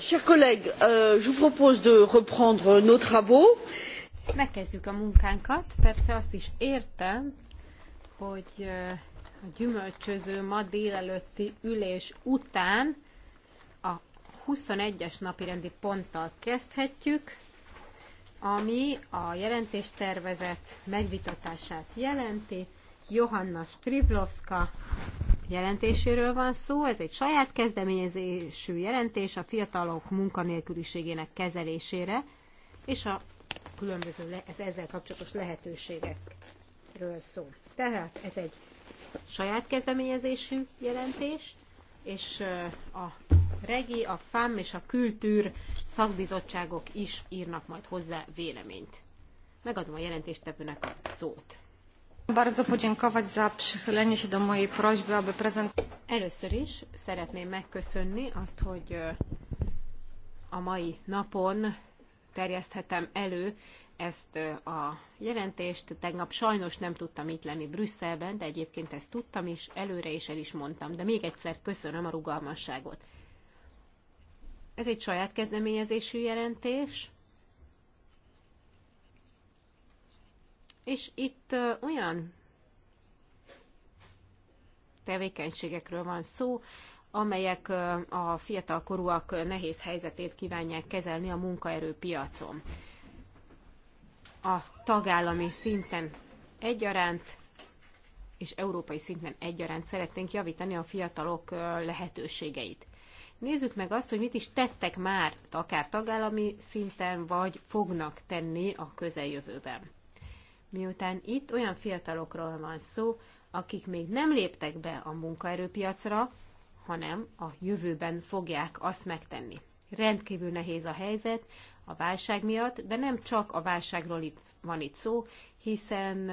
chers collègues, euh, je vous propose de reprendre nos travaux. Megkezdjük a munkánkat. Persze azt is értem, hogy a gyümölcsöző ma délelőtti ülés után a 21-es napirendi ponttal kezdhetjük, ami a jelentéstervezet megvitatását jelenti. Johanna Strivlovska jelentéséről van szó. Ez egy saját kezdeményezésű jelentés a fiatalok munkanélküliségének kezelésére, és a különböző ez ezzel kapcsolatos lehetőségekről szó. Tehát ez egy saját kezdeményezésű jelentés, és a Regi, a FAM és a Kültűr szakbizottságok is írnak majd hozzá véleményt. Megadom a jelentéstevőnek a szót. Bardzo podziękować za przychylenie się do mojej prośby, aby prezent... Először is szeretném megköszönni azt, hogy a mai napon terjeszthetem elő ezt a jelentést. Tegnap sajnos nem tudtam itt lenni Brüsszelben, de egyébként ezt tudtam is, előre is el is mondtam. De még egyszer köszönöm a rugalmasságot. Ez egy saját kezdeményezésű jelentés, És itt olyan tevékenységekről van szó, amelyek a fiatalkorúak nehéz helyzetét kívánják kezelni a munkaerőpiacon. A tagállami szinten egyaránt és európai szinten egyaránt szeretnénk javítani a fiatalok lehetőségeit. Nézzük meg azt, hogy mit is tettek már, akár tagállami szinten, vagy fognak tenni a közeljövőben miután itt olyan fiatalokról van szó, akik még nem léptek be a munkaerőpiacra, hanem a jövőben fogják azt megtenni. Rendkívül nehéz a helyzet a válság miatt, de nem csak a válságról itt van itt szó, hiszen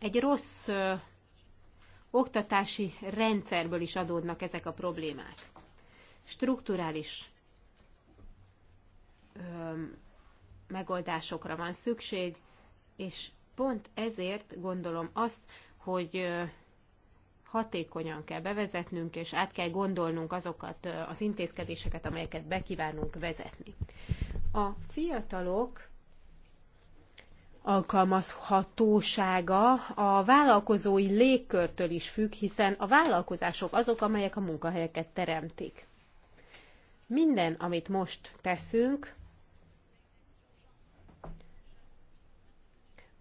egy rossz oktatási rendszerből is adódnak ezek a problémák. Strukturális megoldásokra van szükség, és pont ezért gondolom azt, hogy hatékonyan kell bevezetnünk, és át kell gondolnunk azokat az intézkedéseket, amelyeket bekívánunk vezetni. A fiatalok alkalmazhatósága a vállalkozói légkörtől is függ, hiszen a vállalkozások azok, amelyek a munkahelyeket teremtik. Minden, amit most teszünk,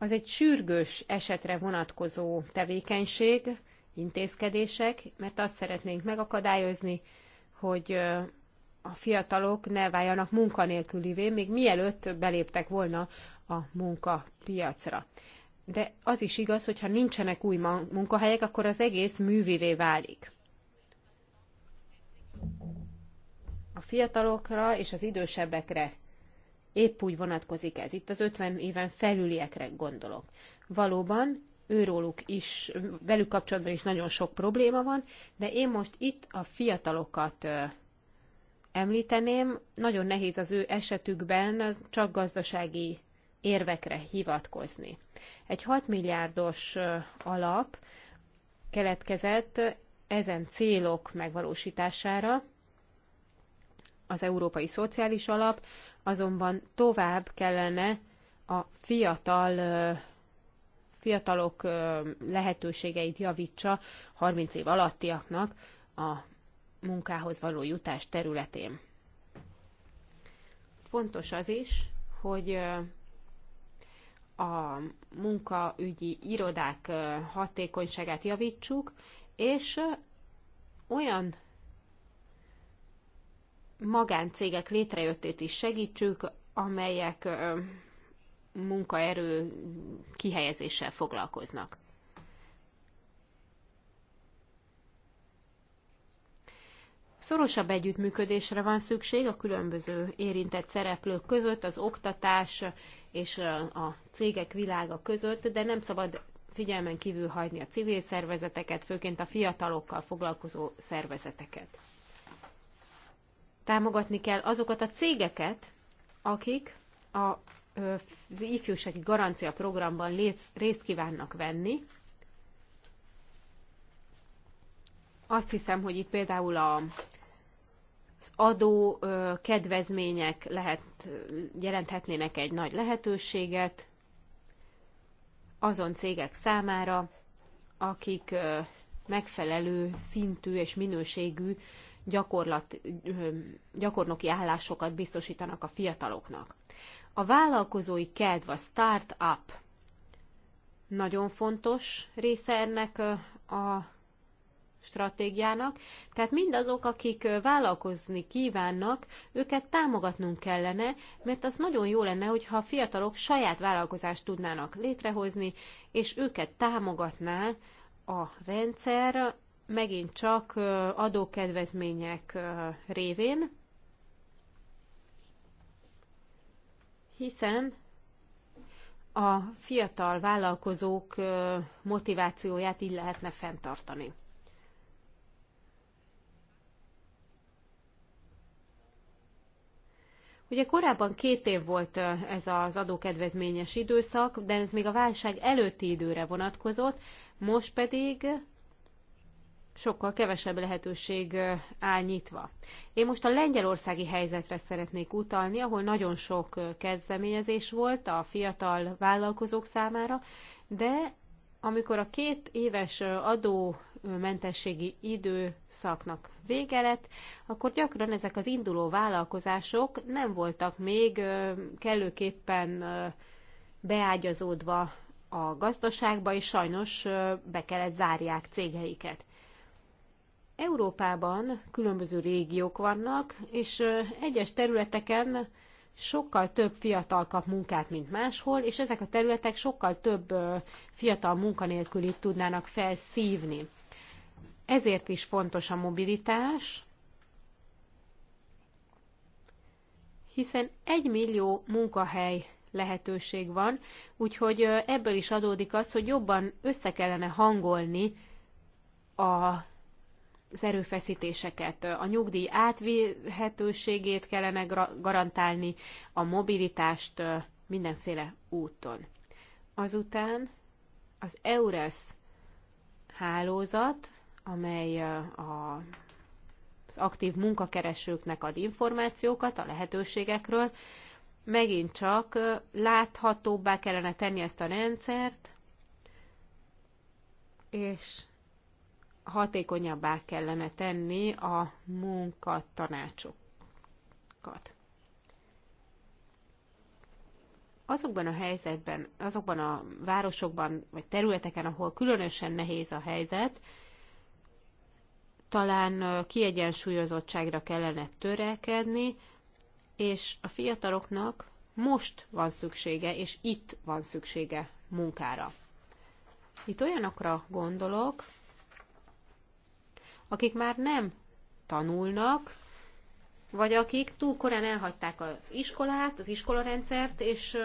az egy sürgős esetre vonatkozó tevékenység, intézkedések, mert azt szeretnénk megakadályozni, hogy a fiatalok ne váljanak munkanélkülivé, még mielőtt beléptek volna a munkapiacra. De az is igaz, hogy ha nincsenek új munkahelyek, akkor az egész művivé válik. A fiatalokra és az idősebbekre épp úgy vonatkozik ez. Itt az 50 éven felüliekre gondolok. Valóban őróluk is, velük kapcsolatban is nagyon sok probléma van, de én most itt a fiatalokat említeném, nagyon nehéz az ő esetükben csak gazdasági érvekre hivatkozni. Egy 6 milliárdos alap keletkezett ezen célok megvalósítására, az Európai Szociális Alap, azonban tovább kellene a fiatal fiatalok lehetőségeit javítsa 30 év alattiaknak a munkához való jutás területén. Fontos az is, hogy a munkaügyi irodák hatékonyságát javítsuk, és olyan magáncégek létrejöttét is segítsük, amelyek munkaerő kihelyezéssel foglalkoznak. Szorosabb együttműködésre van szükség a különböző érintett szereplők között, az oktatás és a cégek világa között, de nem szabad figyelmen kívül hagyni a civil szervezeteket, főként a fiatalokkal foglalkozó szervezeteket támogatni kell azokat a cégeket, akik a, az ifjúsági garancia programban részt kívánnak venni. Azt hiszem, hogy itt például a, az adó kedvezmények lehet, jelenthetnének egy nagy lehetőséget azon cégek számára, akik megfelelő szintű és minőségű gyakorlat, gyakornoki állásokat biztosítanak a fiataloknak. A vállalkozói kedv, a start-up nagyon fontos része ennek a stratégiának, tehát mindazok, akik vállalkozni kívánnak, őket támogatnunk kellene, mert az nagyon jó lenne, hogyha a fiatalok saját vállalkozást tudnának létrehozni, és őket támogatná a rendszer megint csak adókedvezmények révén, hiszen a fiatal vállalkozók motivációját így lehetne fenntartani. Ugye korábban két év volt ez az adókedvezményes időszak, de ez még a válság előtti időre vonatkozott, most pedig sokkal kevesebb lehetőség áll nyitva. Én most a lengyelországi helyzetre szeretnék utalni, ahol nagyon sok kezdeményezés volt a fiatal vállalkozók számára, de amikor a két éves adómentességi időszaknak vége lett, akkor gyakran ezek az induló vállalkozások nem voltak még kellőképpen beágyazódva a gazdaságba, és sajnos be kellett zárják cégeiket. Európában különböző régiók vannak, és egyes területeken sokkal több fiatal kap munkát, mint máshol, és ezek a területek sokkal több fiatal munkanélkülit tudnának felszívni. Ezért is fontos a mobilitás, hiszen egy millió munkahely lehetőség van, úgyhogy ebből is adódik az, hogy jobban össze kellene hangolni a az erőfeszítéseket, a nyugdíj átvihetőségét kellene garantálni, a mobilitást mindenféle úton. Azután az EURES hálózat, amely a, az aktív munkakeresőknek ad információkat a lehetőségekről, megint csak láthatóbbá kellene tenni ezt a rendszert, és hatékonyabbá kellene tenni a munkatanácsokat. Azokban a helyzetben, azokban a városokban vagy területeken, ahol különösen nehéz a helyzet, talán kiegyensúlyozottságra kellene törekedni, és a fiataloknak most van szüksége, és itt van szüksége munkára. Itt olyanokra gondolok, akik már nem tanulnak, vagy akik túl korán elhagyták az iskolát, az iskolarendszert, és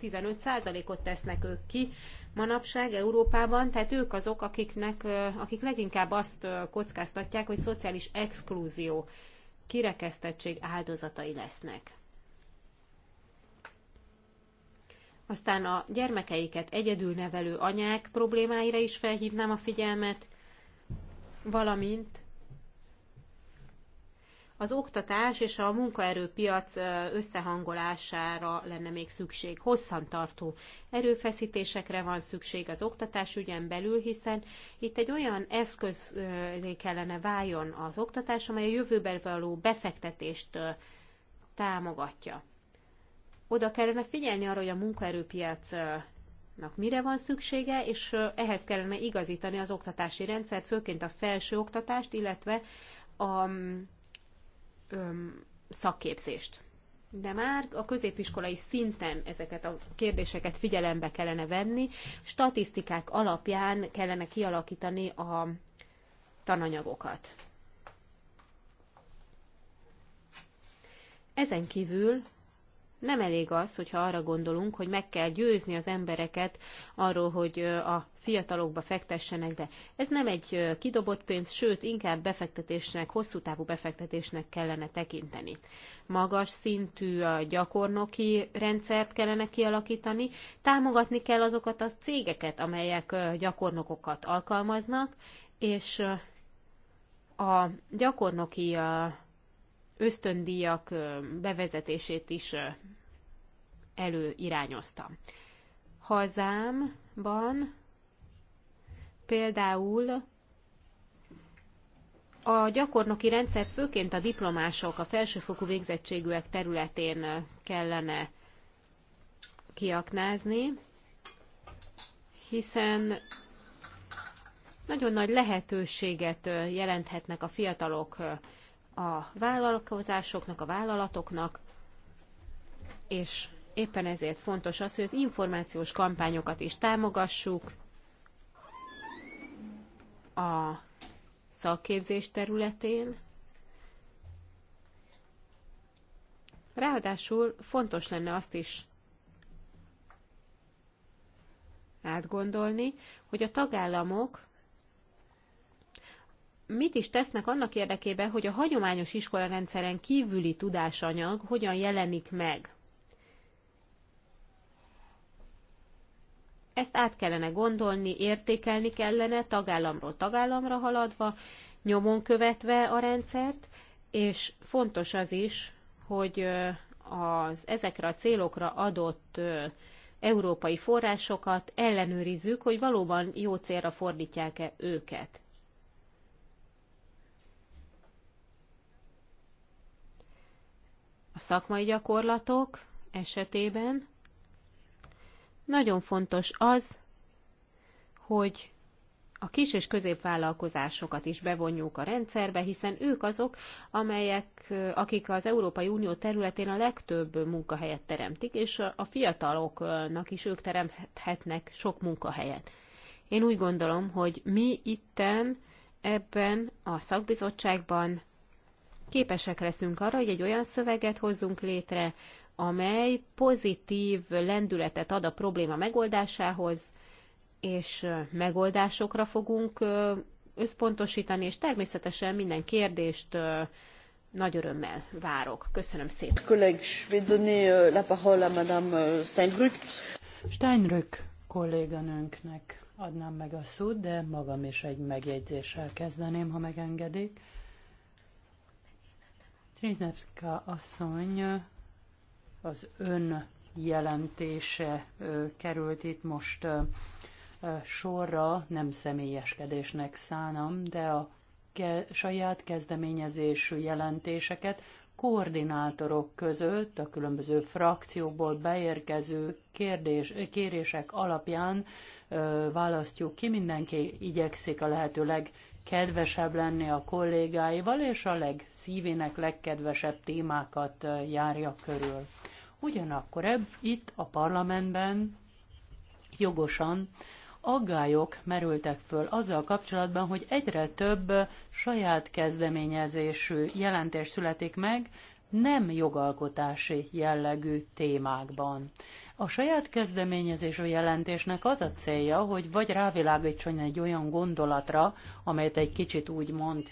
15%-ot tesznek ők ki manapság Európában, tehát ők azok, akiknek, akik leginkább azt kockáztatják, hogy szociális exklúzió, kirekesztettség áldozatai lesznek. Aztán a gyermekeiket egyedül nevelő anyák problémáira is felhívnám a figyelmet, valamint az oktatás és a munkaerőpiac összehangolására lenne még szükség. Hosszantartó erőfeszítésekre van szükség az oktatás ügyen belül, hiszen itt egy olyan eszköz kellene váljon az oktatás, amely a jövőben való befektetést támogatja. Oda kellene figyelni arra, hogy a munkaerőpiac nak mire van szüksége, és ehhez kellene igazítani az oktatási rendszert, főként a felső oktatást, illetve a mm, öm, szakképzést. De már a középiskolai szinten ezeket a kérdéseket figyelembe kellene venni, statisztikák alapján kellene kialakítani a tananyagokat. Ezen kívül nem elég az, hogyha arra gondolunk, hogy meg kell győzni az embereket arról, hogy a fiatalokba fektessenek be. Ez nem egy kidobott pénz, sőt, inkább befektetésnek, hosszú távú befektetésnek kellene tekinteni. Magas szintű gyakornoki rendszert kellene kialakítani, támogatni kell azokat a cégeket, amelyek gyakornokokat alkalmaznak, és a gyakornoki ösztöndíjak bevezetését is előirányozta. Hazámban például a gyakornoki rendszert főként a diplomások, a felsőfokú végzettségűek területén kellene kiaknázni, hiszen nagyon nagy lehetőséget jelenthetnek a fiatalok a vállalkozásoknak, a vállalatoknak, és éppen ezért fontos az, hogy az információs kampányokat is támogassuk a szakképzés területén. Ráadásul fontos lenne azt is átgondolni, hogy a tagállamok mit is tesznek annak érdekében, hogy a hagyományos iskolarendszeren kívüli tudásanyag hogyan jelenik meg. Ezt át kellene gondolni, értékelni kellene, tagállamról tagállamra haladva, nyomon követve a rendszert, és fontos az is, hogy az ezekre a célokra adott európai forrásokat ellenőrizzük, hogy valóban jó célra fordítják-e őket. a szakmai gyakorlatok esetében nagyon fontos az, hogy a kis és középvállalkozásokat is bevonjuk a rendszerbe, hiszen ők azok, amelyek, akik az Európai Unió területén a legtöbb munkahelyet teremtik, és a fiataloknak is ők teremthetnek sok munkahelyet. Én úgy gondolom, hogy mi itten ebben a szakbizottságban képesek leszünk arra, hogy egy olyan szöveget hozzunk létre, amely pozitív lendületet ad a probléma megoldásához, és megoldásokra fogunk összpontosítani, és természetesen minden kérdést nagy örömmel várok. Köszönöm szépen. Collègue, euh, la parole à Madame euh, Steinrück. Steinrück, kolléganőnknek adnám meg a szót, de magam is egy megjegyzéssel kezdeném, ha megengedik. Tréznevszka asszony az ön jelentése került itt most sorra, nem személyeskedésnek szánom, de a ke- saját kezdeményezésű jelentéseket koordinátorok között a különböző frakciókból beérkező kérdés, kérések alapján ö, választjuk ki. Mindenki igyekszik a lehető kedvesebb lenni a kollégáival, és a legszívének legkedvesebb témákat járja körül. Ugyanakkor ebb, itt a parlamentben jogosan aggályok merültek föl azzal kapcsolatban, hogy egyre több saját kezdeményezésű jelentés születik meg, nem jogalkotási jellegű témákban. A saját kezdeményezésű jelentésnek az a célja, hogy vagy rávilágítson egy olyan gondolatra, amelyet egy kicsit úgy mond,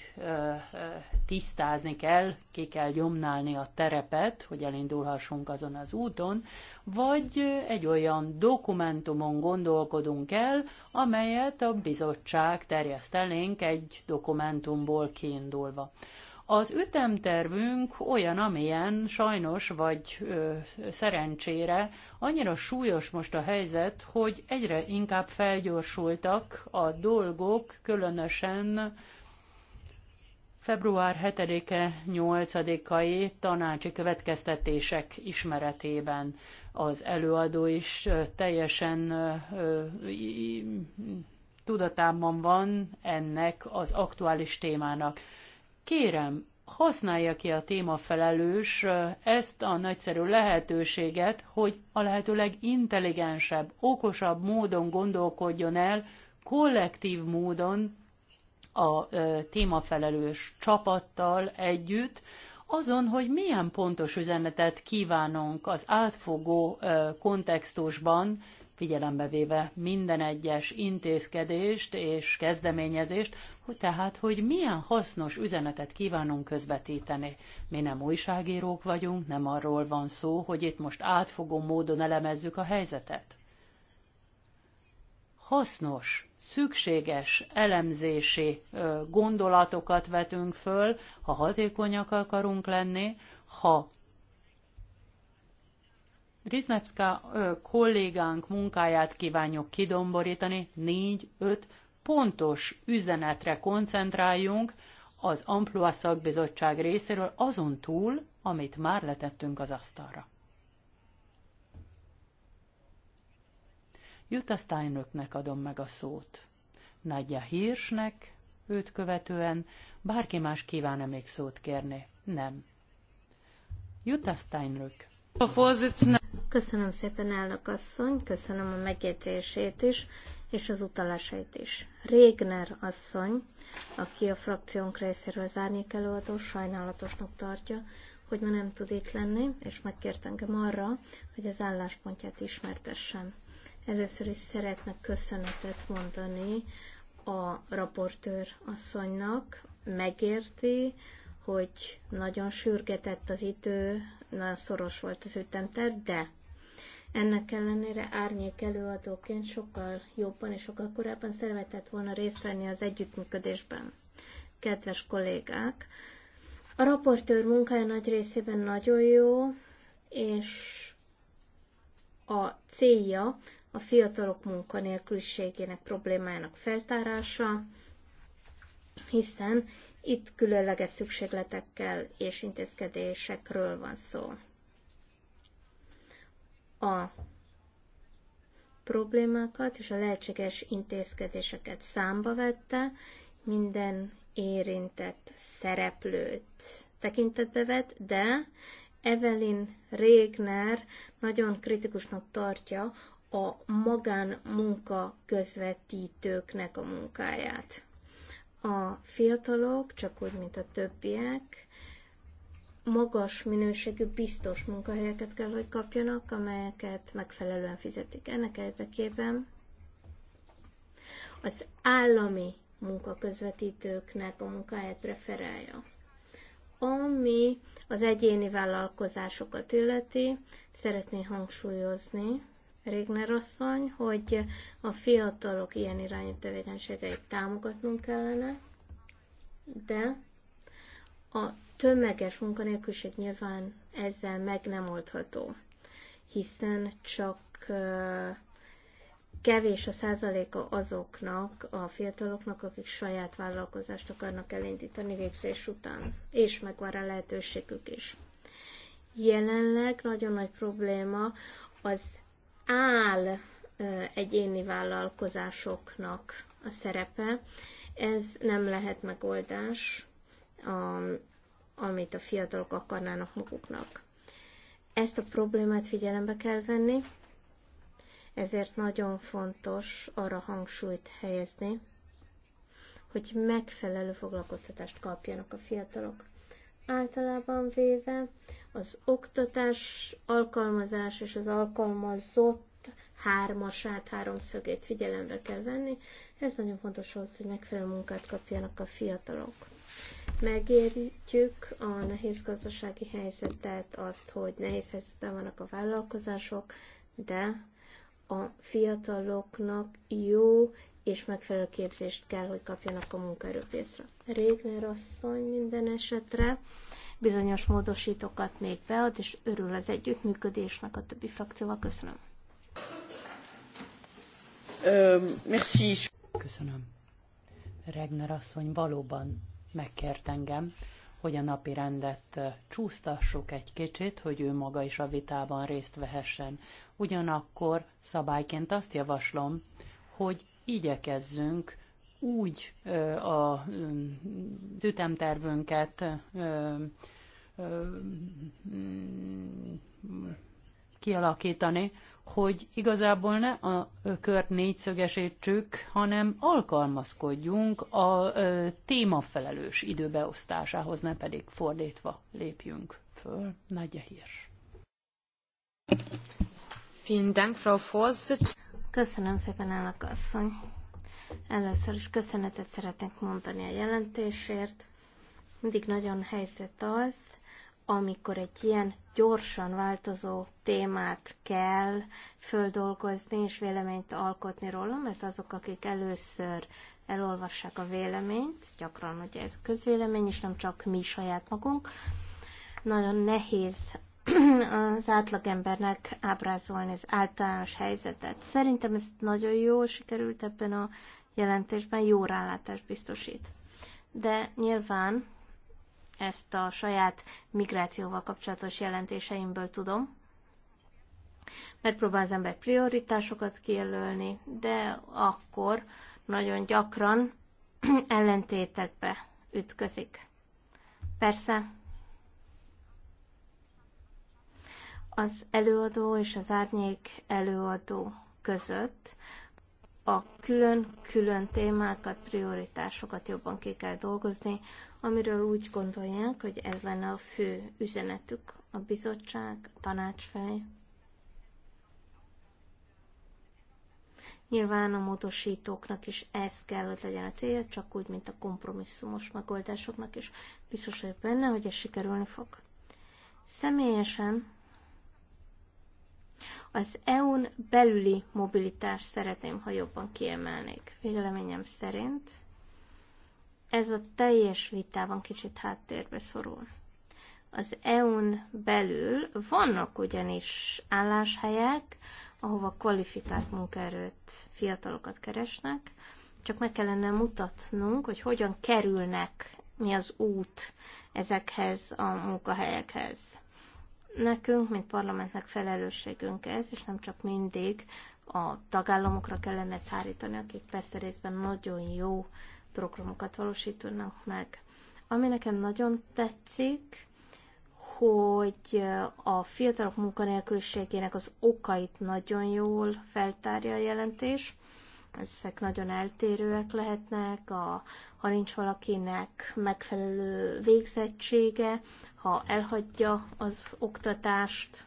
tisztázni kell, ki kell gyomnálni a terepet, hogy elindulhassunk azon az úton, vagy egy olyan dokumentumon gondolkodunk el, amelyet a bizottság terjeszt elénk egy dokumentumból kiindulva. Az ütemtervünk olyan, amilyen sajnos vagy ö, szerencsére annyira súlyos most a helyzet, hogy egyre inkább felgyorsultak a dolgok, különösen február 7-e 8-ai tanácsi következtetések ismeretében az előadó is teljesen tudatában van ennek az aktuális témának. Kérem, használja ki a témafelelős ezt a nagyszerű lehetőséget, hogy a lehető legintelligensebb, okosabb módon gondolkodjon el, kollektív módon a témafelelős csapattal együtt, azon, hogy milyen pontos üzenetet kívánunk az átfogó kontextusban figyelembe véve minden egyes intézkedést és kezdeményezést, hogy tehát, hogy milyen hasznos üzenetet kívánunk közvetíteni. Mi nem újságírók vagyunk, nem arról van szó, hogy itt most átfogó módon elemezzük a helyzetet. Hasznos, szükséges elemzési gondolatokat vetünk föl, ha hatékonyak akarunk lenni, ha Rizmevska kollégánk munkáját kívánjuk kidomborítani, négy-öt pontos üzenetre koncentráljunk az Amplua szakbizottság részéről azon túl, amit már letettünk az asztalra. Jutta Steinröknek adom meg a szót. Nagyja Hirsnek, őt követően, bárki más kíván-e még szót kérni? Nem. Jutta Steinrök. A Köszönöm szépen, elnök asszony, köszönöm a megjegyzését is, és az utalásait is. Régner asszony, aki a frakciónk részéről az árnyék előadó, sajnálatosnak tartja, hogy ma nem tud itt lenni, és megkért engem arra, hogy az álláspontját ismertessem. Először is szeretnek köszönetet mondani a raportőr asszonynak, megérti, hogy nagyon sürgetett az idő, nagyon szoros volt az ütemterv, de ennek ellenére árnyék előadóként sokkal jobban és sokkal korábban szeretett volna részt venni az együttműködésben. Kedves kollégák, a raportőr munkája nagy részében nagyon jó, és a célja a fiatalok munkanélküliségének problémájának feltárása, hiszen itt különleges szükségletekkel és intézkedésekről van szó a problémákat és a lehetséges intézkedéseket számba vette, minden érintett szereplőt tekintetbe vett, de Evelyn Régner nagyon kritikusnak tartja a magánmunka közvetítőknek a munkáját. A fiatalok, csak úgy, mint a többiek, magas minőségű, biztos munkahelyeket kell, hogy kapjanak, amelyeket megfelelően fizetik. Ennek érdekében az állami munkaközvetítőknek a munkáját preferálja. Ami az egyéni vállalkozásokat illeti, szeretné hangsúlyozni Régner asszony, hogy a fiatalok ilyen irányú tevékenységeit támogatnunk kellene, de a tömeges munkanélküliség nyilván ezzel meg nem oldható, hiszen csak kevés a százaléka azoknak a fiataloknak, akik saját vállalkozást akarnak elindítani végzés után, és megvan rá lehetőségük is. Jelenleg nagyon nagy probléma az áll egyéni vállalkozásoknak a szerepe. Ez nem lehet megoldás, a, amit a fiatalok akarnának maguknak. Ezt a problémát figyelembe kell venni, ezért nagyon fontos arra hangsúlyt helyezni, hogy megfelelő foglalkoztatást kapjanak a fiatalok. Általában véve az oktatás, alkalmazás és az alkalmazott hármasát, háromszögét figyelembe kell venni. Ez nagyon fontos ahhoz, hogy megfelelő munkát kapjanak a fiatalok megértjük a nehéz gazdasági helyzetet, azt, hogy nehéz helyzetben vannak a vállalkozások, de a fiataloknak jó és megfelelő képzést kell, hogy kapjanak a munkaerőpiacra. Régner asszony minden esetre bizonyos módosítókat még bead, és örül az együttműködésnek a többi frakcióval. Köszönöm. Köszönöm. Regner asszony valóban megkért engem, hogy a napi rendet csúsztassuk egy kicsit, hogy ő maga is a vitában részt vehessen. Ugyanakkor szabályként azt javaslom, hogy igyekezzünk úgy a ütemtervünket kialakítani, hogy igazából ne a kört négyszögesítsük, hanem alkalmazkodjunk a témafelelős időbeosztásához, ne pedig fordítva lépjünk föl. Nagy a hír. Köszönöm szépen, elnök asszony. Először is köszönetet szeretnék mondani a jelentésért. Mindig nagyon helyzet az, amikor egy ilyen gyorsan változó témát kell földolgozni és véleményt alkotni róla, mert azok, akik először elolvassák a véleményt, gyakran ugye ez közvélemény, és nem csak mi saját magunk, nagyon nehéz az átlagembernek ábrázolni az általános helyzetet. Szerintem ez nagyon jól sikerült ebben a jelentésben, jó rálátást biztosít. De nyilván ezt a saját migrációval kapcsolatos jelentéseimből tudom. Megpróbál az ember prioritásokat kijelölni, de akkor nagyon gyakran ellentétekbe ütközik. Persze az előadó és az árnyék előadó között a külön-külön témákat, prioritásokat jobban ki kell dolgozni, amiről úgy gondolják, hogy ez lenne a fő üzenetük a bizottság, a tanács felé. Nyilván a módosítóknak is ez kell, hogy legyen a célja, csak úgy, mint a kompromisszumos megoldásoknak is. Biztos vagyok benne, hogy ez sikerülni fog. Személyesen az EU-n belüli mobilitást szeretném, ha jobban kiemelnék. Véleményem szerint ez a teljes vitában kicsit háttérbe szorul. Az EU-n belül vannak ugyanis álláshelyek, ahova kvalifikált munkaerőt, fiatalokat keresnek, csak meg kellene mutatnunk, hogy hogyan kerülnek mi az út ezekhez a munkahelyekhez nekünk, mint parlamentnek felelősségünk ez, és nem csak mindig a tagállamokra kellene ezt hárítani, akik persze részben nagyon jó programokat valósítanak meg. Ami nekem nagyon tetszik, hogy a fiatalok munkanélküliségének az okait nagyon jól feltárja a jelentés, ezek nagyon eltérőek lehetnek, a, ha nincs valakinek megfelelő végzettsége, ha elhagyja az oktatást,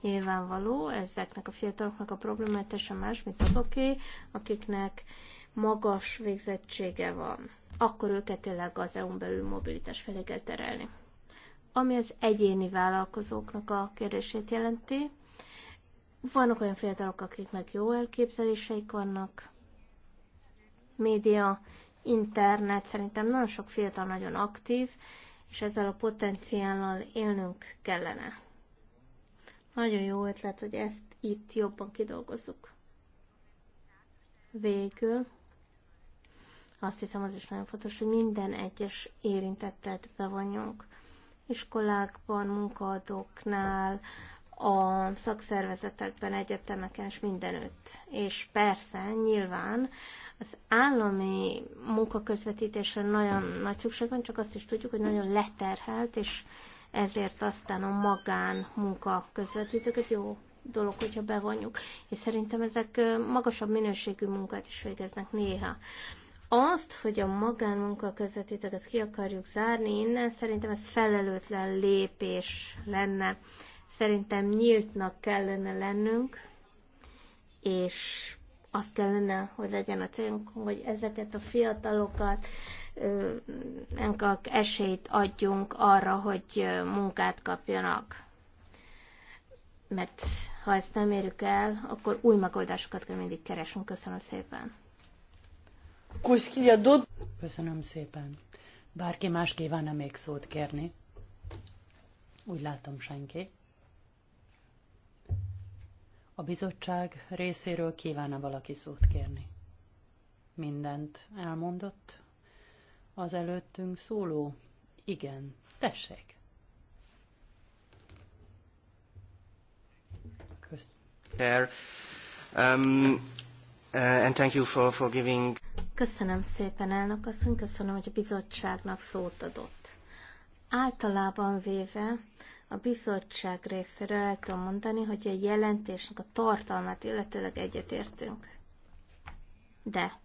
nyilvánvaló, ezeknek a fiataloknak a problémája teljesen más, mint azoké, akiknek magas végzettsége van. Akkor őket tényleg az EU-n belül mobilitás felé kell terelni. Ami az egyéni vállalkozóknak a kérdését jelenti, vannak olyan fiatalok, akiknek jó elképzeléseik vannak. Média, internet, szerintem nagyon sok fiatal nagyon aktív, és ezzel a potenciállal élnünk kellene. Nagyon jó ötlet, hogy ezt itt jobban kidolgozzuk. Végül azt hiszem az is nagyon fontos, hogy minden egyes érintettet bevonjunk. Iskolákban, munkaadóknál, a szakszervezetekben, egyetemeken és mindenütt. És persze, nyilván az állami munkaközvetítésre nagyon nagy szükség van, csak azt is tudjuk, hogy nagyon leterhelt, és ezért aztán a magán munkaközvetítőket jó dolog, hogyha bevonjuk. És szerintem ezek magasabb minőségű munkát is végeznek néha. Azt, hogy a magánmunka közvetítőket ki akarjuk zárni innen, szerintem ez felelőtlen lépés lenne Szerintem nyíltnak kellene lennünk, és azt kellene, hogy legyen a célunk, hogy ezeket a fiatalokat esélyt adjunk arra, hogy munkát kapjanak. Mert ha ezt nem érjük el, akkor új megoldásokat kell mindig keresnünk. Köszönöm szépen. Köszönöm szépen. Bárki más kívánna még szót kérni? Úgy látom senki. A bizottság részéről kívánna valaki szót kérni? Mindent elmondott az előttünk szóló? Igen, tessék. Köszönöm. Um, uh, and thank you for, for giving... Köszönöm szépen, elnök asszony, köszönöm, hogy a bizottságnak szót adott. Általában véve a bizottság részéről el tudom mondani, hogy a jelentésnek a tartalmát illetőleg egyetértünk. De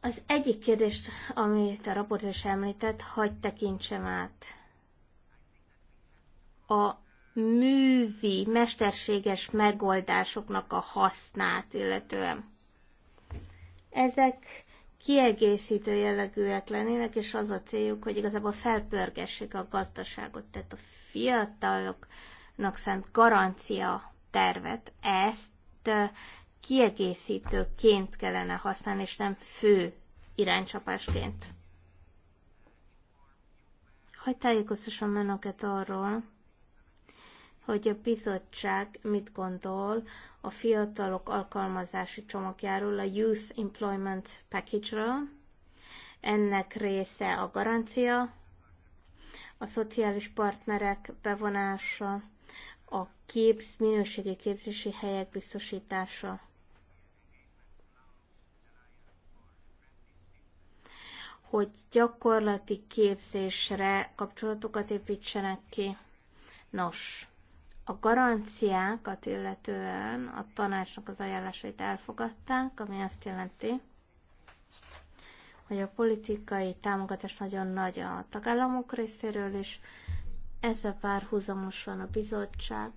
az egyik kérdést, amit a raportőr is említett, hagy tekintsem át. A művi, mesterséges megoldásoknak a hasznát illetően. Ezek kiegészítő jellegűek lennének, és az a céljuk, hogy igazából felpörgessék a gazdaságot, tehát a fiataloknak szent garancia tervet, ezt kiegészítőként kellene használni, és nem fő iránycsapásként. Hogy tájékoztassam önöket arról, hogy a bizottság mit gondol a fiatalok alkalmazási csomagjáról, a Youth Employment Package-ről. Ennek része a garancia, a szociális partnerek bevonása, a képz, minőségi képzési helyek biztosítása. hogy gyakorlati képzésre kapcsolatokat építsenek ki. Nos, a garanciákat illetően a tanácsnak az ajánlásait elfogadták, ami azt jelenti, hogy a politikai támogatás nagyon nagy a tagállamok részéről, és ezzel párhuzamosan a bizottság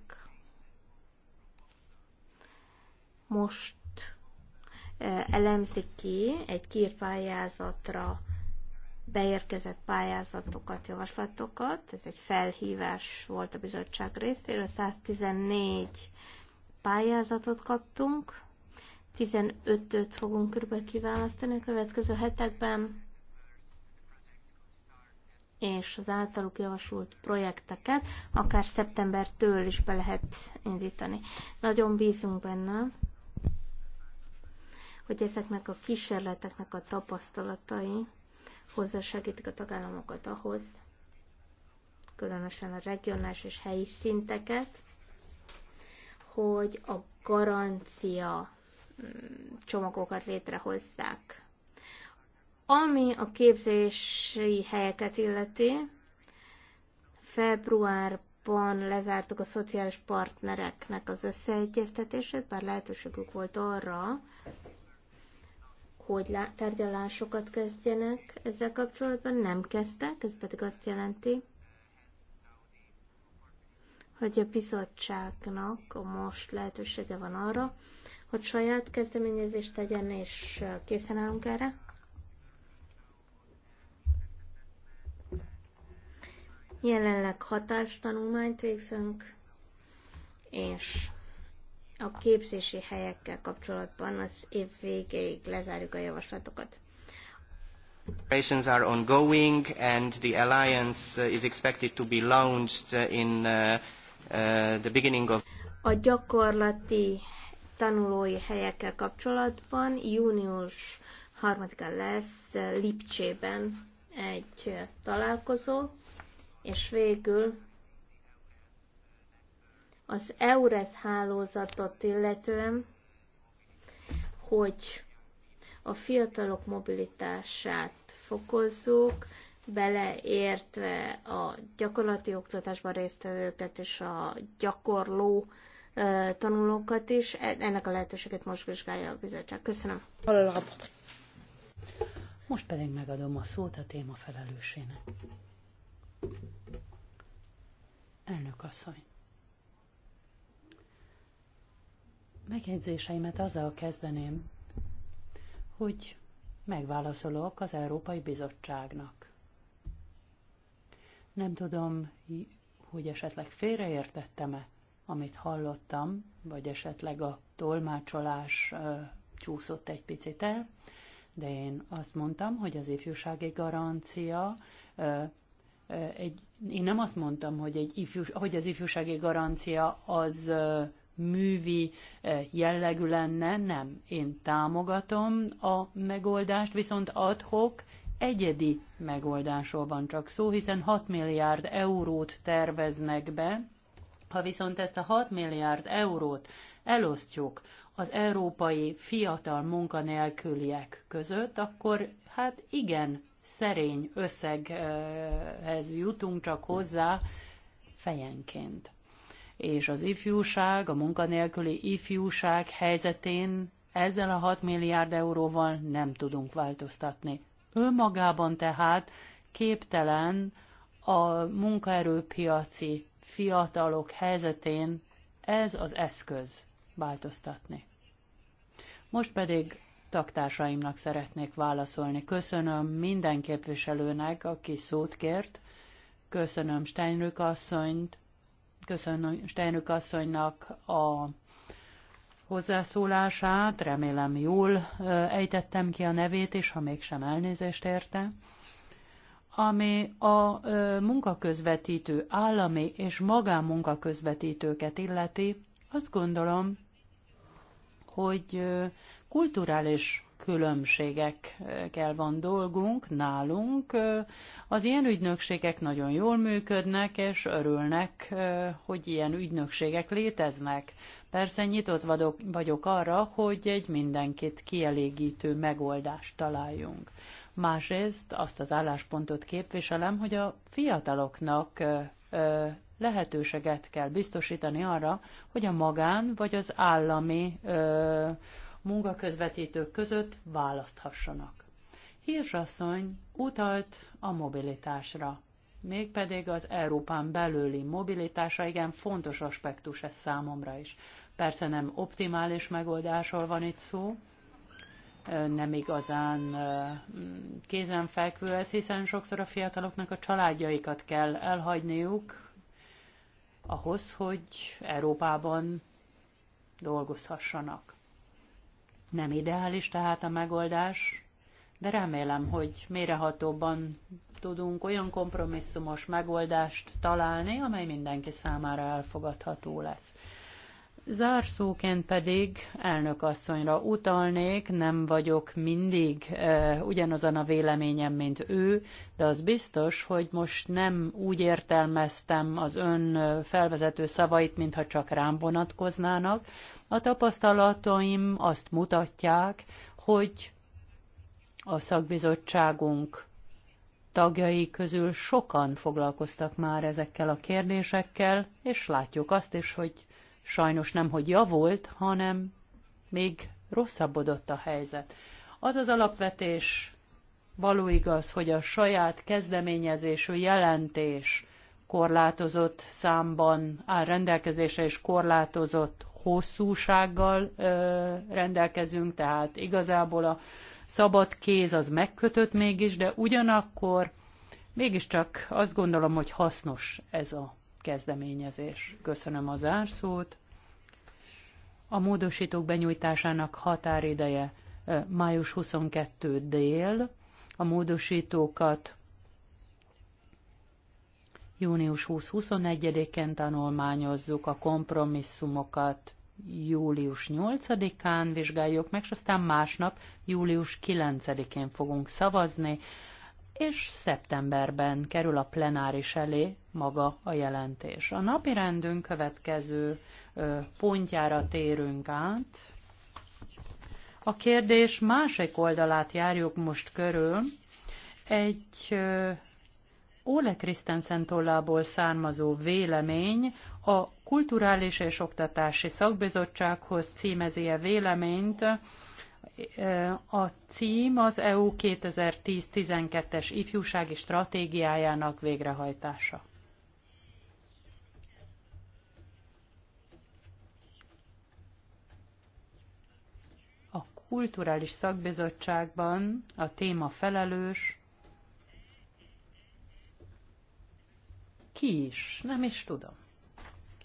most eh, elemzi ki egy kírpályázatra beérkezett pályázatokat, javaslatokat. Ez egy felhívás volt a bizottság részéről. 114 pályázatot kaptunk. 15-öt fogunk kb. kiválasztani a következő hetekben, és az általuk javasolt projekteket akár szeptembertől is be lehet indítani. Nagyon bízunk benne, hogy ezeknek a kísérleteknek a tapasztalatai hozzásegítik a tagállamokat ahhoz, különösen a regionális és helyi szinteket, hogy a garancia mm, csomagokat létrehozzák. Ami a képzési helyeket illeti, februárban lezártuk a szociális partnereknek az összeegyeztetését, bár lehetőségük volt arra, hogy tárgyalásokat kezdjenek ezzel kapcsolatban, nem kezdtek, ez pedig azt jelenti, hogy a bizottságnak most lehetősége van arra, hogy saját kezdeményezést tegyen, és készen állunk erre. Jelenleg hatástanulmányt végzünk, és a képzési helyekkel kapcsolatban az év végéig lezárjuk a javaslatokat. Operations are ongoing and the alliance uh, is expected to be launched uh, in uh, the beginning of a gyakorlati tanulói helyekkel kapcsolatban június 3 lesz Lipcsében egy találkozó, és végül az EURES hálózatot illetően, hogy a fiatalok mobilitását fokozzuk, beleértve a gyakorlati oktatásban résztvevőket és a gyakorló tanulókat is. E, ennek a lehetőséget most vizsgálja a bizottság. Köszönöm. Most pedig megadom a szót a téma felelősének. Elnök asszony. megjegyzéseimet azzal kezdeném, hogy megválaszolok az Európai Bizottságnak. Nem tudom, hogy esetleg félreértettem-e, amit hallottam, vagy esetleg a tolmácsolás ö, csúszott egy picit el, de én azt mondtam, hogy az ifjúsági garancia ö, ö, egy, én nem azt mondtam, hogy, egy ifjús, hogy az ifjúsági garancia az művi eh, jellegű lenne, nem. Én támogatom a megoldást, viszont adhok egyedi megoldásról van csak szó, hiszen 6 milliárd eurót terveznek be. Ha viszont ezt a 6 milliárd eurót elosztjuk az európai fiatal munkanélküliek között, akkor hát igen, szerény összeghez jutunk csak hozzá fejenként és az ifjúság, a munkanélküli ifjúság helyzetén ezzel a 6 milliárd euróval nem tudunk változtatni. Önmagában tehát képtelen a munkaerőpiaci fiatalok helyzetén ez az eszköz változtatni. Most pedig taktársaimnak szeretnék válaszolni. Köszönöm minden képviselőnek, aki szót kért. Köszönöm Steinrück asszonyt, Köszönöm Steinrück asszonynak a hozzászólását, remélem jól ejtettem ki a nevét, és ha mégsem elnézést érte ami a munkaközvetítő állami és magánmunkaközvetítőket illeti, azt gondolom, hogy kulturális különbségekkel van dolgunk nálunk. Az ilyen ügynökségek nagyon jól működnek, és örülnek, hogy ilyen ügynökségek léteznek. Persze nyitott vagyok, vagyok arra, hogy egy mindenkit kielégítő megoldást találjunk. Másrészt azt az álláspontot képviselem, hogy a fiataloknak lehetőséget kell biztosítani arra, hogy a magán vagy az állami munkaközvetítők között választhassanak. Hírsasszony utalt a mobilitásra. Mégpedig az Európán belüli mobilitása igen fontos aspektus ez számomra is. Persze nem optimális megoldásról van itt szó, nem igazán kézenfekvő ez, hiszen sokszor a fiataloknak a családjaikat kell elhagyniuk ahhoz, hogy Európában dolgozhassanak. Nem ideális tehát a megoldás, de remélem, hogy mérehatóban tudunk olyan kompromisszumos megoldást találni, amely mindenki számára elfogadható lesz. Zárszóként pedig elnökasszonyra utalnék, nem vagyok mindig e, ugyanazon a véleményem, mint ő, de az biztos, hogy most nem úgy értelmeztem az ön eh, felvezető szavait, mintha csak rám vonatkoznának. A tapasztalataim azt mutatják, hogy a szakbizottságunk tagjai közül sokan foglalkoztak már ezekkel a kérdésekkel, és látjuk azt is, hogy sajnos nem, hogy javult, hanem még rosszabbodott a helyzet. Az az alapvetés való igaz, hogy a saját kezdeményezésű jelentés korlátozott számban áll rendelkezésre, és korlátozott hosszúsággal ö, rendelkezünk, tehát igazából a szabad kéz az megkötött mégis, de ugyanakkor mégiscsak azt gondolom, hogy hasznos ez a kezdeményezés. Köszönöm a zárszót. A módosítók benyújtásának határideje május 22 dél. A módosítókat június 20-21-én tanulmányozzuk, a kompromisszumokat július 8-án vizsgáljuk meg, és aztán másnap július 9-én fogunk szavazni, és szeptemberben kerül a plenáris elé maga a jelentés. A napi rendünk következő pontjára térünk át. A kérdés másik oldalát járjuk most körül. Egy Ole Christensen tollából származó vélemény a Kulturális és Oktatási Szakbizottsághoz címezi a véleményt. A cím az EU 2010-12-es ifjúsági stratégiájának végrehajtása. kulturális szakbizottságban a téma felelős ki is, nem is tudom.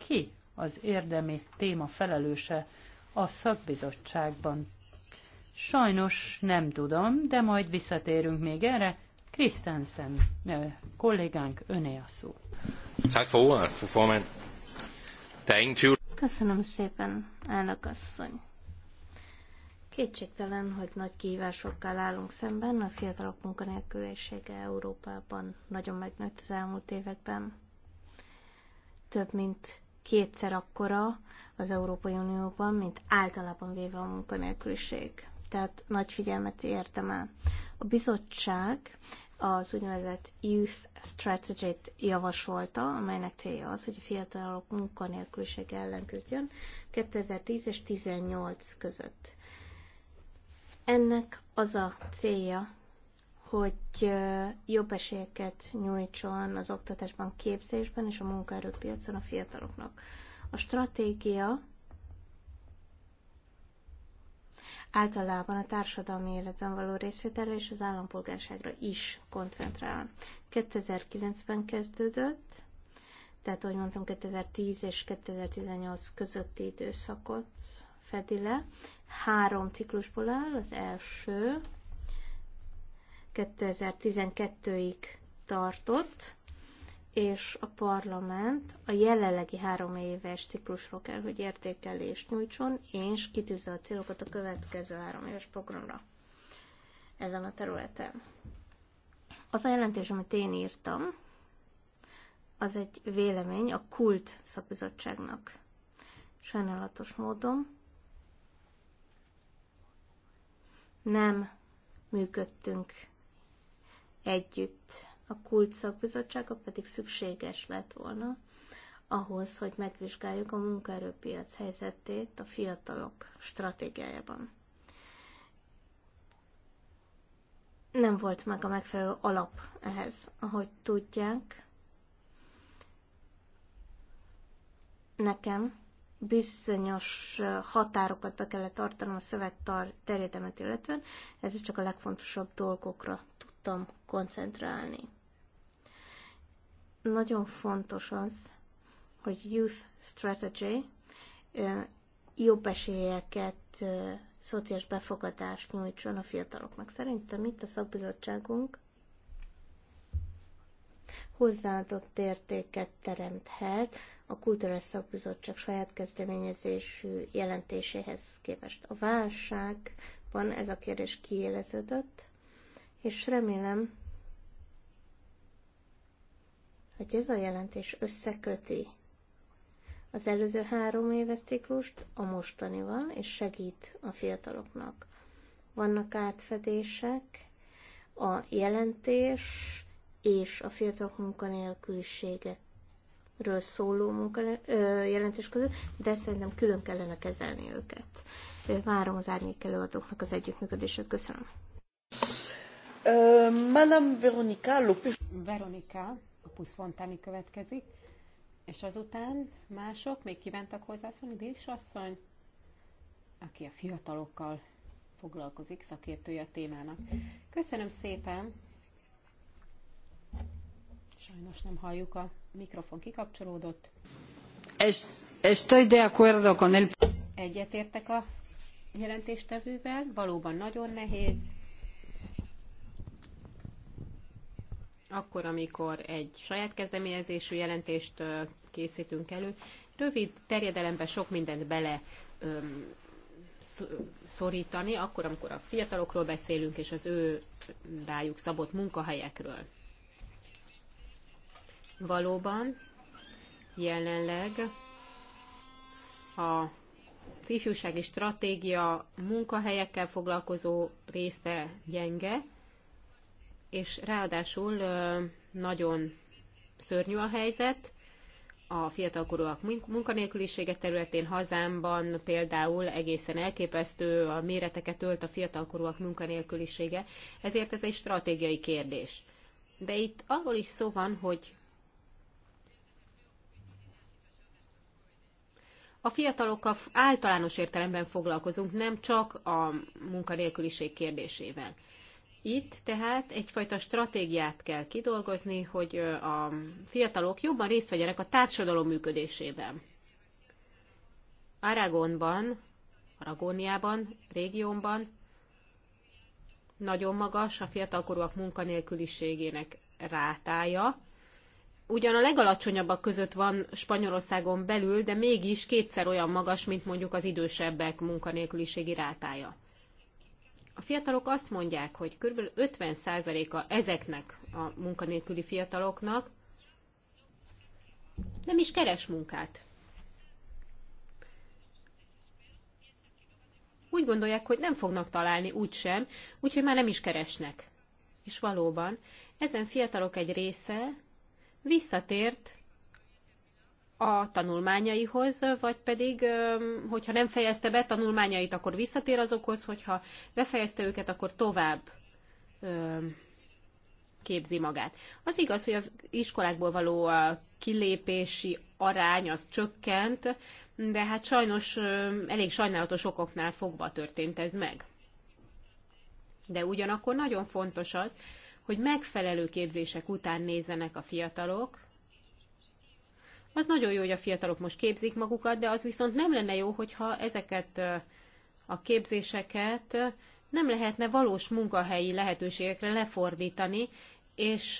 Ki az érdemi téma felelőse a szakbizottságban? Sajnos nem tudom, de majd visszatérünk még erre. Kristensen, kollégánk, öné a szó. Er Köszönöm szépen, elnök asszony. Kétségtelen, hogy nagy kihívásokkal állunk szemben, a fiatalok munkanélkülisége Európában nagyon megnőtt az elmúlt években. Több mint kétszer akkora az Európai Unióban, mint általában véve a munkanélküliség. Tehát nagy figyelmet értem el. A bizottság az úgynevezett Youth Strategy-t javasolta, amelynek célja az, hogy a fiatalok munkanélkülisége ellen küzdjön 2010 és 18 között. Ennek az a célja, hogy jobb esélyeket nyújtson az oktatásban, képzésben és a munkaerőpiacon a fiataloknak. A stratégia általában a társadalmi életben való részvételre és az állampolgárságra is koncentrál. 2009-ben kezdődött, tehát ahogy mondtam, 2010 és 2018 közötti időszakot fedi le. Három ciklusból áll, az első 2012-ig tartott, és a parlament a jelenlegi három éves ciklusról kell, hogy értékelést nyújtson, és kitűzze a célokat a következő három éves programra ezen a területen. Az a jelentés, amit én írtam, az egy vélemény a kult szakbizottságnak. Sajnálatos módon nem működtünk együtt. A kult szakbizottsága pedig szükséges lett volna ahhoz, hogy megvizsgáljuk a munkaerőpiac helyzetét a fiatalok stratégiájában. Nem volt meg a megfelelő alap ehhez, ahogy tudják. Nekem bizonyos határokat be kellett tartanom a szöveg terjedemet illetően, ezért csak a legfontosabb dolgokra tudtam koncentrálni. Nagyon fontos az, hogy Youth Strategy jobb esélyeket, szociális befogadást nyújtson a fiataloknak. Szerintem itt a szakbizottságunk hozzáadott értéket teremthet a Kulturális Szakbizottság saját kezdeményezésű jelentéséhez képest. A válságban ez a kérdés kiéleződött, és remélem, hogy ez a jelentés összeköti az előző három éves ciklust a mostanival, és segít a fiataloknak. Vannak átfedések, a jelentés és a fiatalok munkanélküliségek ről szóló munka, jelentés között, de szerintem külön kellene kezelni őket. Várom az árnyék előadóknak az együttműködéshez. Köszönöm. Uh, Madame Veronika López. Veronika Opus Fontani következik, és azután mások még kívántak hozzászólni. Bélis asszony, aki a fiatalokkal foglalkozik, szakértője a témának. Köszönöm szépen! Sajnos nem halljuk, a mikrofon kikapcsolódott. estoy de acuerdo con el... Egyetértek a jelentéstevővel, valóban nagyon nehéz. Akkor, amikor egy saját kezdeményezésű jelentést készítünk elő, rövid terjedelemben sok mindent bele öm, szorítani, akkor, amikor a fiatalokról beszélünk, és az ő rájuk szabott munkahelyekről. Valóban jelenleg a az ifjúsági stratégia munkahelyekkel foglalkozó része gyenge, és ráadásul nagyon szörnyű a helyzet. A fiatalkorúak munkanélkülisége területén hazámban például egészen elképesztő a méreteket ölt a fiatalkorúak munkanélkülisége, ezért ez egy stratégiai kérdés. De itt arról is szó van, hogy a fiatalokkal általános értelemben foglalkozunk, nem csak a munkanélküliség kérdésével. Itt tehát egyfajta stratégiát kell kidolgozni, hogy a fiatalok jobban részt vegyenek a társadalom működésében. Aragonban, Aragóniában, régiónban nagyon magas a fiatalkorúak munkanélküliségének rátája, ugyan a legalacsonyabbak között van Spanyolországon belül, de mégis kétszer olyan magas, mint mondjuk az idősebbek munkanélküliségi rátája. A fiatalok azt mondják, hogy kb. 50%-a ezeknek a munkanélküli fiataloknak nem is keres munkát. Úgy gondolják, hogy nem fognak találni úgysem, úgyhogy már nem is keresnek. És valóban, ezen fiatalok egy része visszatért a tanulmányaihoz, vagy pedig, hogyha nem fejezte be tanulmányait, akkor visszatér azokhoz, hogyha befejezte őket, akkor tovább képzi magát. Az igaz, hogy az iskolákból való a kilépési arány az csökkent, de hát sajnos elég sajnálatos okoknál fogva történt ez meg. De ugyanakkor nagyon fontos az, hogy megfelelő képzések után nézzenek a fiatalok. Az nagyon jó, hogy a fiatalok most képzik magukat, de az viszont nem lenne jó, hogyha ezeket a képzéseket nem lehetne valós munkahelyi lehetőségekre lefordítani, és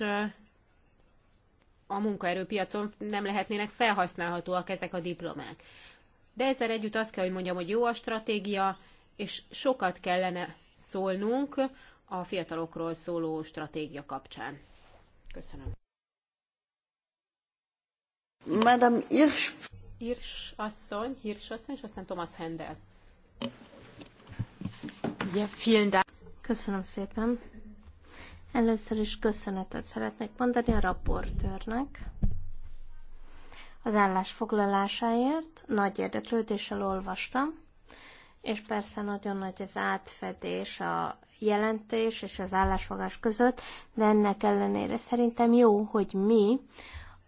a munkaerőpiacon nem lehetnének felhasználhatóak ezek a diplomák. De ezzel együtt azt kell, hogy mondjam, hogy jó a stratégia, és sokat kellene szólnunk a fiatalokról szóló stratégia kapcsán. Köszönöm. Madame Hirsch. Hirsch asszony, Hirsch asszony, és aztán Thomas Hendel. Ja, yeah, Köszönöm szépen. Először is köszönetet szeretnék mondani a raportőrnek az állásfoglalásáért. Nagy érdeklődéssel olvastam, és persze nagyon nagy az átfedés a jelentés és az állásfogás között, de ennek ellenére szerintem jó, hogy mi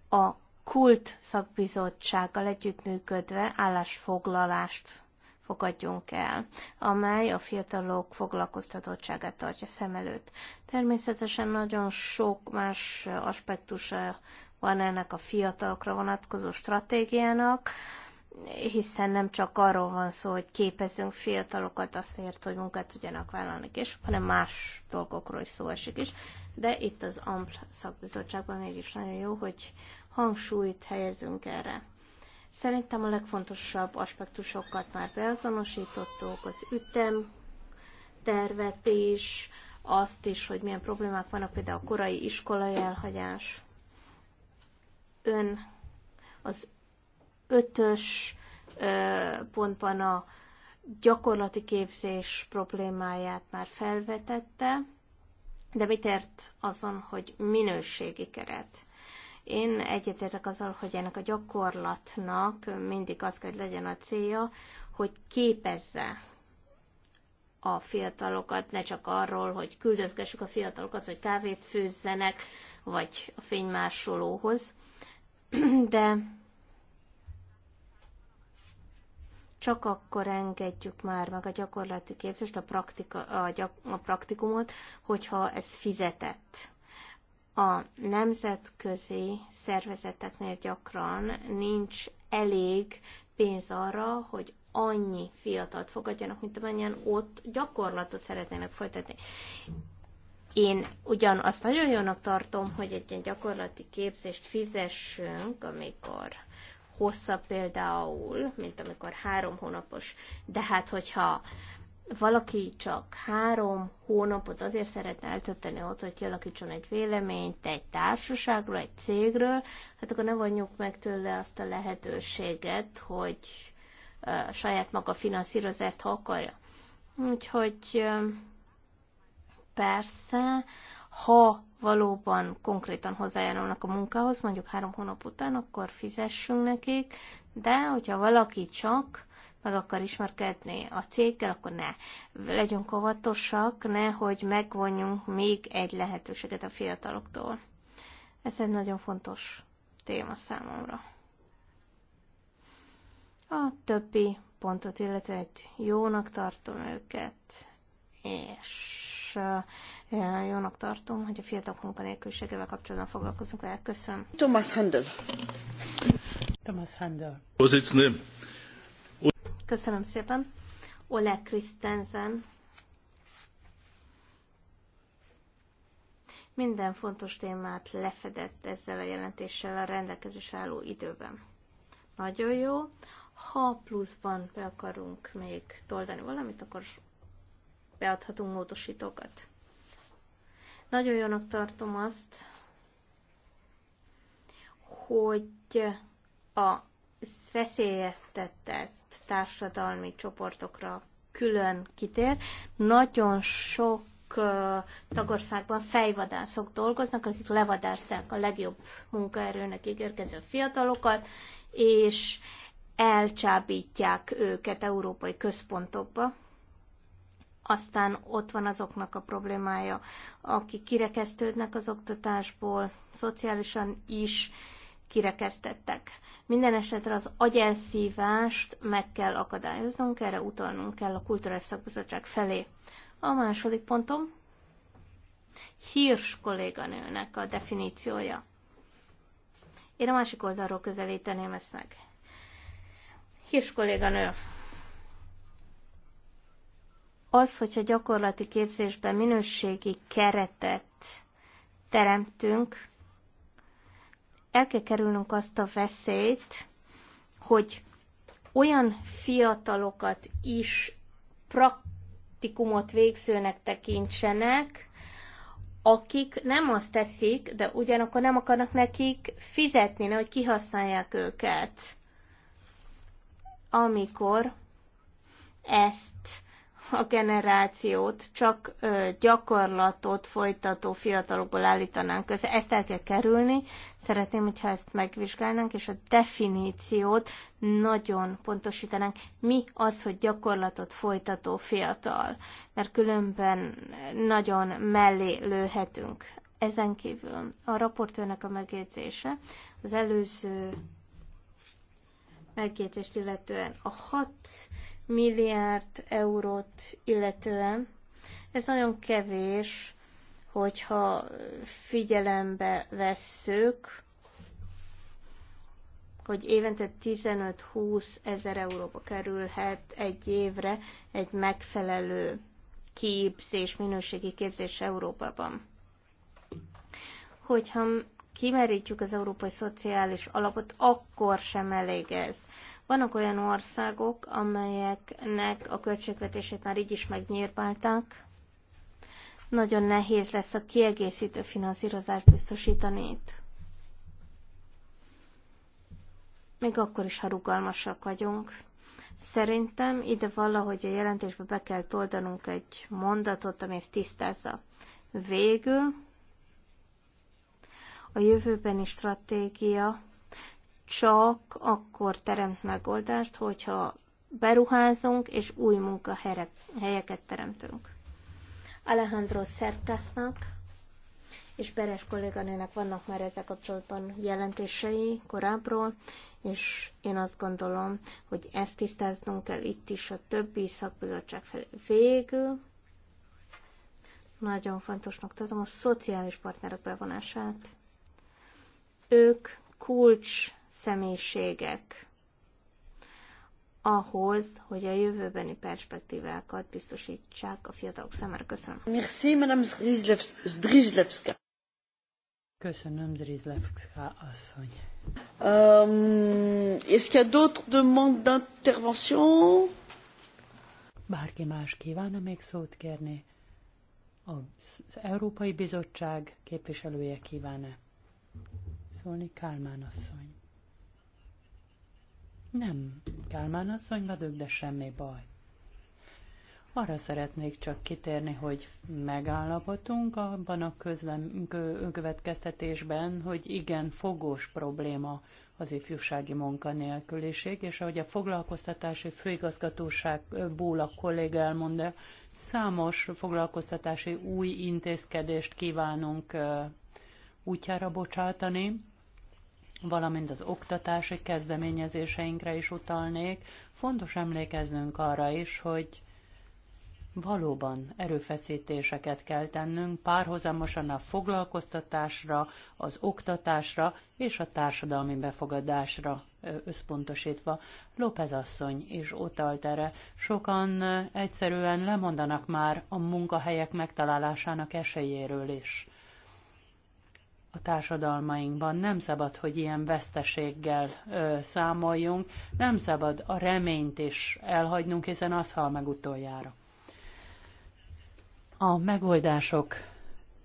a kult szakbizottsággal együttműködve állásfoglalást fogadjunk el, amely a fiatalok foglalkoztatottságát tartja szem előtt. Természetesen nagyon sok más aspektusa van ennek a fiatalokra vonatkozó stratégiának, hiszen nem csak arról van szó, hogy képezünk fiatalokat azért, hogy munkát tudjanak vállalni és hanem más dolgokról is szó esik is. De itt az AMPL szakbizottságban mégis nagyon jó, hogy hangsúlyt helyezünk erre. Szerintem a legfontosabb aspektusokat már beazonosítottuk, az ütem tervet is, azt is, hogy milyen problémák vannak, például a korai iskolai elhagyás. Ön az ötös pontban a gyakorlati képzés problémáját már felvetette, de mit ért azon, hogy minőségi keret? Én egyetértek azzal, hogy ennek a gyakorlatnak mindig az kell, hogy legyen a célja, hogy képezze a fiatalokat, ne csak arról, hogy küldözgessük a fiatalokat, hogy kávét főzzenek, vagy a fénymásolóhoz, de csak akkor engedjük már meg a gyakorlati képzést, a, praktika, a, gyak, a praktikumot, hogyha ez fizetett. A nemzetközi szervezeteknél gyakran nincs elég pénz arra, hogy annyi fiatalt fogadjanak, mint amennyien ott gyakorlatot szeretnének folytatni. Én ugyan azt nagyon jónak tartom, hogy egy ilyen gyakorlati képzést fizessünk, amikor hosszabb például, mint amikor három hónapos. De hát, hogyha valaki csak három hónapot azért szeretne eltölteni ott, hogy kialakítson egy véleményt egy társaságról, egy cégről, hát akkor ne vonjuk meg tőle azt a lehetőséget, hogy saját maga finanszírozza ezt, ha akarja. Úgyhogy persze, ha valóban konkrétan hozzájárulnak a munkához, mondjuk három hónap után, akkor fizessünk nekik, de hogyha valaki csak meg akar ismerkedni a céggel, akkor ne. Legyünk óvatosak, ne, hogy megvonjunk még egy lehetőséget a fiataloktól. Ez egy nagyon fontos téma számomra. A többi pontot, illetve egy jónak tartom őket, és jónak tartom, hogy a fiatal munkanélküliségével kapcsolatban foglalkozunk vele. Köszönöm. Thomas Handel. Thomas Handel. Köszönöm szépen. Ole Kristensen. Minden fontos témát lefedett ezzel a jelentéssel a rendelkezés álló időben. Nagyon jó. Ha pluszban be akarunk még toldani valamit, akkor beadhatunk módosítókat. Nagyon jónak tartom azt, hogy a veszélyeztetett társadalmi csoportokra külön kitér. Nagyon sok tagországban fejvadászok dolgoznak, akik levadásszák a legjobb munkaerőnek ígérkező fiatalokat, és elcsábítják őket európai központokba, aztán ott van azoknak a problémája, akik kirekesztődnek az oktatásból, szociálisan is kirekesztettek. Minden esetre az agyelszívást meg kell akadályoznunk, erre utalnunk kell a Kulturális Szakbizottság felé. A második pontom, hírs kolléganőnek a definíciója. Én a másik oldalról közelíteném ezt meg. Hírs kolléganő az, hogyha gyakorlati képzésben minőségi keretet teremtünk, el kell kerülnünk azt a veszélyt, hogy olyan fiatalokat is praktikumot végzőnek tekintsenek, akik nem azt teszik, de ugyanakkor nem akarnak nekik fizetni, nehogy kihasználják őket, amikor ezt a generációt csak gyakorlatot folytató fiatalokból állítanánk össze. Ezt el kell kerülni. Szeretném, hogyha ezt megvizsgálnánk, és a definíciót nagyon pontosítanánk. Mi az, hogy gyakorlatot folytató fiatal? Mert különben nagyon mellé lőhetünk. Ezen kívül a raportőrnek a megjegyzése az előző megjegyzést illetően a hat milliárd eurót illetően. Ez nagyon kevés, hogyha figyelembe vesszük, hogy évente 15-20 ezer euróba kerülhet egy évre egy megfelelő képzés, minőségi képzés Európában. Hogyha kimerítjük az európai szociális alapot, akkor sem elég ez. Vannak olyan országok, amelyeknek a költségvetését már így is megnyírbálták. Nagyon nehéz lesz a kiegészítő finanszírozást biztosítani itt. Még akkor is, ha rugalmasak vagyunk. Szerintem ide valahogy a jelentésbe be kell toldanunk egy mondatot, ami ezt tisztázza. Végül a jövőbeni stratégia csak akkor teremt megoldást, hogyha beruházunk és új munkahelyeket teremtünk. Alejandro Szerkásznak és Beres kolléganőnek vannak már ezzel kapcsolatban jelentései korábbról, és én azt gondolom, hogy ezt tisztáznunk kell itt is a többi szakbizottság felé. Végül nagyon fontosnak tartom a szociális partnerek bevonását. Ők kulcs személyiségek ahhoz, hogy a jövőbeni perspektívákat biztosítsák a fiatalok számára. Köszönöm. Merci, Madame Zdrizlevska. Köszönöm, Zdrizlevska asszony. Um, Est-ce qu'il y a d'autres demandes d'intervention? Bárki más kívánna még szót kérni? Az Európai Bizottság képviselője kívánna szólni? Kálmán asszony. Nem, Kálmán asszony vagyok, de semmi baj. Arra szeretnék csak kitérni, hogy megállapodtunk abban a közlem, következtetésben, hogy igen, fogós probléma az ifjúsági munkanélküliség, és ahogy a foglalkoztatási főigazgatóság Bóla kolléga elmondja, számos foglalkoztatási új intézkedést kívánunk útjára bocsátani, valamint az oktatási kezdeményezéseinkre is utalnék. Fontos emlékeznünk arra is, hogy valóban erőfeszítéseket kell tennünk párhuzamosan a foglalkoztatásra, az oktatásra és a társadalmi befogadásra összpontosítva. López asszony is utalt erre. Sokan egyszerűen lemondanak már a munkahelyek megtalálásának esélyéről is a társadalmainkban. Nem szabad, hogy ilyen veszteséggel ö, számoljunk, nem szabad a reményt is elhagynunk, hiszen az hal meg utoljára. A megoldások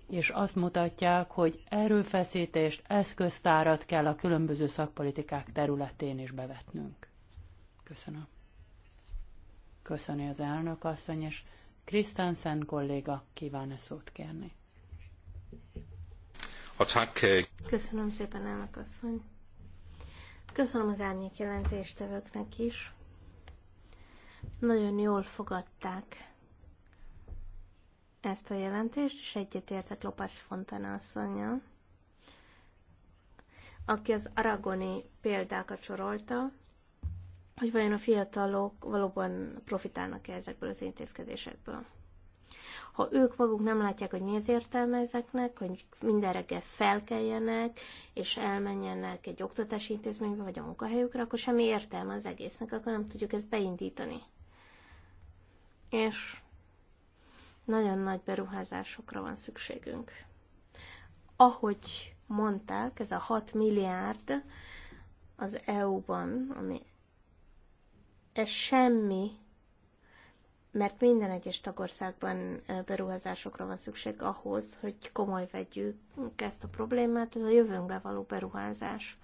és azt mutatják, hogy erőfeszítést, eszköztárat kell a különböző szakpolitikák területén is bevetnünk. Köszönöm. Köszöni az elnök asszony, és Szent kolléga kíván-e szót kérni. Øh. Köszönöm szépen, elnök asszony. Köszönöm az árnyék jelentéstevőknek is. Nagyon jól fogadták ezt a jelentést, és egyetértek Lopás Fontana asszonya, aki az aragoni példákat sorolta, hogy vajon a fiatalok valóban profitálnak -e ezekből az intézkedésekből. Ha ők maguk nem látják, hogy mi az értelme ezeknek, hogy minden reggel felkeljenek, és elmenjenek egy oktatási intézménybe, vagy a munkahelyükre, akkor semmi értelme az egésznek, akkor nem tudjuk ezt beindítani. És nagyon nagy beruházásokra van szükségünk. Ahogy mondták, ez a 6 milliárd az EU-ban, ami ez semmi mert minden egyes tagországban beruházásokra van szükség ahhoz, hogy komoly vegyük ezt a problémát, ez a jövőnkbe való beruházás.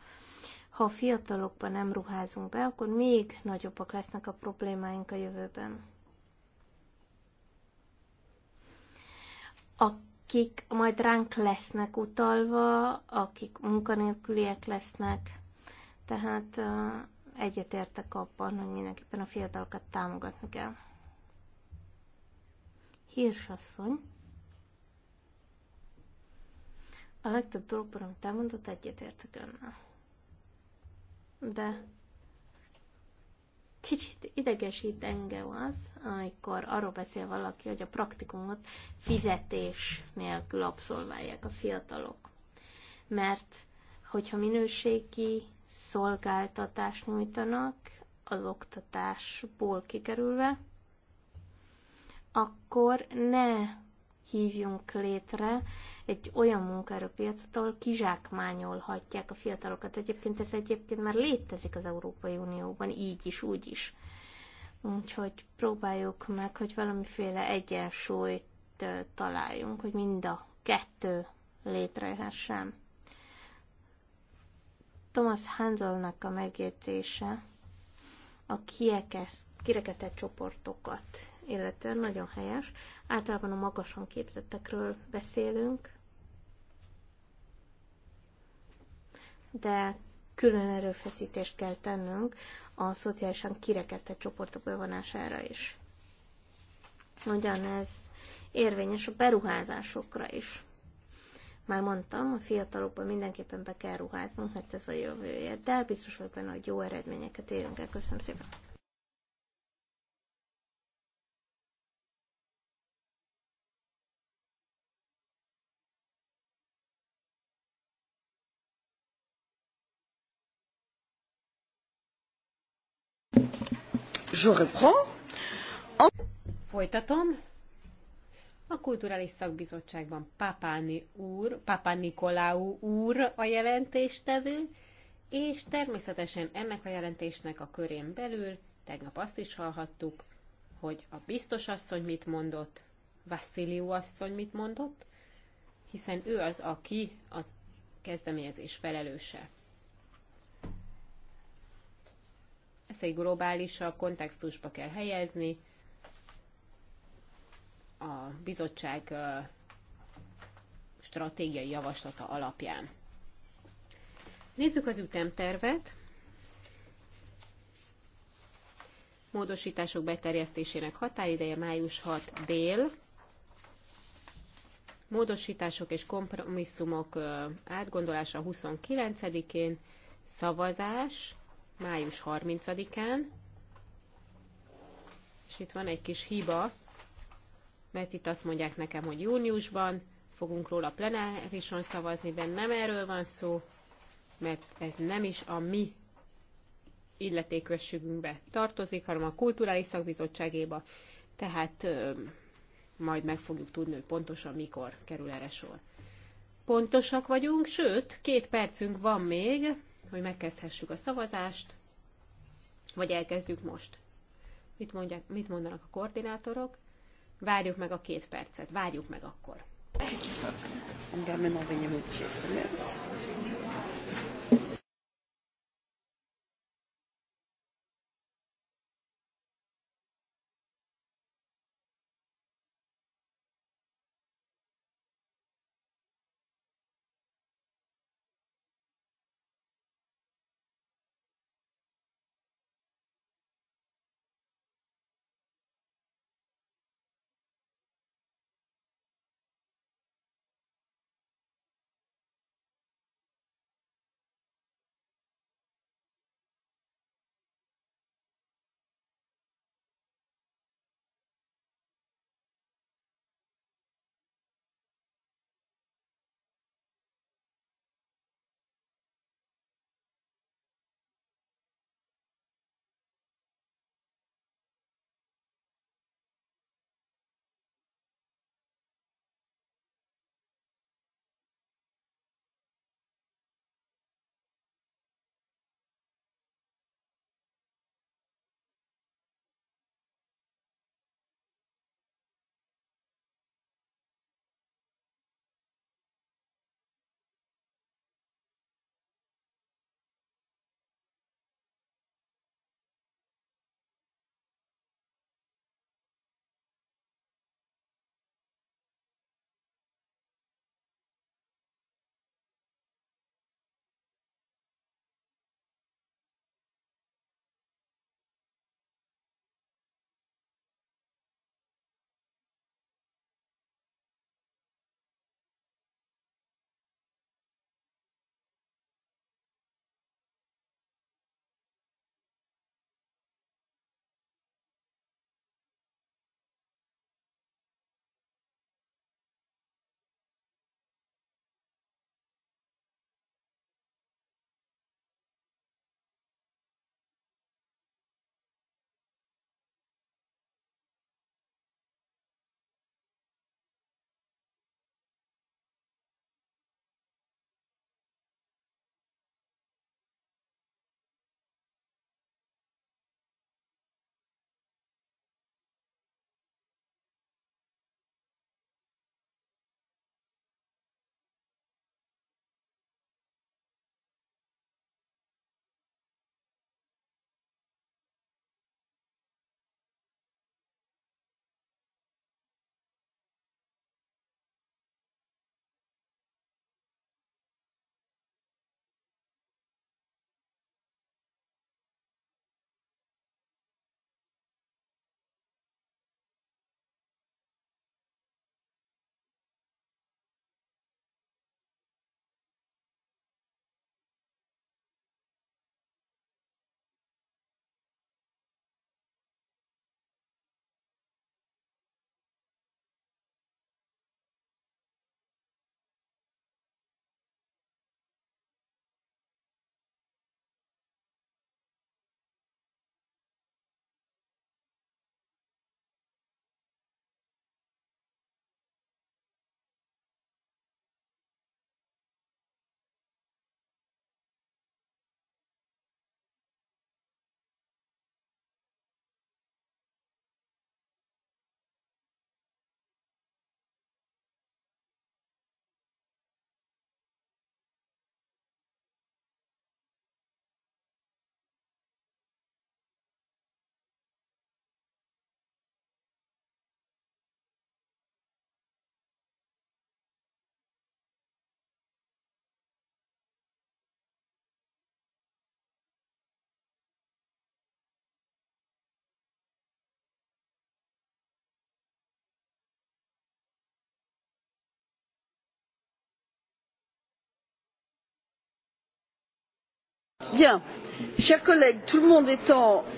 Ha a fiatalokban nem ruházunk be, akkor még nagyobbak lesznek a problémáink a jövőben. Akik majd ránk lesznek utalva, akik munkanélküliek lesznek, tehát egyetértek abban, hogy mindenképpen a fiatalokat támogatni kell. Hírsasszony. A legtöbb dologban, amit elmondott, egyetértek önnel. De kicsit idegesít engem az, amikor arról beszél valaki, hogy a praktikumot fizetés nélkül abszolválják a fiatalok. Mert hogyha minőségi szolgáltatást nyújtanak az oktatásból kikerülve, akkor ne hívjunk létre egy olyan munkaerőpiacot, ahol kizsákmányolhatják a fiatalokat. Egyébként ez egyébként már létezik az Európai Unióban, így is, úgy is. Úgyhogy próbáljuk meg, hogy valamiféle egyensúlyt találjunk, hogy mind a kettő létrejöhessen. Thomas Handelnek a megjegyzése a kirekesztett csoportokat illetően nagyon helyes. Általában a magasan képzettekről beszélünk, de külön erőfeszítést kell tennünk a szociálisan kirekesztett csoportok bevonására is. Ugyanez érvényes a beruházásokra is. Már mondtam, a fiatalokban mindenképpen be kell ruháznunk, mert ez a jövője, de biztos vagyok benne, hogy jó eredményeket érünk el. Köszönöm szépen! je reprends. En... Folytatom. A Kulturális Szakbizottságban Papáni úr, Papa Nikolaú úr a jelentéstevő, és természetesen ennek a jelentésnek a körén belül, tegnap azt is hallhattuk, hogy a biztos asszony mit mondott, Vassziliu asszony mit mondott, hiszen ő az, aki a kezdeményezés felelőse. ezt egy globálisabb kontextusba kell helyezni. A bizottság stratégiai javaslata alapján. Nézzük az ütemtervet. Módosítások beterjesztésének határideje május 6 dél. Módosítások és kompromisszumok átgondolása 29-én. Szavazás május 30-án, és itt van egy kis hiba, mert itt azt mondják nekem, hogy júniusban fogunk róla plenárison szavazni, de nem erről van szó, mert ez nem is a mi illetékösségünkbe tartozik, hanem a kulturális szakbizottságéba. Tehát ö, majd meg fogjuk tudni, hogy pontosan mikor kerül erre sor. Pontosak vagyunk, sőt, két percünk van még, hogy megkezdhessük a szavazást, vagy elkezdjük most. Mit, mondják, mit mondanak a koordinátorok? Várjuk meg a két percet, várjuk meg akkor.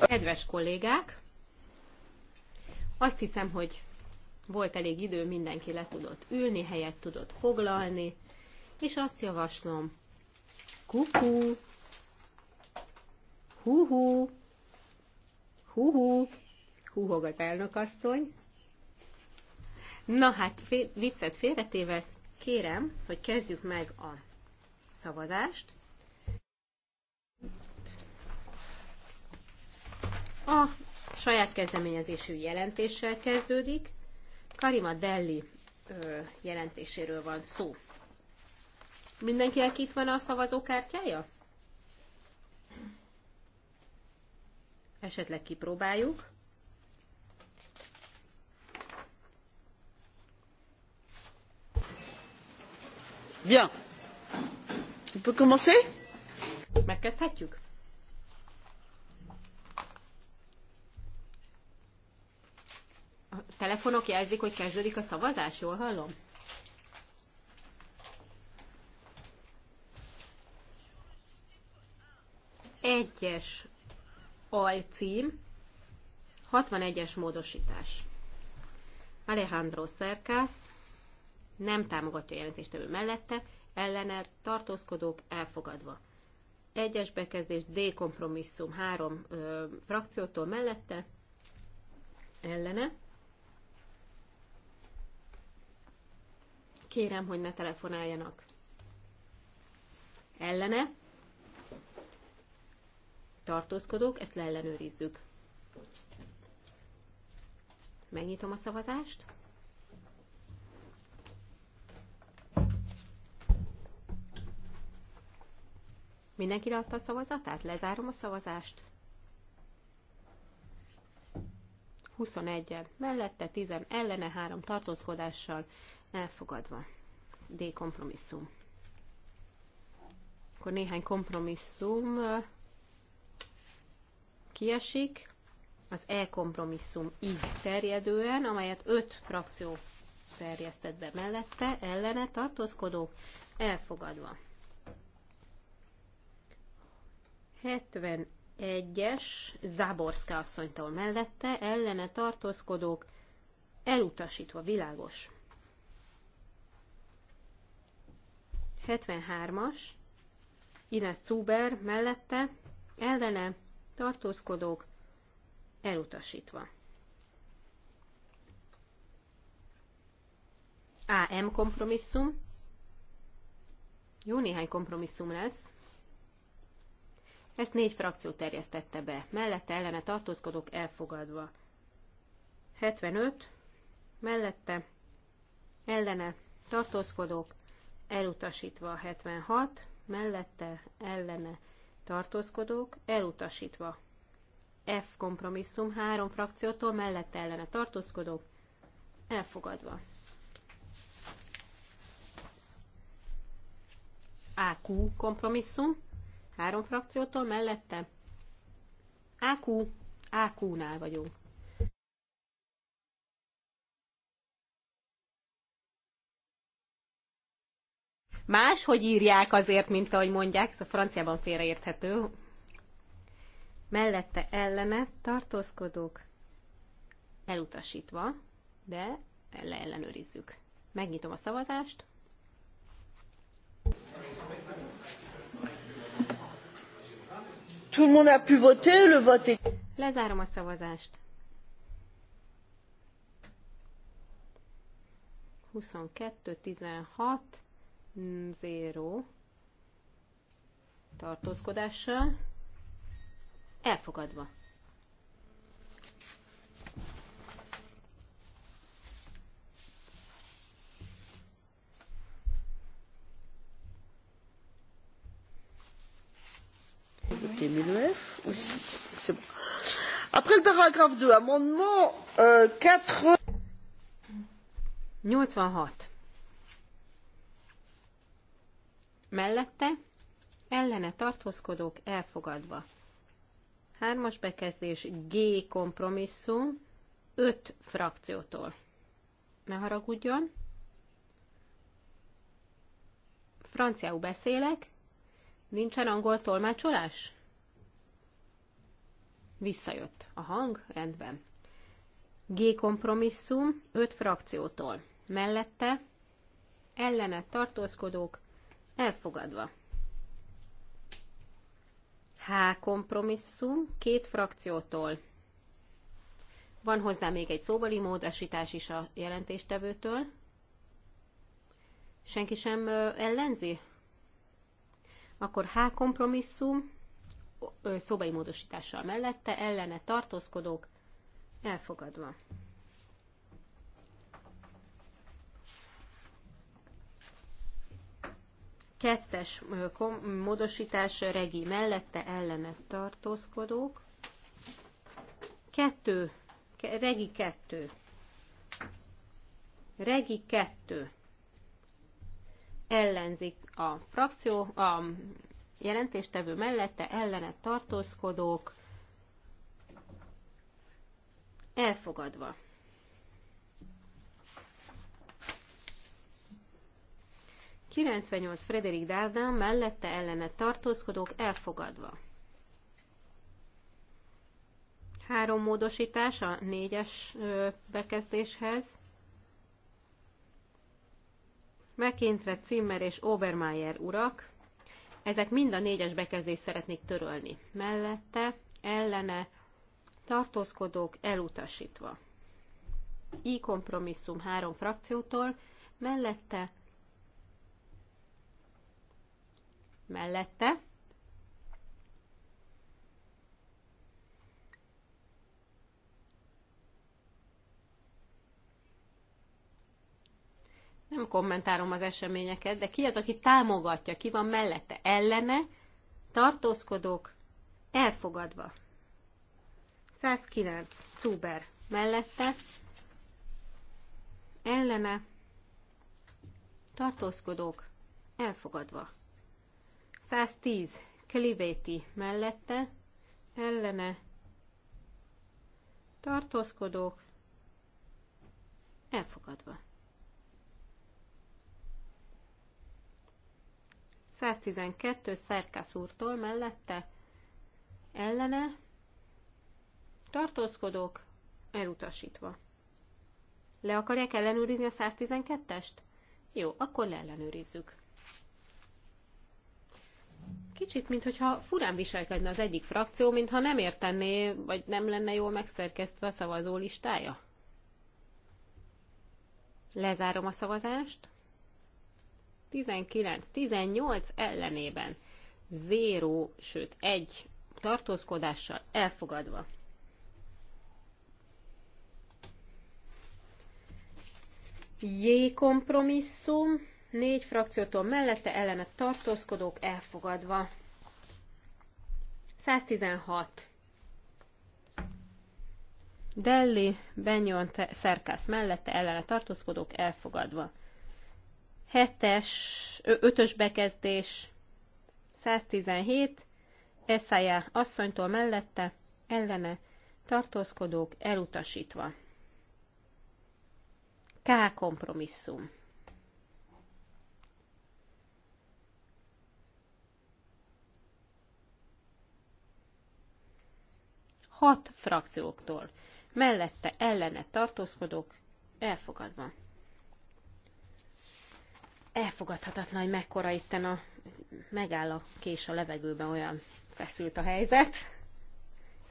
Kedves kollégák, azt hiszem, hogy volt elég idő, mindenki le tudott ülni, helyet tudott foglalni, és azt javaslom, kukú, húhú, húhú, húhog az elnökasszony. Na hát, viccet félretéve, kérem, hogy kezdjük meg a szavazást. A saját kezdeményezésű jelentéssel kezdődik. Karima Delli jelentéséről van szó. Mindenkinek itt van a szavazókártyája? Esetleg kipróbáljuk. Bien. On peut commencer? Megkezdhetjük? A telefonok jelzik, hogy kezdődik a szavazás, jól hallom? Egyes alcím, 61-es módosítás. Alejandro Szerkász nem támogatja a jelentéstevő mellette, ellene tartózkodók elfogadva. Egyes bekezdés D kompromisszum három ö, frakciótól mellette, ellene. Kérem, hogy ne telefonáljanak. Ellene. Tartózkodók, ezt leellenőrizzük. Megnyitom a szavazást. Mindenki adta a szavazatát? Lezárom a szavazást. 21 -e. mellette, 10 ellene, 3 tartózkodással elfogadva. D kompromisszum. Akkor néhány kompromisszum kiesik. Az E kompromisszum így terjedően, amelyet 5 frakció terjesztett be mellette, ellene tartózkodók elfogadva. 71-es Záborszka asszonytól mellette ellene tartózkodók elutasítva világos. 73-as Ines Zuber mellette ellene tartózkodók elutasítva. AM kompromisszum. Jó néhány kompromisszum lesz. Ezt négy frakció terjesztette be, mellette ellene tartózkodók elfogadva. 75, mellette ellene tartózkodók elutasítva 76, mellette ellene tartózkodók elutasítva. F kompromisszum három frakciótól mellette ellene tartózkodók elfogadva. AQ kompromisszum Három frakciótól mellette? AQ, AQ-nál vagyunk. Máshogy írják azért, mint ahogy mondják, ez a franciában félreérthető. Mellette ellene tartózkodók elutasítva, de ellenőrizzük. Megnyitom a szavazást. Tout le monde a pu voter, le vote est... Lezárom a szavazást. 22, 16, 0 tartózkodással elfogadva. Après le paragraphe 2, amendement euh, 4... 86. Mellette ellene tartózkodók elfogadva. Hármas bekezdés G kompromisszum 5 frakciótól. Ne haragudjon. Franciául beszélek, Nincsen angol tolmácsolás? Visszajött a hang, rendben. G kompromisszum, öt frakciótól. Mellette, ellene tartózkodók, elfogadva. H kompromisszum, két frakciótól. Van hozzá még egy szóvali módosítás is a jelentéstevőtől. Senki sem ellenzi? Akkor H kompromisszum, szobai módosítással mellette, ellene tartózkodók, elfogadva. Kettes módosítás regi mellette ellene tartózkodók. Kettő, regi kettő. Regi kettő ellenzik a frakció, a jelentéstevő mellette ellene tartózkodók elfogadva. Kilencvennyolc Frederik Dárdán mellette ellene tartózkodók elfogadva. Három módosítás a négyes bekezdéshez. McIntre, Zimmer és Obermeier urak. Ezek mind a négyes bekezdést szeretnék törölni. Mellette, ellene, tartózkodók elutasítva. I kompromisszum három frakciótól, mellette, mellette, nem kommentálom az eseményeket, de ki az, aki támogatja, ki van mellette, ellene, tartózkodók, elfogadva. 109, Cuber mellette, ellene, tartózkodók, elfogadva. 110, Kliveti mellette, ellene, tartózkodók, elfogadva. 112 Szerkász úrtól mellette ellene tartózkodók elutasítva. Le akarják ellenőrizni a 112-est? Jó, akkor leellenőrizzük. Kicsit, mintha furán viselkedne az egyik frakció, mintha nem értené, vagy nem lenne jól megszerkesztve a szavazó listája. Lezárom a szavazást. 19-18 ellenében 0, sőt 1 tartózkodással elfogadva. J kompromisszum, négy frakciótól mellette ellene tartózkodók elfogadva. 116. Delli, Benyon, Szerkász mellette ellene tartózkodók elfogadva. 7-es, 5-ös bekezdés, 117, Eszájá asszonytól mellette, ellene, tartózkodók elutasítva. K kompromisszum. Hat frakcióktól. Mellette ellene tartózkodók elfogadva elfogadhatatlan, hogy mekkora itten a megáll a kés a levegőben, olyan feszült a helyzet.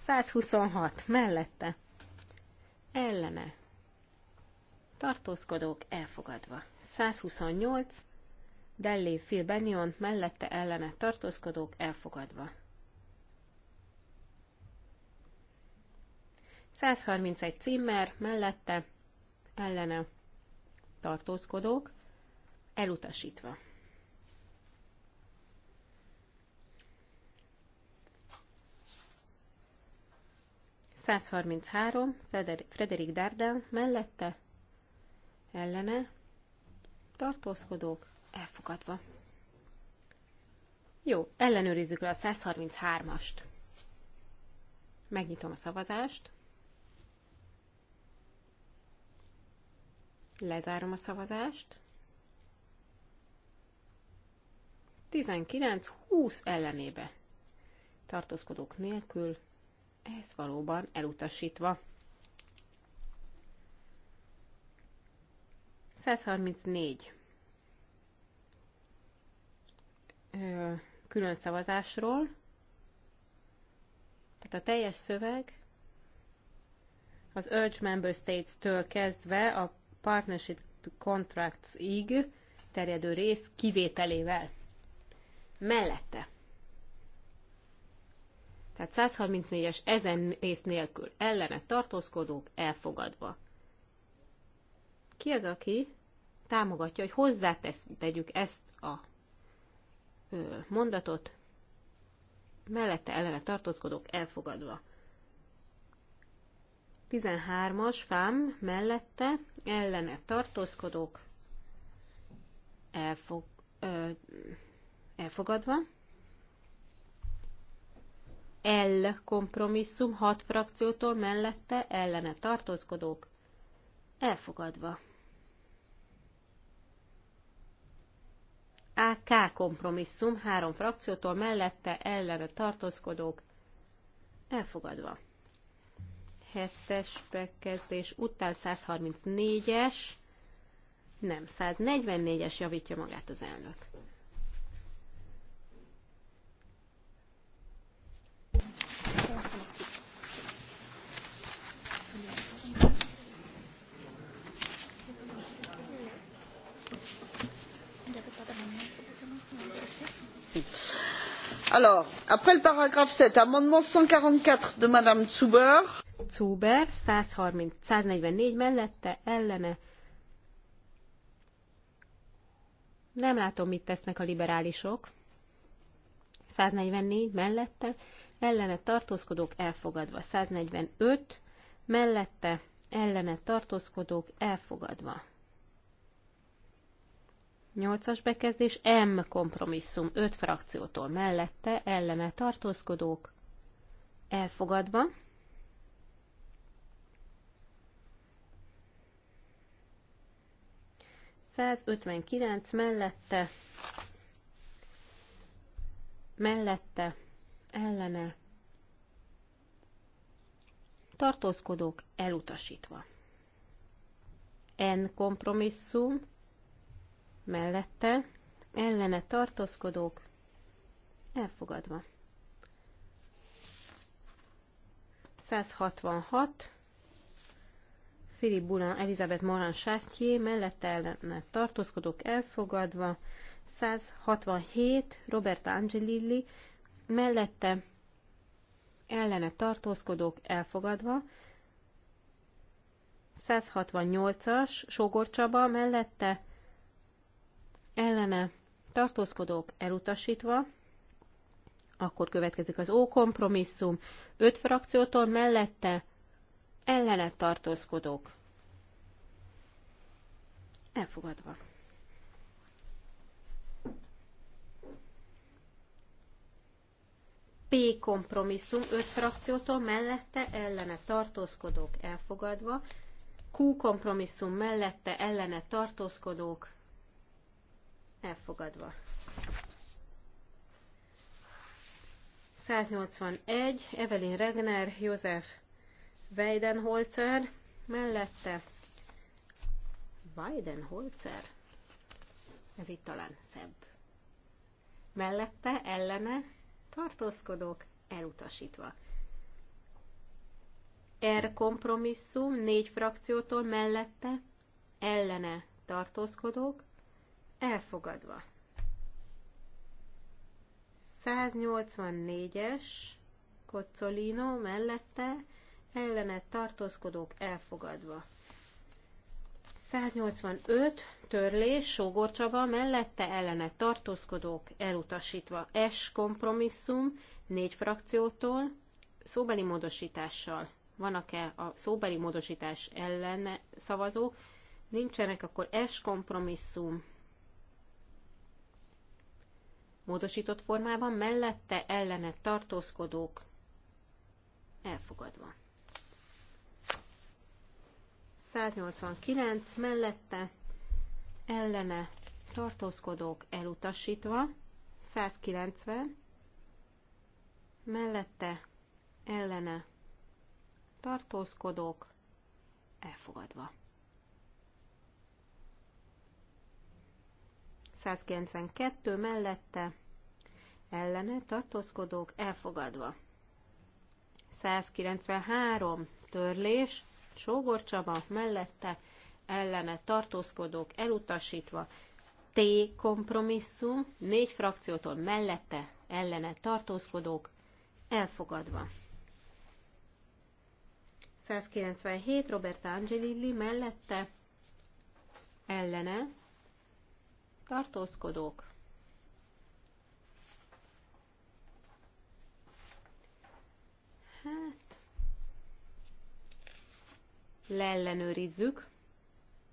126 mellette. Ellene. Tartózkodók elfogadva. 128. Dellé Phil Bennion mellette ellene tartózkodók elfogadva. 131 címmer, mellette ellene tartózkodók elutasítva. Százharminchárom, Frederik Dárdán mellette, ellene, tartózkodók, elfogadva. Jó, ellenőrizzük le a 133-ast. Megnyitom a szavazást. Lezárom a szavazást. 19-20 ellenébe tartózkodók nélkül, ez valóban elutasítva. 134 külön szavazásról, tehát a teljes szöveg az Urge Member States-től kezdve a Partnership Contracts-ig terjedő rész kivételével mellette. Tehát 134-es ezen rész nélkül ellene tartózkodók elfogadva. Ki az, aki támogatja, hogy hozzátesz tegyük ezt a ö, mondatot, mellette ellene tartózkodók elfogadva. 13-as fám mellette ellene tartózkodók elfog, ö, elfogadva. L kompromisszum, hat frakciótól mellette ellene tartózkodók, elfogadva. AK kompromisszum, három frakciótól mellette ellene tartózkodók, elfogadva. 7-es bekezdés után 134-es, nem, 144-es javítja magát az elnök. après le paragraphe 7, amendement 144 de Madame Zuber. Zuber, 144 mellette, ellene. Nem látom, mit tesznek a liberálisok. 144 mellette, ellene tartózkodók elfogadva. 145 mellette, ellene tartózkodók elfogadva. Nyolcas bekezdés, M kompromisszum, öt frakciótól mellette, ellene tartózkodók, elfogadva. ...159 mellette, mellette, ellene, tartózkodók elutasítva. N kompromisszum, mellette, ellene tartózkodók elfogadva. 166 Philip Bulan, Elizabeth Moran Sátyé, mellette ellene tartózkodók elfogadva, 167 Roberta Angelilli, mellette ellene tartózkodók elfogadva, 168-as Sogor Csaba mellette ellene tartózkodók elutasítva, akkor következik az ókompromisszum, öt frakciótól mellette ellene tartózkodók. Elfogadva. P kompromisszum, öt frakciótól mellette ellene tartózkodók elfogadva, Q kompromisszum mellette ellene tartózkodók elfogadva. 181, Evelyn Regner, József Weidenholzer, mellette Weidenholzer, ez itt talán szebb. Mellette, ellene, tartózkodók, elutasítva. R kompromisszum, négy frakciótól mellette, ellene, tartózkodók, Elfogadva. 184-es Kocolino mellette ellene tartózkodók elfogadva. 185 törlés Sógorcsaba mellette ellene tartózkodók elutasítva. S kompromisszum négy frakciótól szóbeli módosítással. Vannak-e a szóbeli módosítás ellen szavazók? Nincsenek, akkor S kompromisszum módosított formában, mellette ellene tartózkodók elfogadva. 189 mellette ellene tartózkodók elutasítva, 190 mellette ellene tartózkodók elfogadva. 192 mellette ellene tartózkodók elfogadva. 193 törlés, Sógor Csaba mellette ellene tartózkodók elutasítva. T kompromisszum, négy frakciótól mellette ellene tartózkodók elfogadva. 197 Roberta Angelilli mellette ellene tartózkodók, hát leellenőrizzük,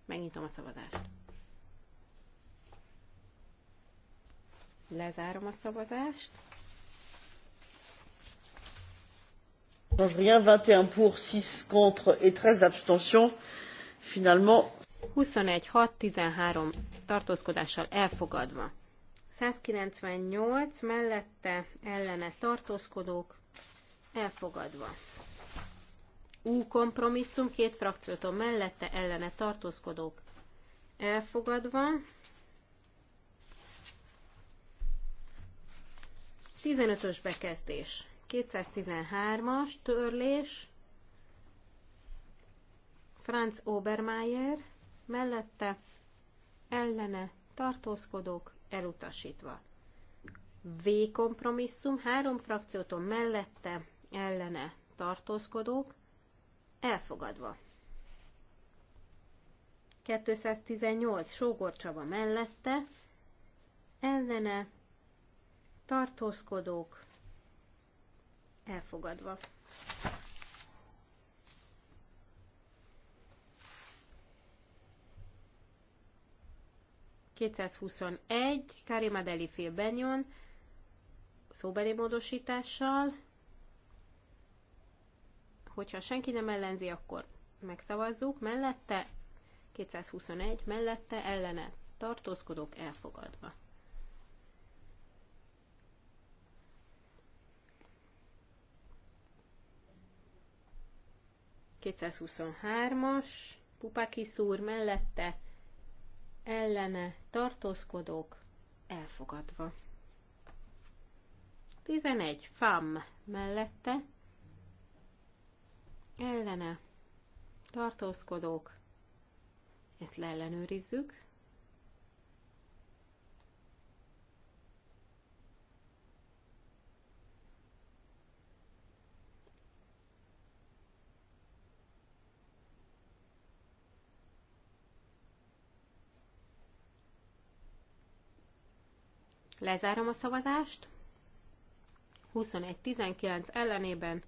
megnyitom a szavazást. Lezárom a szavazást. change rien, 21 pour, 6 contre et 13 abstentions. Finalement, 21-6-13 tartózkodással elfogadva. 198 mellette ellene tartózkodók elfogadva. U kompromisszum két frakciótól mellette ellene tartózkodók elfogadva. 15-ös bekezdés. 213-as törlés. Franz Obermeier mellette, ellene, tartózkodók, elutasítva. V kompromisszum, három frakciótól mellette, ellene, tartózkodók, elfogadva. 218 sógorcsava mellette, ellene, tartózkodók, elfogadva. 221, Karima Deli Phil Benyon, szóbeli módosítással. Hogyha senki nem ellenzi, akkor megszavazzuk. Mellette 221, mellette ellene tartózkodók elfogadva. Kétszázhuszonhármas, Pupaki szúr mellette, ellene tartózkodók elfogadva. 11. Fam mellette ellene tartózkodók, ezt leellenőrizzük. Lezárom a szavazást. 21-19 ellenében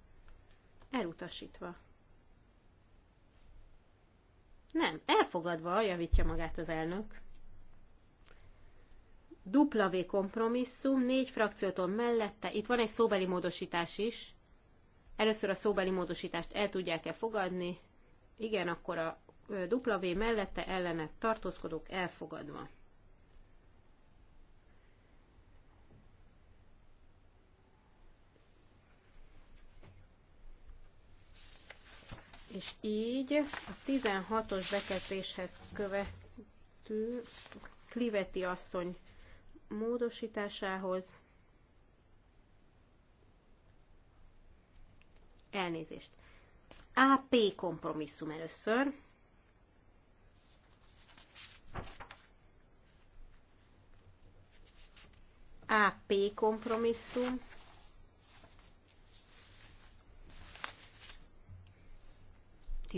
elutasítva. Nem, elfogadva javítja magát az elnök. Dupla V kompromisszum, négy frakciótól mellette, itt van egy szóbeli módosítás is. Először a szóbeli módosítást el tudják-e fogadni? Igen, akkor a dupla V mellette ellene tartózkodók elfogadva. És így a 16-os bekezdéshez követő Kliveti asszony módosításához elnézést. AP kompromisszum először. AP kompromisszum.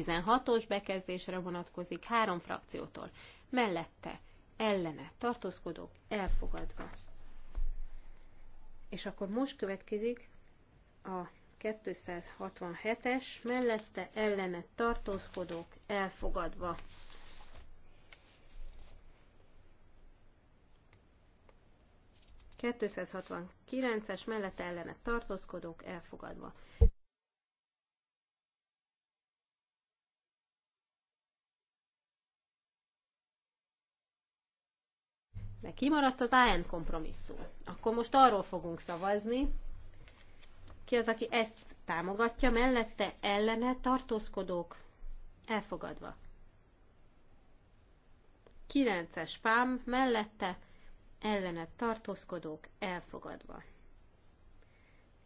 16-os bekezdésre vonatkozik három frakciótól. Mellette, ellene, tartózkodók, elfogadva. És akkor most következik a 267-es, mellette, ellene, tartózkodók, elfogadva. ...269-es mellette ellene tartózkodók elfogadva. de kimaradt az AN kompromisszum. Akkor most arról fogunk szavazni, ki az, aki ezt támogatja, mellette ellene tartózkodók elfogadva. 9-es pám mellette ellene tartózkodók elfogadva.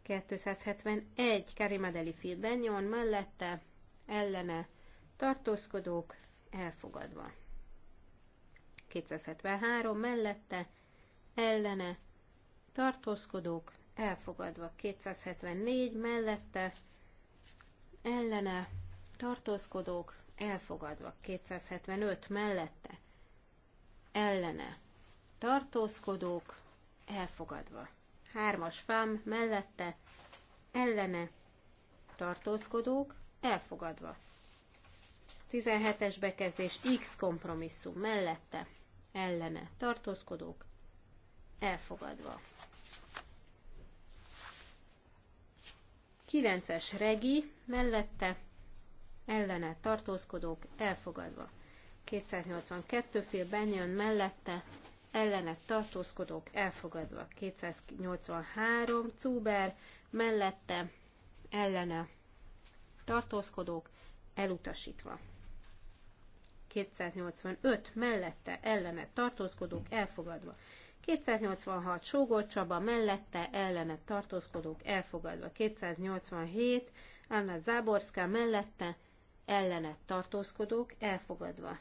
271 Karimadeli Filbenyon mellette ellene tartózkodók elfogadva. 273 mellette, ellene, tartózkodók, elfogadva 274 mellette, ellene, tartózkodók, elfogadva 275 mellette, ellene, tartózkodók, elfogadva. Hármas fám mellette, ellene, tartózkodók, elfogadva. 17-es bekezdés X kompromisszum mellette, ellene tartózkodók elfogadva. 9-es regi mellette ellene tartózkodók elfogadva. 282 fél Benyon mellette ellene tartózkodók elfogadva. 283 Cuber mellette ellene tartózkodók elutasítva. 285 mellette ellene tartózkodók elfogadva. 286 Sógor Csaba mellette ellene tartózkodók elfogadva. 287 Anna Záborská mellette ellene tartózkodók elfogadva.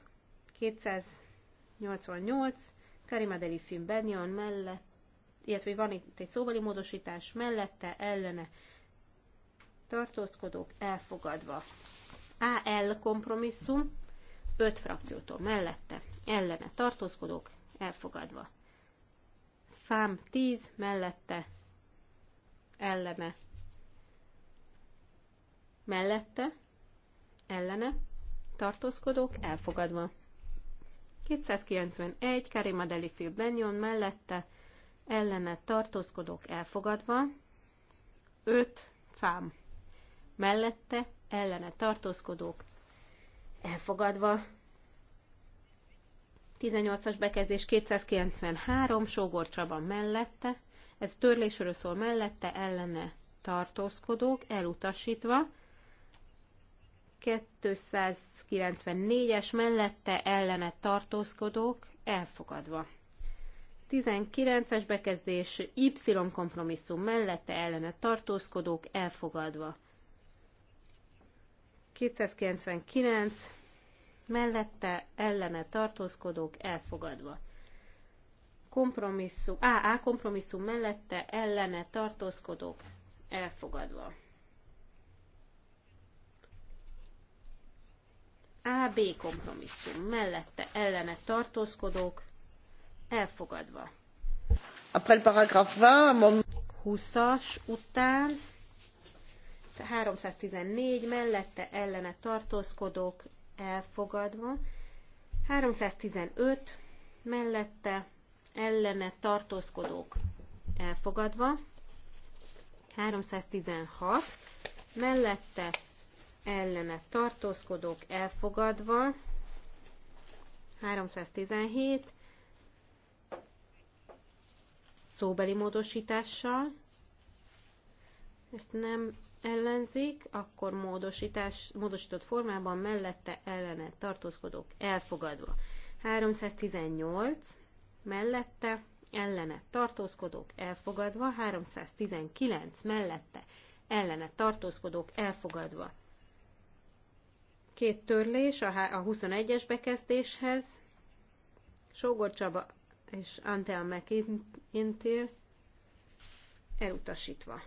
288 Karima Delifin Benyon mellett, illetve van itt egy szóbeli módosítás mellette ellene tartózkodók elfogadva. AL kompromisszum 5 frakciótól mellette, ellene tartózkodók, elfogadva. Fám 10 mellette, ellene, mellette, ellene, tartózkodók, elfogadva. 291, Karim Adeli Phil Benyon mellette, ellene tartózkodók elfogadva, 5 fám mellette, ellene tartózkodók elfogadva. 18-as bekezdés 293, Sógor Csaba mellette, ez törlésről szól mellette, ellene tartózkodók, elutasítva. 294-es mellette ellene tartózkodók, elfogadva. 19-es bekezdés Y kompromisszum mellette ellene tartózkodók, elfogadva. 299 mellette ellene tartózkodók elfogadva. Kompromisszum, Á Á kompromisszum mellette ellene tartózkodók elfogadva. B kompromisszum mellette ellene tartózkodók elfogadva. Après le paragraphe 20, 20-as után 314 mellette ellene tartózkodók elfogadva, 315 mellette ellene tartózkodók elfogadva, 316 mellette ellene tartózkodók elfogadva, 317 szóbeli módosítással, ezt nem ellenzik, akkor módosítás, módosított formában mellette ellene tartózkodók elfogadva. 318 mellette ellene tartózkodók elfogadva, 319 mellette ellene tartózkodók elfogadva. Két törlés a 21-es bekezdéshez, Sógor Csaba és Antea McIntyre elutasítva.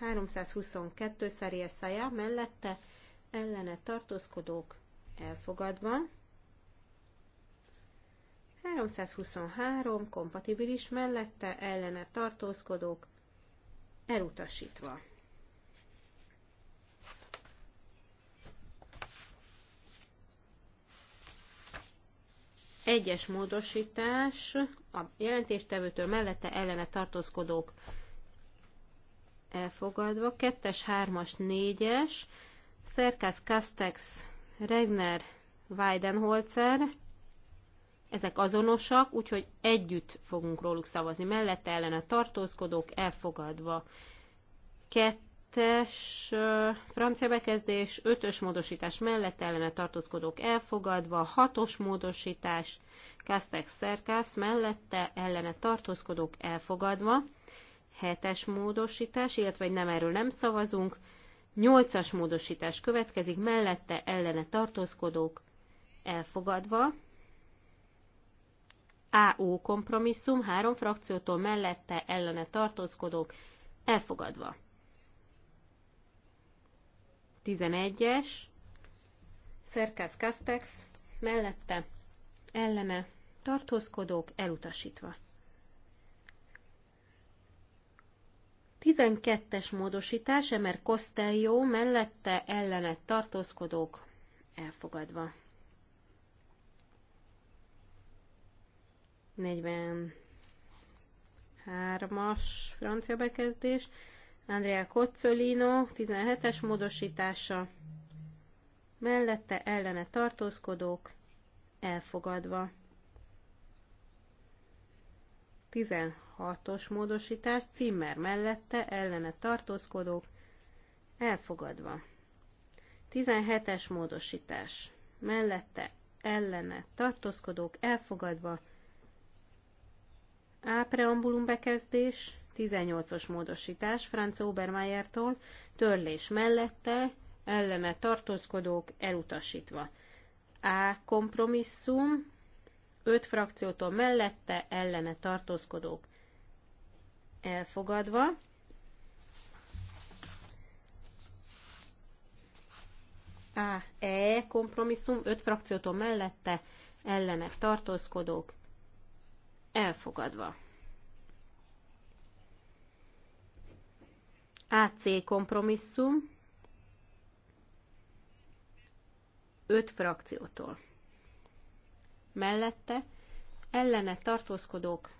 322 szerél szája mellette ellene tartózkodók elfogadva. 323 kompatibilis mellette ellene tartózkodók elutasítva. Egyes módosítás a jelentéstevőtől mellette ellene tartózkodók elfogadva, Kettes, hármas négyes Szerkász, Kastex, Regner, Weidenholzer, ezek azonosak, úgyhogy együtt fogunk róluk szavazni. Mellette ellene tartózkodók elfogadva. Kettes francia bekezdés, ötös módosítás mellette ellene tartózkodók elfogadva, hatos módosítás, Kastex Szerkász mellette ellene tartózkodók elfogadva, hetes módosítás, illetve hogy nem erről nem szavazunk, nyolcas módosítás következik, mellette ellene tartózkodók elfogadva, AU kompromisszum három frakciótól mellette ellene tartózkodók elfogadva. 11-es, Szerkász Kastex, mellette ellene tartózkodók elutasítva. 12-es módosítás, Emer Costello mellette ellene tartózkodók elfogadva. 43-as francia bekezdés, Andrea Cozzolino 17-es módosítása, mellette ellene tartózkodók elfogadva. 6-os módosítás, címer mellette, ellene tartózkodók, elfogadva. 17-es módosítás, mellette, ellene tartózkodók, elfogadva. A preambulum bekezdés, 18-os módosítás, Franz Obermeyer-tól, törlés mellette, ellene tartózkodók, elutasítva. A kompromisszum, öt frakciótól mellette ellene tartózkodók elfogadva. A, E kompromisszum, öt frakciótól mellette, ellenek tartózkodók, elfogadva. AC kompromisszum, öt frakciótól. Mellette, ellene tartózkodók,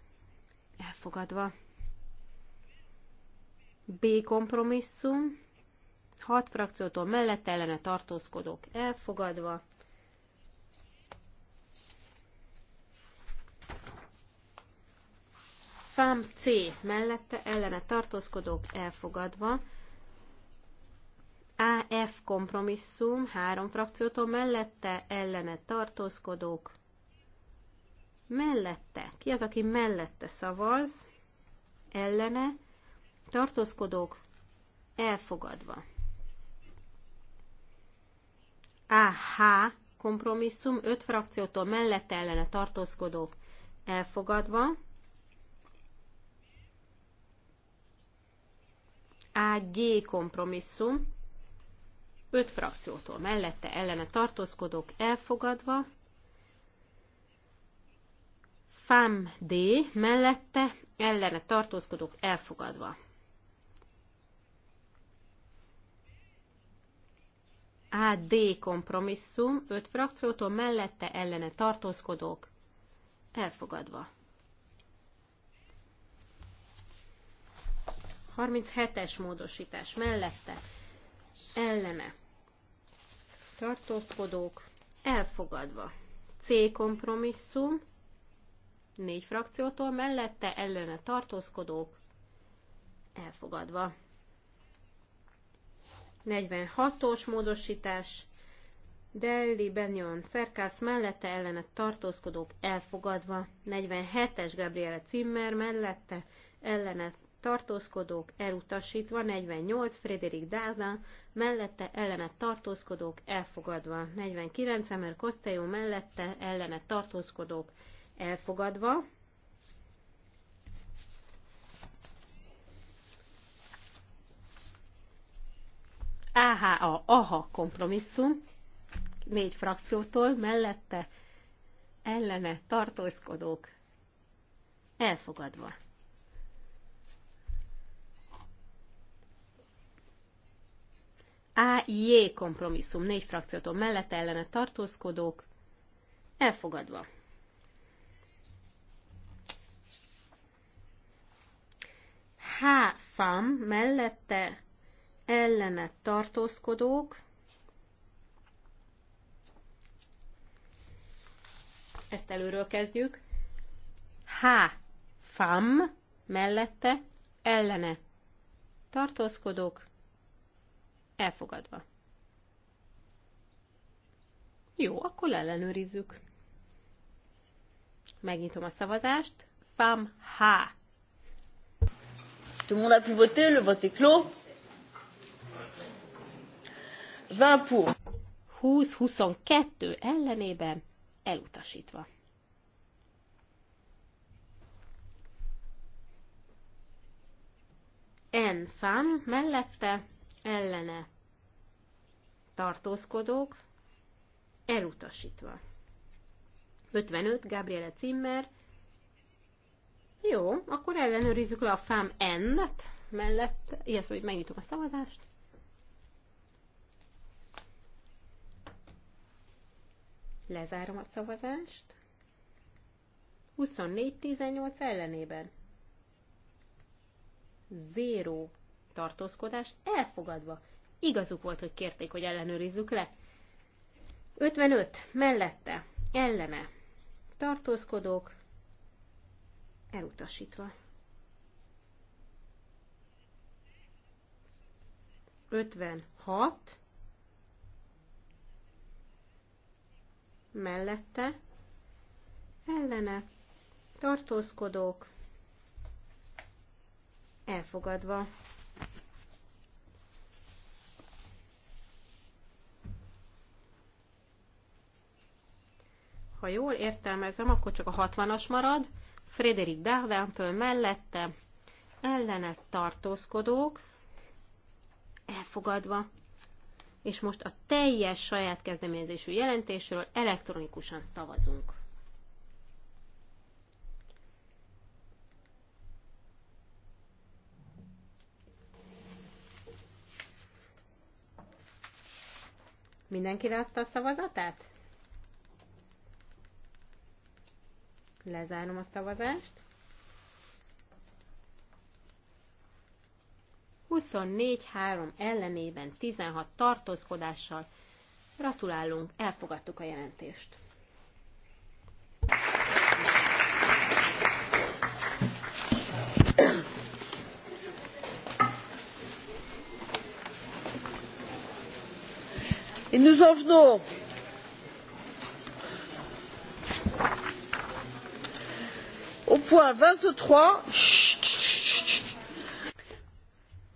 elfogadva. B kompromisszum, 6 frakciótól mellette ellene tartózkodók elfogadva. Fám C mellette ellene tartózkodók elfogadva. AF kompromisszum, három frakciótól mellette ellene tartózkodók. Mellette. Ki az, aki mellette szavaz? Ellene tartózkodók elfogadva. AH kompromisszum, öt frakciótól mellette ellene tartózkodók elfogadva. AG kompromisszum, öt frakciótól mellette ellene tartózkodók elfogadva. FAMD D mellette ellene tartózkodók elfogadva. AD kompromisszum, öt frakciótól mellette ellene tartózkodók, elfogadva. 37-es módosítás mellette ellene tartózkodók, elfogadva. C kompromisszum, négy frakciótól mellette ellene tartózkodók, elfogadva. 46-os módosítás, Delli Benyon Szerkász mellette ellene tartózkodók elfogadva, 47-es Gabriele Zimmer mellette ellene tartózkodók elutasítva, 48 Frederik Dáza mellette ellene tartózkodók elfogadva, 49 Emer Costello mellette ellene tartózkodók elfogadva, AHA, a AHA kompromisszum, négy frakciótól, mellette ellene tartózkodók elfogadva. AJ kompromisszum, négy frakciótól mellette ellene tartózkodók elfogadva. H-FAM mellette ellene tartózkodók, ezt előről kezdjük, H, fam, mellette, ellene tartózkodók, elfogadva. Jó, akkor ellenőrizzük. Megnyitom a szavazást. Fam H. Tout le monde a pu voter, le vote est clos. 20 pour. 22 ellenében elutasítva. N fám mellette ellene tartózkodók elutasítva. 55 Gabriele Zimmer. Jó, akkor ellenőrizzük le a fám N-et mellett, illetve hogy megnyitom a szavazást. Lezárom a szavazást. 24-18 ellenében. Zéró tartózkodás elfogadva. Igazuk volt, hogy kérték, hogy ellenőrizzük le. 55 mellette, ellene, tartózkodók, elutasítva. 56 mellette, ellene, tartózkodók, elfogadva. Ha jól értelmezem, akkor csak a 60-as marad, Frederik Dávántől mellette, ellene tartózkodók, elfogadva és most a teljes saját kezdeményezésű jelentésről elektronikusan szavazunk. Mindenki látta a szavazatát? Lezárom a szavazást. 24-3 ellenében 16 tartózkodással. Gratulálunk, elfogadtuk a jelentést. Et nous en venons au point 23,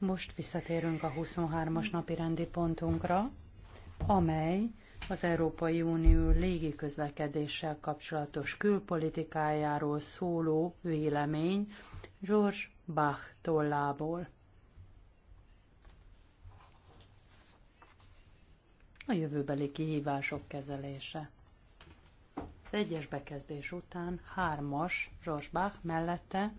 most visszatérünk a 23-as napi rendi pontunkra, amely az Európai Unió légiközlekedéssel kapcsolatos külpolitikájáról szóló vélemény George Bach tollából. A jövőbeli kihívások kezelése. Az egyes bekezdés után hármas George Bach mellette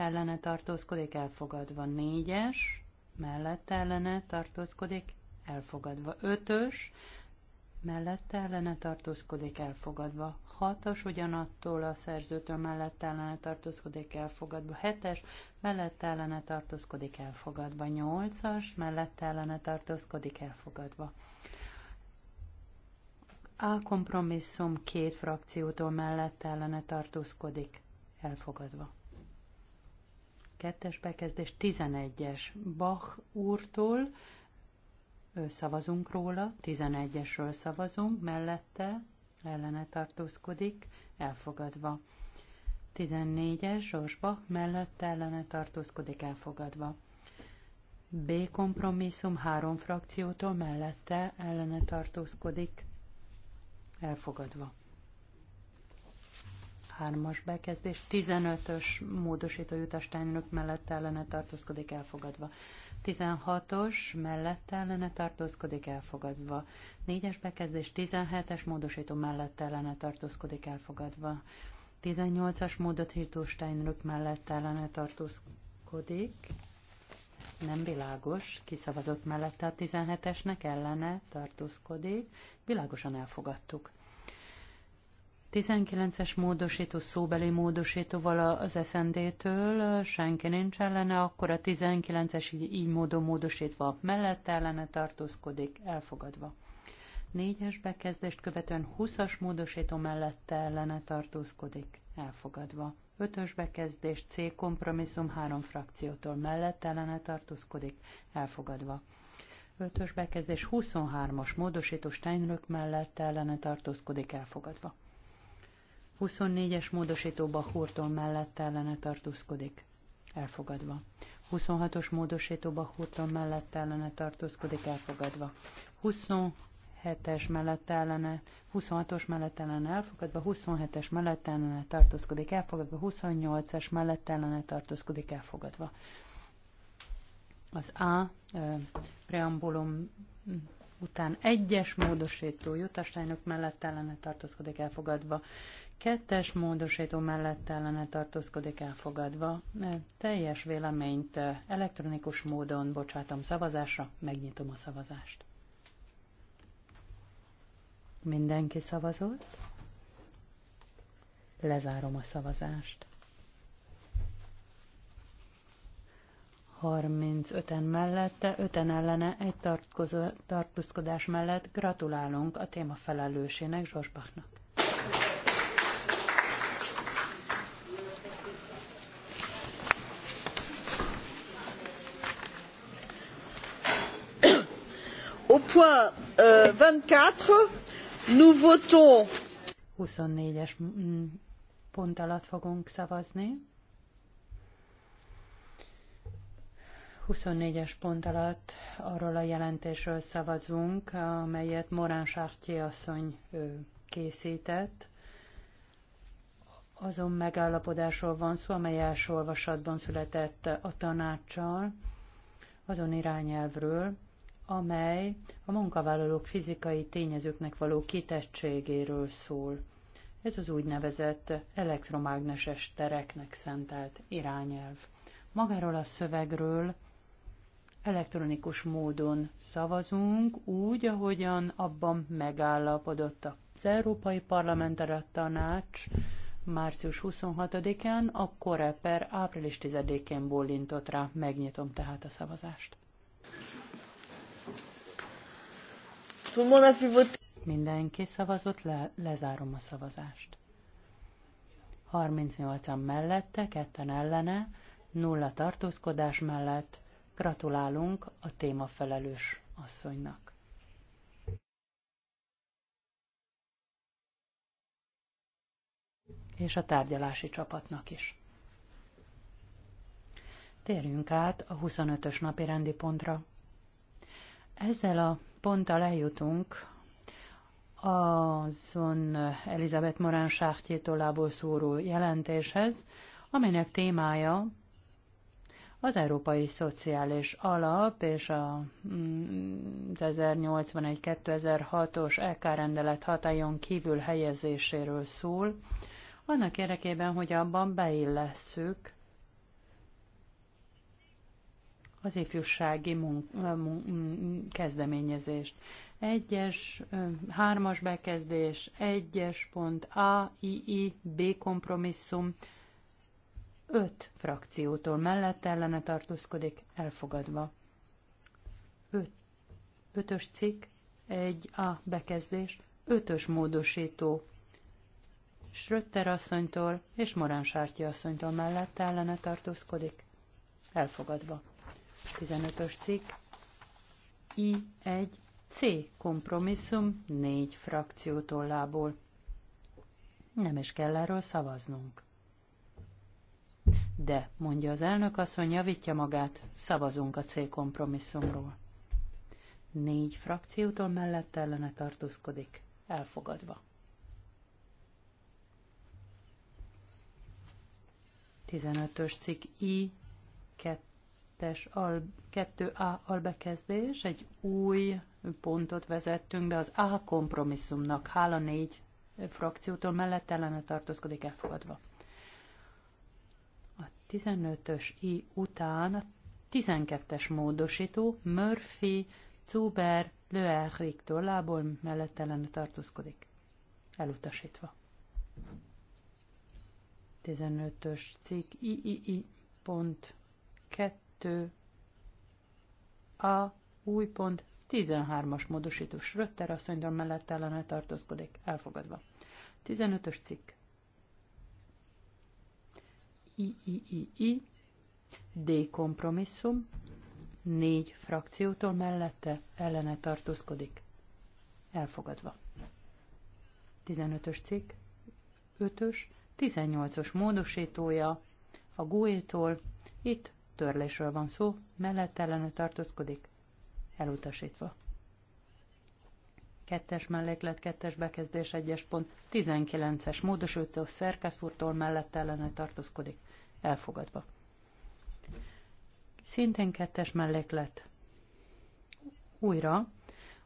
ellene tartózkodik, elfogadva. Négyes, mellette ellene tartózkodik, elfogadva. Ötös, mellette ellene tartózkodik, elfogadva. Hatos, ugyanattól a szerzőtől mellette ellene tartózkodik, elfogadva. Hetes, mellette ellene tartózkodik, elfogadva. Nyolcas, mellette ellene tartózkodik, elfogadva. A kompromisszum két frakciótól mellett ellene tartózkodik, elfogadva kettes bekezdés 11-es Bach úrtól szavazunk róla, 11-esről szavazunk, mellette ellene tartózkodik, elfogadva. 14-es Zsors Bach mellette ellene tartózkodik, elfogadva. B kompromisszum három frakciótól mellette ellene tartózkodik, elfogadva. 3-as bekezdés, 15-ös módosító jutastányok mellett ellene tartózkodik elfogadva. 16-os mellett ellene tartózkodik elfogadva. 4-es bekezdés 17-es módosító mellett ellene tartózkodik elfogadva. 18-as módosító Steinrück mellett ellene tartózkodik. Nem világos, kiszavazott mellette a 17-esnek ellene tartózkodik. Világosan elfogadtuk. 19-es módosító szóbeli módosítóval az SND-től senki nincs ellene, akkor a 19-es így, így módon módosítva mellett ellene tartózkodik, elfogadva. 4-es bekezdést követően 20-as módosító mellette ellene tartózkodik, elfogadva. 5-ös bekezdés C kompromisszum három frakciótól mellett ellene tartózkodik, elfogadva. 5-ös bekezdés 23-as módosító Steinrück mellett ellene tartózkodik, elfogadva. 24-es módosító Bachurtól mellett ellene tartózkodik. Elfogadva. 26-os módosító Bachurtól mellett ellene tartózkodik. Elfogadva. 27-es mellett ellene, 26-os mellett ellene elfogadva, 27-es mellett ellene tartózkodik elfogadva, 28-es mellett ellene tartózkodik elfogadva. Az A ö, preambulum után egyes módosító jutastányok mellett ellene tartózkodik elfogadva, Kettes módosító mellett ellene tartózkodik elfogadva. Teljes véleményt elektronikus módon bocsátom szavazásra, megnyitom a szavazást. Mindenki szavazott? Lezárom a szavazást. 35-en mellette, 5-en ellene, egy tartózkodás mellett gratulálunk a téma felelősének, Zsorsbachnak. point euh, nous votons 24-es pont alatt fogunk szavazni. 24-es pont alatt arról a jelentésről szavazunk, amelyet Morán Sártyé asszony készített. Azon megállapodásról van szó, amely első olvasatban született a tanácssal, azon irányelvről, amely a munkavállalók fizikai tényezőknek való kitettségéről szól. Ez az úgynevezett elektromágneses tereknek szentelt irányelv. Magáról a szövegről elektronikus módon szavazunk, úgy, ahogyan abban megállapodott az Európai Parlament a tanács március 26-án, a Koreper április 10-én bólintott rá. Megnyitom tehát a szavazást. Mindenki szavazott, le, lezárom a szavazást. 38-an mellette, ketten ellene, nulla tartózkodás mellett gratulálunk a témafelelős asszonynak. És a tárgyalási csapatnak is. Térjünk át a 25-ös napi rendi pontra. Ezzel a ponttal eljutunk azon Elizabeth Morán sártjétolából szóró jelentéshez, amelynek témája az Európai Szociális Alap és a 1081-2006-os mm, EK rendelet hatályon kívül helyezéséről szól, annak érdekében, hogy abban beillesszük az ifjúsági mun- mun- kezdeményezést. Egyes, hármas bekezdés, egyes pont A, I, I, B kompromisszum, öt frakciótól mellett ellene tartózkodik, elfogadva. Öt, ötös cikk, egy A bekezdés, ötös módosító, Schröter asszonytól és Morán Sártya asszonytól mellett ellene tartózkodik, elfogadva. 15-ös cikk, I1C kompromisszum négy frakció tollából. Nem is kell erről szavaznunk. De, mondja az elnök asszony, javítja magát, szavazunk a C kompromisszumról. Négy frakciótól mellett ellene tartózkodik, elfogadva. 15-ös cikk I2 2-es al, 2A albekezdés, egy új pontot vezettünk be az A kompromisszumnak, hála négy frakciótól mellett ellene tartózkodik elfogadva. A 15-ös I után a 12-es módosító Murphy, Zuber, Löerrik tollából mellett ellene tartózkodik. Elutasítva. 15-ös cikk i, pont 2 a új pont 13-as módosító Schröter asszonydal mellett ellene tartózkodik. Elfogadva. 15-ös cikk. I, I, I, I, D kompromisszum. Négy frakciótól mellette ellene tartózkodik. Elfogadva. 15-ös cikk. 5-ös. 18-os módosítója a GUE-tól. Itt törlésről van szó, mellett ellene tartózkodik, elutasítva. Kettes melléklet, kettes bekezdés, egyes pont, 19-es módosító szerkeszúrtól mellett ellene tartózkodik, elfogadva. Szintén kettes melléklet. Újra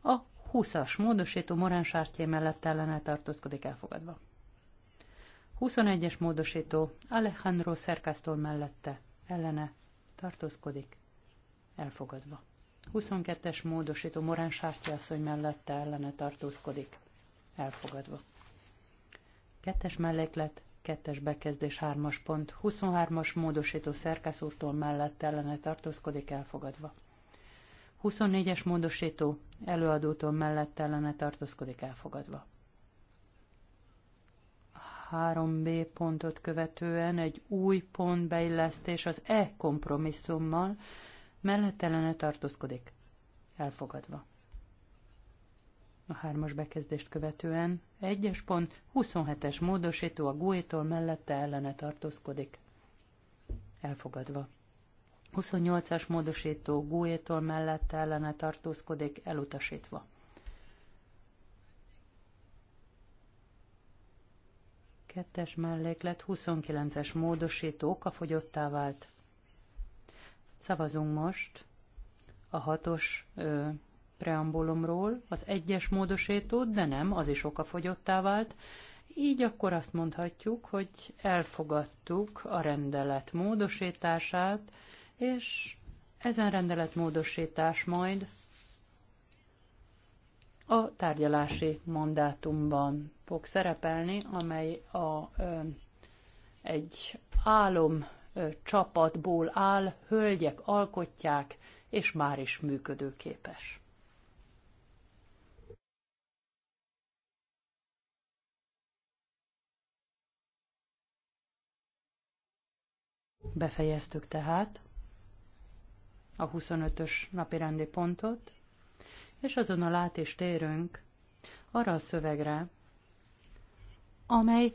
a 20-as módosító Morán Sártyé mellett ellene tartózkodik elfogadva. 21-es módosító Alejandro Szerkásztól mellette ellene tartózkodik, elfogadva. 22-es módosító Morán Sártyászony mellette ellene tartózkodik, elfogadva. Kettes melléklet, kettes bekezdés, hármas pont, 23-as módosító Szerkász úrtól mellett ellene tartózkodik, elfogadva. 24-es módosító előadótól mellett ellene tartózkodik, elfogadva. 3B pontot követően egy új pont beillesztés az E kompromisszummal mellettelene tartózkodik. Elfogadva. A hármas bekezdést követően egyes pont 27-es módosító a GUE-tól mellette ellene tartózkodik. Elfogadva. 28-as módosító GUE-tól mellette ellene tartózkodik, elutasítva. Kettes melléklet 29-es módosító a fogyottá vált. Szavazunk most a hatos ö, preambulumról, az egyes módosítót, de nem, az is okafogyottá vált. Így akkor azt mondhatjuk, hogy elfogadtuk a rendelet módosítását, és ezen rendelet módosítás majd a tárgyalási mandátumban fog szerepelni, amely a, egy álom csapatból áll, hölgyek alkotják, és már is működőképes. Befejeztük tehát a 25-ös rendi pontot és azonnal át is térünk arra a szövegre, amely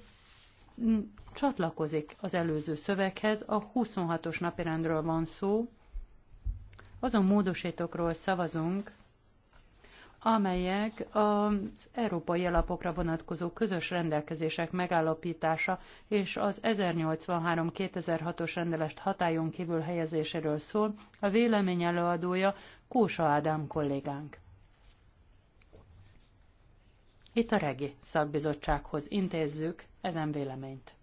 mm, csatlakozik az előző szöveghez, a 26-os napirendről van szó, azon módosítókról szavazunk, amelyek az európai alapokra vonatkozó közös rendelkezések megállapítása és az 1083-2006-os rendelest hatályon kívül helyezéséről szól, a vélemény előadója Kósa Ádám kollégánk. Itt a regi szakbizottsághoz intézzük ezen véleményt.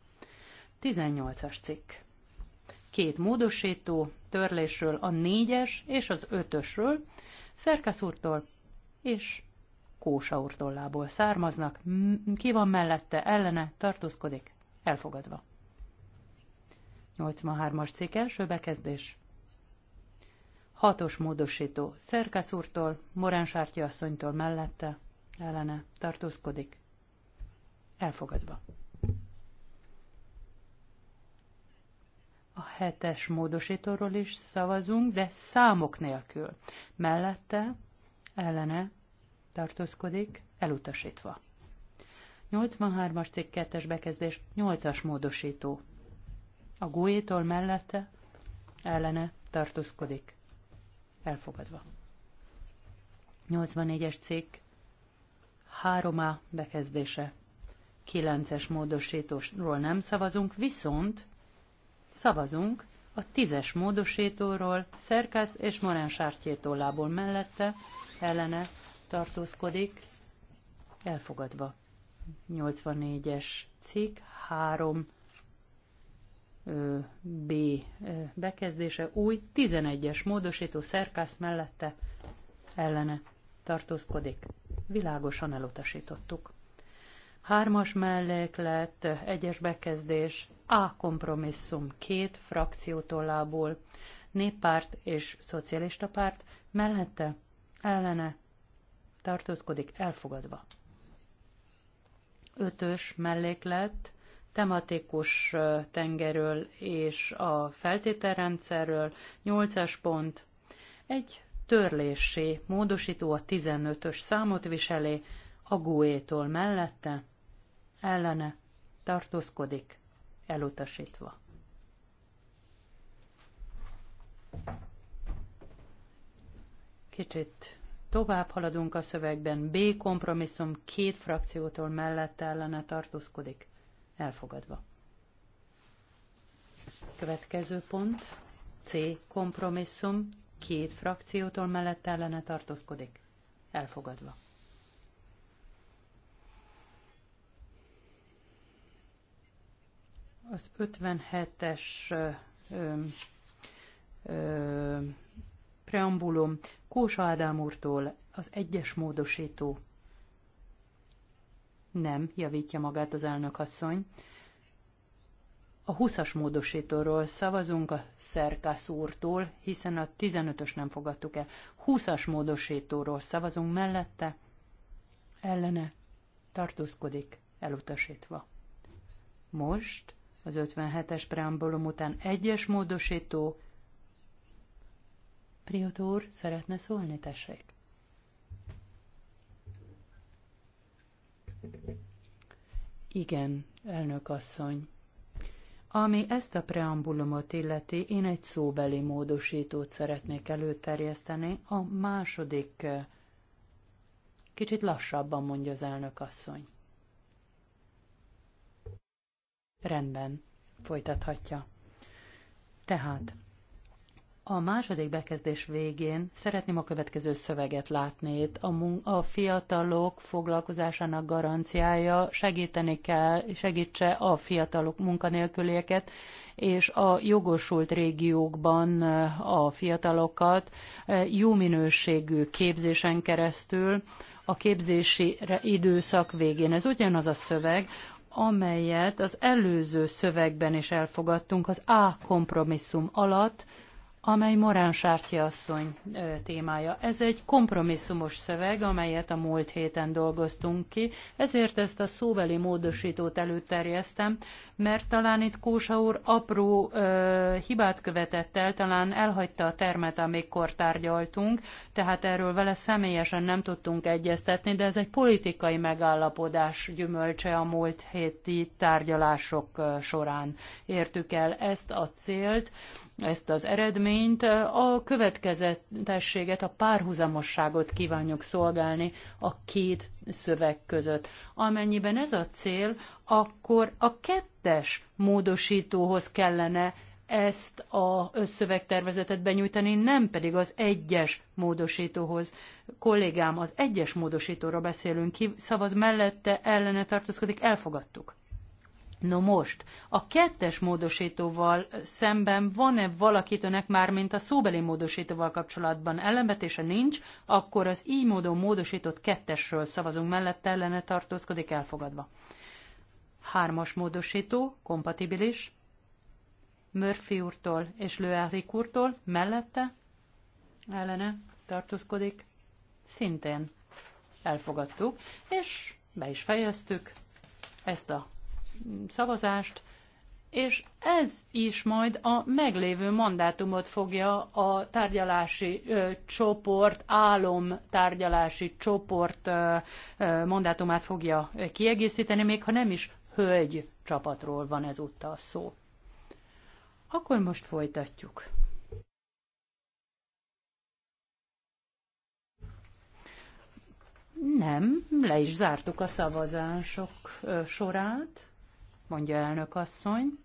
18-as cikk. Két módosító törlésről a 4-es és az 5-ösről Szerkesz úrtól és Kósa úrtollából származnak. Ki van mellette, ellene, tartózkodik, elfogadva. 83-as cikk első bekezdés. Hatos módosító Szerkesz úrtól, Morán Sártya asszonytól mellette, ellene tartózkodik. Elfogadva. A hetes módosítóról is szavazunk, de számok nélkül. Mellette ellene tartózkodik, elutasítva. 83-as cikk 2-es bekezdés 8-as módosító. A gújétól mellette ellene tartózkodik. Elfogadva. 84-es cikk 3A bekezdése. 9-es módosítóról nem szavazunk, viszont szavazunk a 10-es módosítóról, Szerkász és Morán sártyétollából mellette, ellene tartózkodik, elfogadva. 84-es cikk, 3 B bekezdése, új 11-es módosító szerkász mellette ellene tartózkodik világosan elutasítottuk. Hármas melléklet, egyes bekezdés, A kompromisszum két frakció tollából, néppárt és szocialista párt, mellette, ellene, tartózkodik elfogadva. Ötös melléklet, tematikus tengerről és a feltételrendszerről, nyolcas pont, egy törléssé módosító a 15-ös számot viselé a GUE-tól mellette, ellene tartózkodik, elutasítva. Kicsit tovább haladunk a szövegben. B kompromisszum két frakciótól mellette ellene tartózkodik. Elfogadva. Következő pont. C kompromisszum két frakciótól mellette ellene tartózkodik. Elfogadva. Az 57-es preambulum Kósa Ádám úrtól az egyes módosító. Nem, javítja magát az elnökasszony. asszony. A 20-as módosítóról szavazunk a Szerkász úrtól, hiszen a 15-ös nem fogadtuk el. 20-as módosítóról szavazunk mellette, ellene tartózkodik, elutasítva. Most az 57-es preambulum után egyes módosító. Priot úr, szeretne szólni, tessék? Igen, elnök asszony. Ami ezt a preambulumot illeti, én egy szóbeli módosítót szeretnék előterjeszteni. A második eh, kicsit lassabban mondja az elnök asszony. Rendben, folytathatja. Tehát a második bekezdés végén szeretném a következő szöveget látni. a, a fiatalok foglalkozásának garanciája segíteni kell, segítse a fiatalok munkanélkülieket, és a jogosult régiókban eh, a fiatalokat eh, jó minőségű képzésen keresztül a képzési időszak végén. Ez ugyanaz a szöveg, amelyet az előző szövegben is elfogadtunk, az A kompromisszum alatt, amely Morán Sártya asszony témája. Ez egy kompromisszumos szöveg, amelyet a múlt héten dolgoztunk ki, ezért ezt a szóbeli módosítót előterjesztem, mert talán itt Kósa úr apró ö, hibát követett el, talán elhagyta a termet, amikor tárgyaltunk, tehát erről vele személyesen nem tudtunk egyeztetni, de ez egy politikai megállapodás gyümölcse a múlt héti tárgyalások során értük el ezt a célt, ezt az eredményt, a következetességet, a párhuzamosságot kívánjuk szolgálni a két szöveg között. Amennyiben ez a cél, akkor a kettes módosítóhoz kellene ezt a szövegtervezetet benyújtani, nem pedig az egyes módosítóhoz. Kollégám, az egyes módosítóra beszélünk ki, szavaz mellette, ellene tartózkodik, elfogadtuk. No most, a kettes módosítóval szemben van-e valakit önnek már, mint a szóbeli módosítóval kapcsolatban ellenvetése nincs, akkor az így módon módosított kettesről szavazunk mellette ellene tartózkodik elfogadva. Hármas módosító, kompatibilis, Murphy úrtól és Lőárik úrtól mellette ellene tartózkodik, szintén elfogadtuk, és be is fejeztük ezt a szavazást, és ez is majd a meglévő mandátumot fogja a tárgyalási ö, csoport, álom tárgyalási csoport ö, ö, mandátumát fogja kiegészíteni, még ha nem is hölgy csapatról van ezúttal szó. Akkor most folytatjuk. Nem, le is zártuk a szavazások sorát mondja elnök asszony.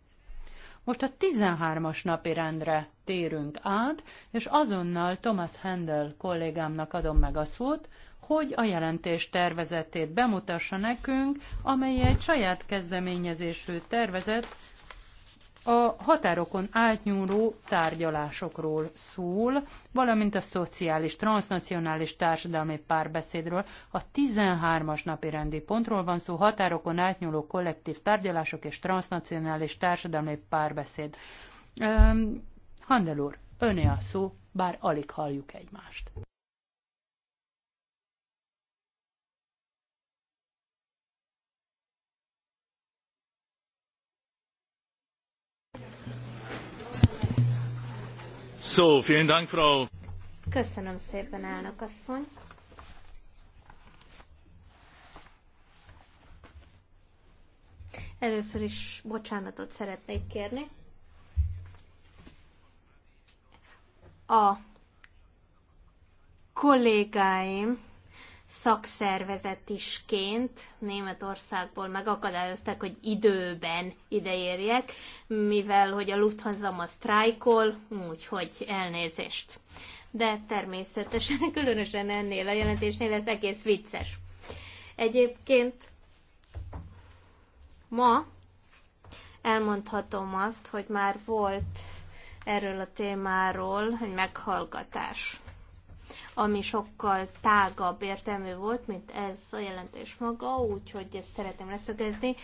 Most a 13-as napi rendre térünk át, és azonnal Thomas Handel kollégámnak adom meg a szót, hogy a jelentés tervezetét bemutassa nekünk, amely egy saját kezdeményezésű tervezet, a határokon átnyúló tárgyalásokról szól, valamint a szociális, transnacionális társadalmi párbeszédről. A 13-as napi rendi pontról van szó, határokon átnyúló kollektív tárgyalások és transnacionális társadalmi párbeszéd. Um, Handel úr, öné a szó, bár alig halljuk egymást. So, vielen Dank, Frau. Köszönöm szépen, elnök asszony. Először is bocsánatot szeretnék kérni. A kollégáim isként Németországból megakadályozták, hogy időben ideérjek, mivel hogy a Lufthansa ma sztrájkol, úgyhogy elnézést. De természetesen, különösen ennél a jelentésnél ez egész vicces. Egyébként ma elmondhatom azt, hogy már volt erről a témáról egy meghallgatás ami sokkal tágabb értelmű volt, mint ez a jelentés maga, úgyhogy ezt szeretném leszögezni.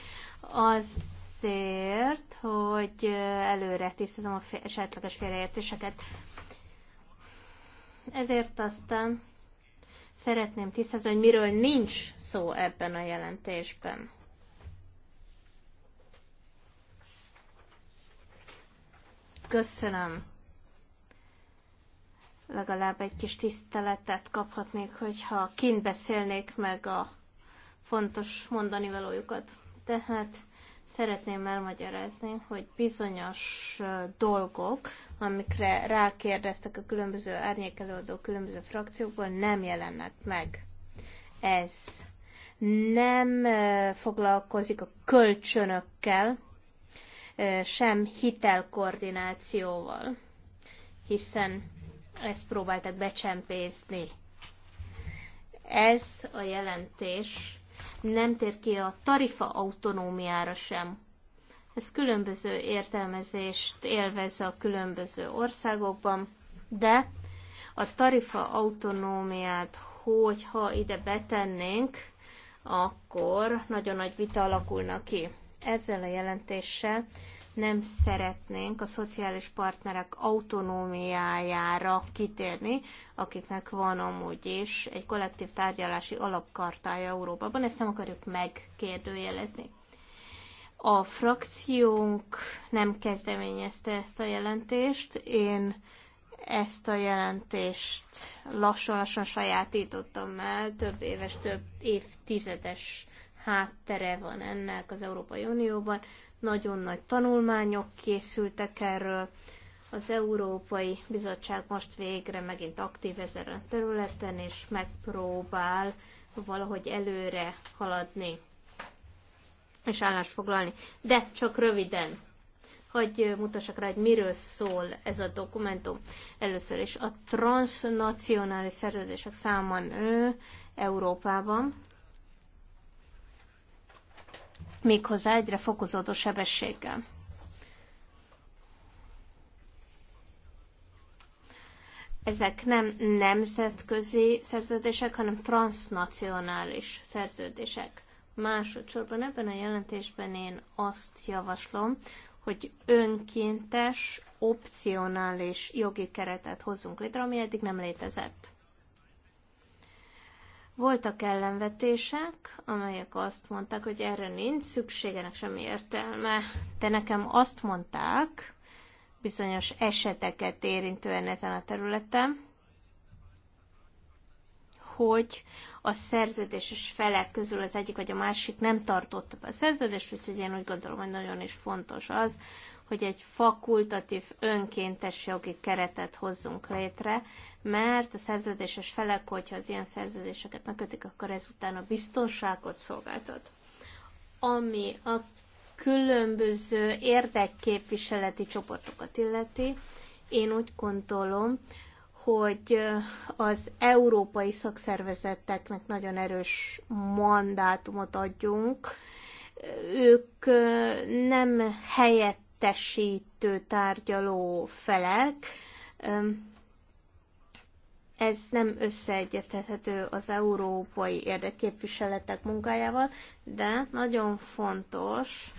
Azért, hogy előre tisztázom a esetleges félreértéseket. Ezért aztán szeretném tisztázni, hogy miről nincs szó ebben a jelentésben. Köszönöm legalább egy kis tiszteletet kaphatnék, hogyha kint beszélnék meg a fontos mondani valójukat. Tehát szeretném elmagyarázni, hogy bizonyos dolgok, amikre rákérdeztek a különböző árnyékelőadó különböző frakciókból, nem jelennek meg. Ez nem foglalkozik a kölcsönökkel, sem hitelkoordinációval, hiszen ezt próbáltak becsempészni. Ez a jelentés nem tér ki a tarifa autonómiára sem. Ez különböző értelmezést élvez a különböző országokban, de a tarifa autonómiát, hogyha ide betennénk, akkor nagyon nagy vita alakulna ki. Ezzel a jelentéssel nem szeretnénk a szociális partnerek autonómiájára kitérni, akiknek van amúgy is egy kollektív tárgyalási alapkartája Európában, ezt nem akarjuk megkérdőjelezni. A frakciónk nem kezdeményezte ezt a jelentést, én ezt a jelentést lassan-lassan sajátítottam el, több éves, több évtizedes háttere van ennek az Európai Unióban, nagyon nagy tanulmányok készültek erről. Az Európai Bizottság most végre megint aktív ezen a területen, és megpróbál valahogy előre haladni és állást foglalni. De csak röviden, hogy mutassak rá, hogy miről szól ez a dokumentum. Először is a transnacionális szerződések száma nő Európában, méghozzá egyre fokozódó sebességgel. Ezek nem nemzetközi szerződések, hanem transnacionális szerződések. Másodszorban ebben a jelentésben én azt javaslom, hogy önkéntes, opcionális jogi keretet hozzunk létre, ami eddig nem létezett. Voltak ellenvetések, amelyek azt mondták, hogy erre nincs szükségenek semmi értelme, de nekem azt mondták, bizonyos eseteket érintően ezen a területen, hogy a szerződéses felek közül az egyik vagy a másik nem tartotta be a szerződést, úgyhogy én úgy gondolom, hogy nagyon is fontos az, hogy egy fakultatív önkéntes jogi keretet hozzunk létre, mert a szerződéses felek, hogyha az ilyen szerződéseket megkötik, akkor ezután a biztonságot szolgáltat. Ami a különböző érdekképviseleti csoportokat illeti, én úgy gondolom, hogy az európai szakszervezeteknek nagyon erős mandátumot adjunk. Ők nem helyett helyettesítő tárgyaló felek, ez nem összeegyeztethető az európai érdekképviseletek munkájával, de nagyon fontos,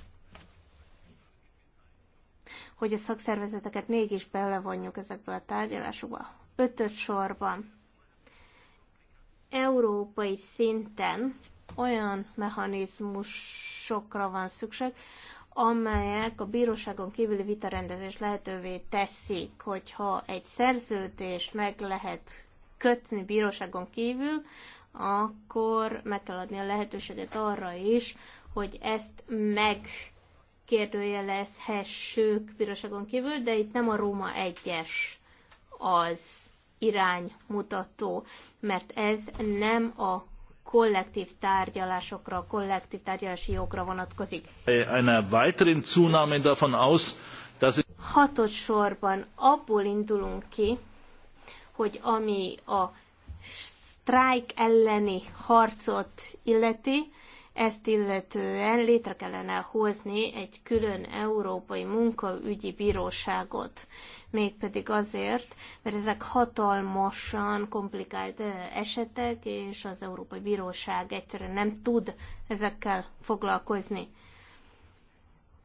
hogy a szakszervezeteket mégis belevonjuk ezekbe a tárgyalásokba. Ötöt sorban európai szinten olyan mechanizmusokra van szükség, amelyek a bíróságon kívüli vitarendezés lehetővé teszik, hogyha egy szerződést meg lehet kötni bíróságon kívül, akkor meg kell adni a lehetőséget arra is, hogy ezt megkérdőjelezhessük bíróságon kívül, de itt nem a Róma 1-es az iránymutató, mert ez nem a kollektív tárgyalásokra, kollektív tárgyalási jogra vonatkozik. Eine weiteren Zunahme davon aus, dass Hatod sorban abból indulunk ki, hogy ami a sztrájk elleni harcot illeti, ezt illetően létre kellene hozni egy külön európai munkaügyi bíróságot, mégpedig azért, mert ezek hatalmasan komplikált eh, esetek, és az Európai Bíróság egyszerűen nem tud ezekkel foglalkozni.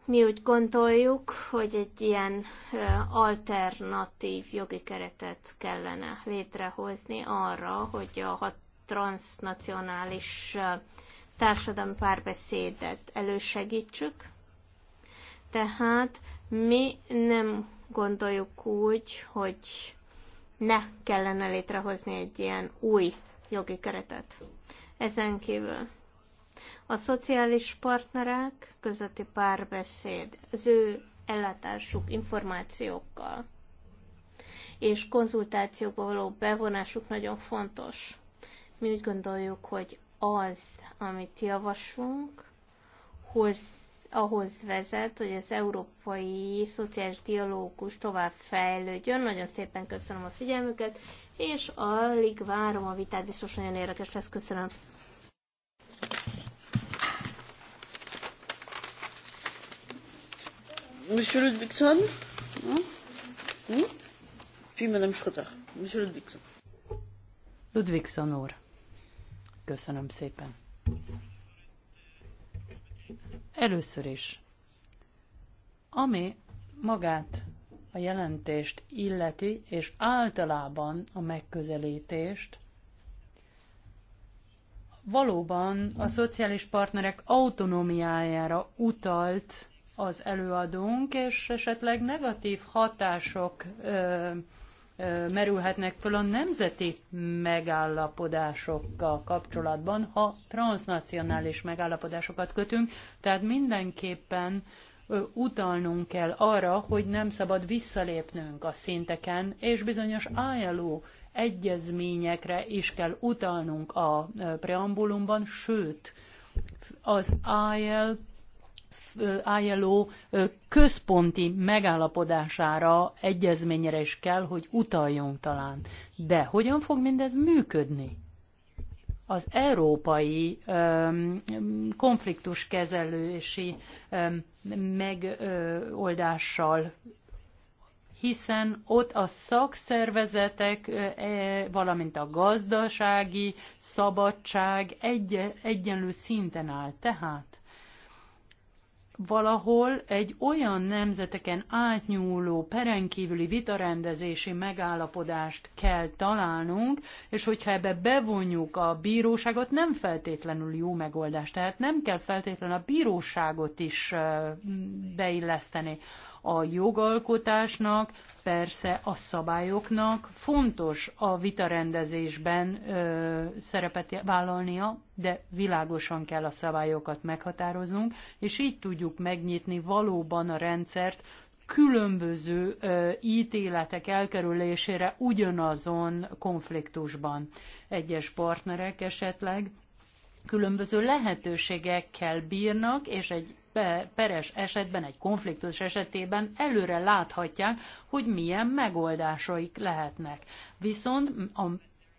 Mi úgy gondoljuk, hogy egy ilyen eh, alternatív jogi keretet kellene létrehozni arra, hogy a transnacionális eh, társadalmi párbeszédet elősegítsük. Tehát mi nem gondoljuk úgy, hogy ne kellene létrehozni egy ilyen új jogi keretet. Ezen kívül a szociális partnerek közötti párbeszéd, az ő ellátásuk információkkal és konzultációba való bevonásuk nagyon fontos. Mi úgy gondoljuk, hogy az, amit javaslunk, hoz, ahhoz vezet, hogy az európai szociális dialógus tovább fejlődjön. Nagyon szépen köszönöm a figyelmüket, és alig várom a vitát, biztos nagyon érdekes lesz. Köszönöm. Monsieur Ludwigson hmm? Hmm? Puis Madame Schroeder. Monsieur Ludwigson. Ludwigson úr. Köszönöm szépen. Először is, ami magát a jelentést illeti, és általában a megközelítést, valóban a szociális partnerek autonómiájára utalt az előadónk, és esetleg negatív hatások ö, merülhetnek föl a nemzeti megállapodásokkal kapcsolatban, ha transnacionális megállapodásokat kötünk, tehát mindenképpen utalnunk kell arra, hogy nem szabad visszalépnünk a szinteken, és bizonyos ILO egyezményekre is kell utalnunk a preambulumban, sőt, az IL ILO központi megállapodására, egyezményre is kell, hogy utaljunk talán. De hogyan fog mindez működni? Az európai öm, konfliktuskezelési öm, megoldással hiszen ott a szakszervezetek, e, valamint a gazdasági szabadság egy, egyenlő szinten áll. Tehát valahol egy olyan nemzeteken átnyúló, perenkívüli vitarendezési megállapodást kell találnunk, és hogyha ebbe bevonjuk a bíróságot, nem feltétlenül jó megoldás. Tehát nem kell feltétlenül a bíróságot is beilleszteni. A jogalkotásnak, persze a szabályoknak fontos a vitarendezésben ö, szerepet vállalnia, de világosan kell a szabályokat meghatároznunk, és így tudjuk megnyitni valóban a rendszert különböző ö, ítéletek elkerülésére ugyanazon konfliktusban. Egyes partnerek esetleg különböző lehetőségekkel bírnak, és egy peres esetben, egy konfliktus esetében előre láthatják, hogy milyen megoldásaik lehetnek. Viszont a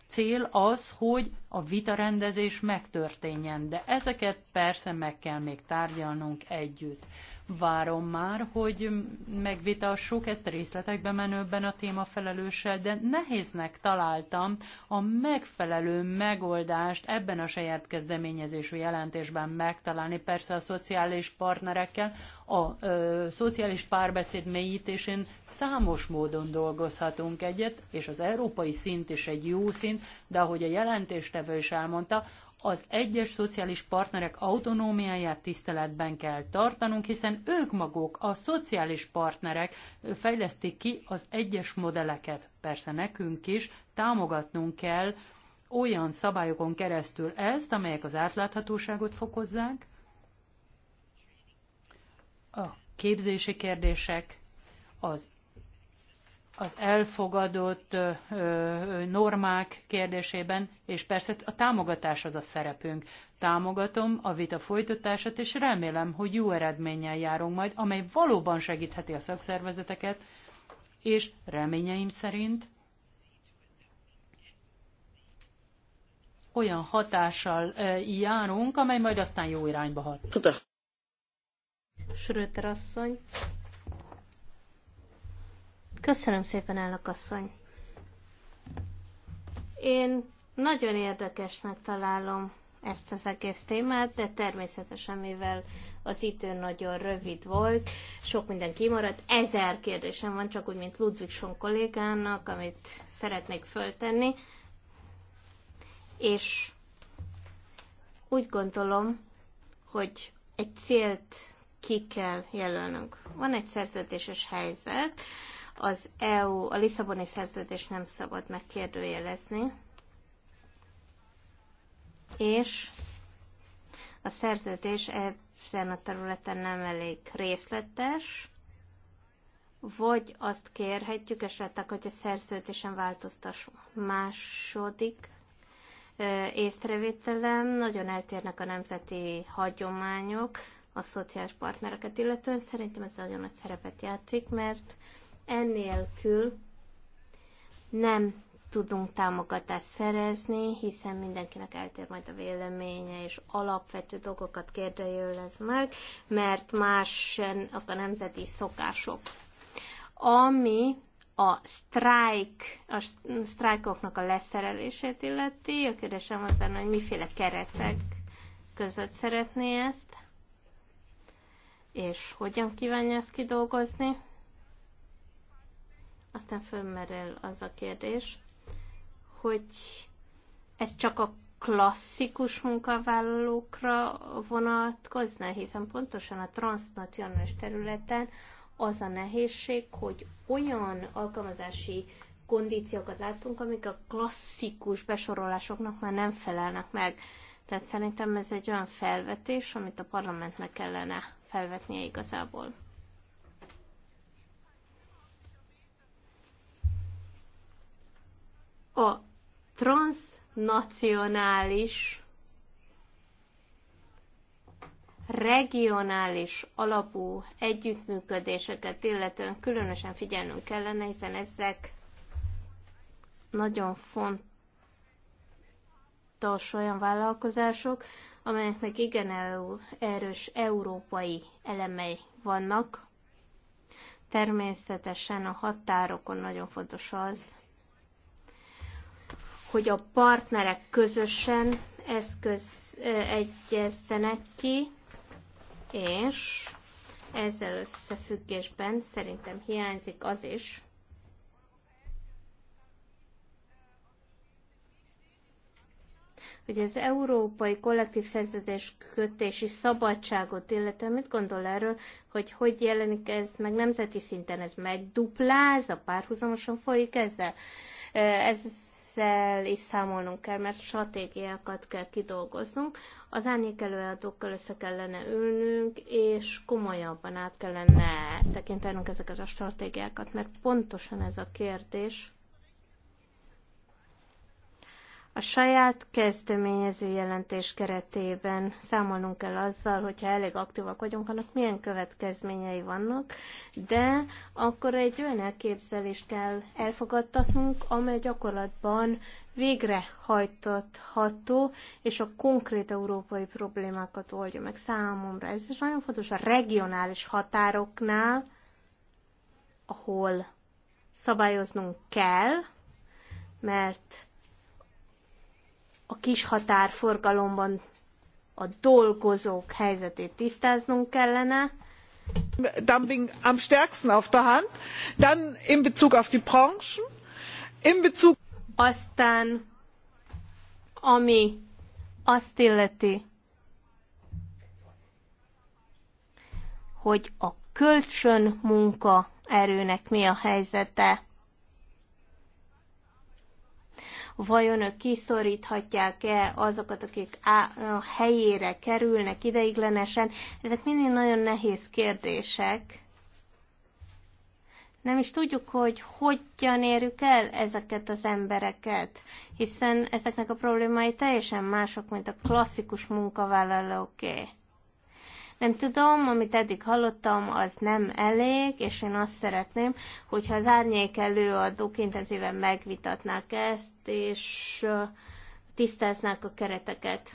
cél az, hogy a vitarendezés megtörténjen, de ezeket persze meg kell még tárgyalnunk együtt várom már, hogy megvitassuk ezt részletekbe menőben a témafelelőssel, de nehéznek találtam a megfelelő megoldást ebben a saját kezdeményezésű jelentésben megtalálni, persze a szociális partnerekkel, a ö, szociális párbeszéd mélyítésén számos módon dolgozhatunk egyet, és az európai szint is egy jó szint, de ahogy a jelentéstevő is elmondta, az egyes szociális partnerek autonómiáját tiszteletben kell tartanunk, hiszen ők maguk, a szociális partnerek fejlesztik ki az egyes modelleket. Persze nekünk is támogatnunk kell olyan szabályokon keresztül ezt, amelyek az átláthatóságot fokozzák, a képzési kérdések, az az elfogadott normák kérdésében, és persze a támogatás az a szerepünk. Támogatom a vita folytatását, és remélem, hogy jó eredménnyel járunk majd, amely valóban segítheti a szakszervezeteket, és reményeim szerint olyan hatással járunk, amely majd aztán jó irányba hat. Schröter asszony. Köszönöm szépen, elnök asszony. Én nagyon érdekesnek találom ezt az egész témát, de természetesen, mivel az idő nagyon rövid volt, sok minden kimaradt, ezer kérdésem van, csak úgy, mint Ludvigson kollégának, amit szeretnék föltenni, és úgy gondolom, hogy egy célt ki kell jelölnünk. Van egy szerződéses helyzet, az EU, a Lisszaboni szerződés nem szabad megkérdőjelezni, és a szerződés ezen a területen nem elég részletes, vagy azt kérhetjük esetleg, hogy a szerződésen változtassunk. Második észrevételem, nagyon eltérnek a nemzeti hagyományok a szociális partnereket illetően. Szerintem ez nagyon nagy szerepet játszik, mert ennélkül nem tudunk támogatást szerezni, hiszen mindenkinek eltér majd a véleménye, és alapvető dolgokat kérdőjelez meg, mert más a nemzeti szokások. Ami a sztrájk, a sztrájkoknak a leszerelését illeti, a kérdésem az lenne, hogy miféle keretek között szeretné ezt, és hogyan kívánja ezt kidolgozni. Aztán fölmerül az a kérdés, hogy ez csak a klasszikus munkavállalókra vonatkozna, hiszen pontosan a transnacionális területen az a nehézség, hogy olyan alkalmazási kondíciókat látunk, amik a klasszikus besorolásoknak már nem felelnek meg. Tehát szerintem ez egy olyan felvetés, amit a parlamentnek kellene felvetnie igazából. a transnacionális regionális alapú együttműködéseket illetően különösen figyelnünk kellene, hiszen ezek nagyon fontos olyan vállalkozások, amelyeknek igen erős európai elemei vannak. Természetesen a határokon nagyon fontos az, hogy a partnerek közösen eszköz egyeztenek ki, és ezzel összefüggésben szerintem hiányzik az is, hogy az európai kollektív szerződés kötési szabadságot illetően mit gondol erről, hogy hogy jelenik ez meg nemzeti szinten, ez megdupláz, a párhuzamosan folyik ezzel? Ez ezzel is számolnunk kell, mert stratégiákat kell kidolgoznunk, az árnyék előadókkal össze kellene ülnünk, és komolyabban át kellene tekintenünk ezeket a stratégiákat, mert pontosan ez a kérdés, a saját kezdeményező jelentés keretében számolnunk kell azzal, hogyha elég aktívak vagyunk, annak milyen következményei vannak, de akkor egy olyan elképzelést kell elfogadtatnunk, amely gyakorlatban végrehajtatható, és a konkrét európai problémákat oldja meg számomra. Ez is nagyon fontos a regionális határoknál, ahol szabályoznunk kell, mert a kis határforgalomban a dolgozók helyzetét tisztáznunk kellene. Dumping am stärksten auf der Hand, dann in Bezug auf die Branchen, in Bezug... Aztán, ami azt illeti, hogy a kölcsön munka erőnek mi a helyzete, vajon ők kiszoríthatják-e azokat, akik a helyére kerülnek ideiglenesen. Ezek mindig nagyon nehéz kérdések. Nem is tudjuk, hogy hogyan érjük el ezeket az embereket, hiszen ezeknek a problémái teljesen mások, mint a klasszikus munkavállalóké. Nem tudom, amit eddig hallottam, az nem elég, és én azt szeretném, hogyha az árnyék előadók intenzíven megvitatnák ezt, és tisztáznák a kereteket.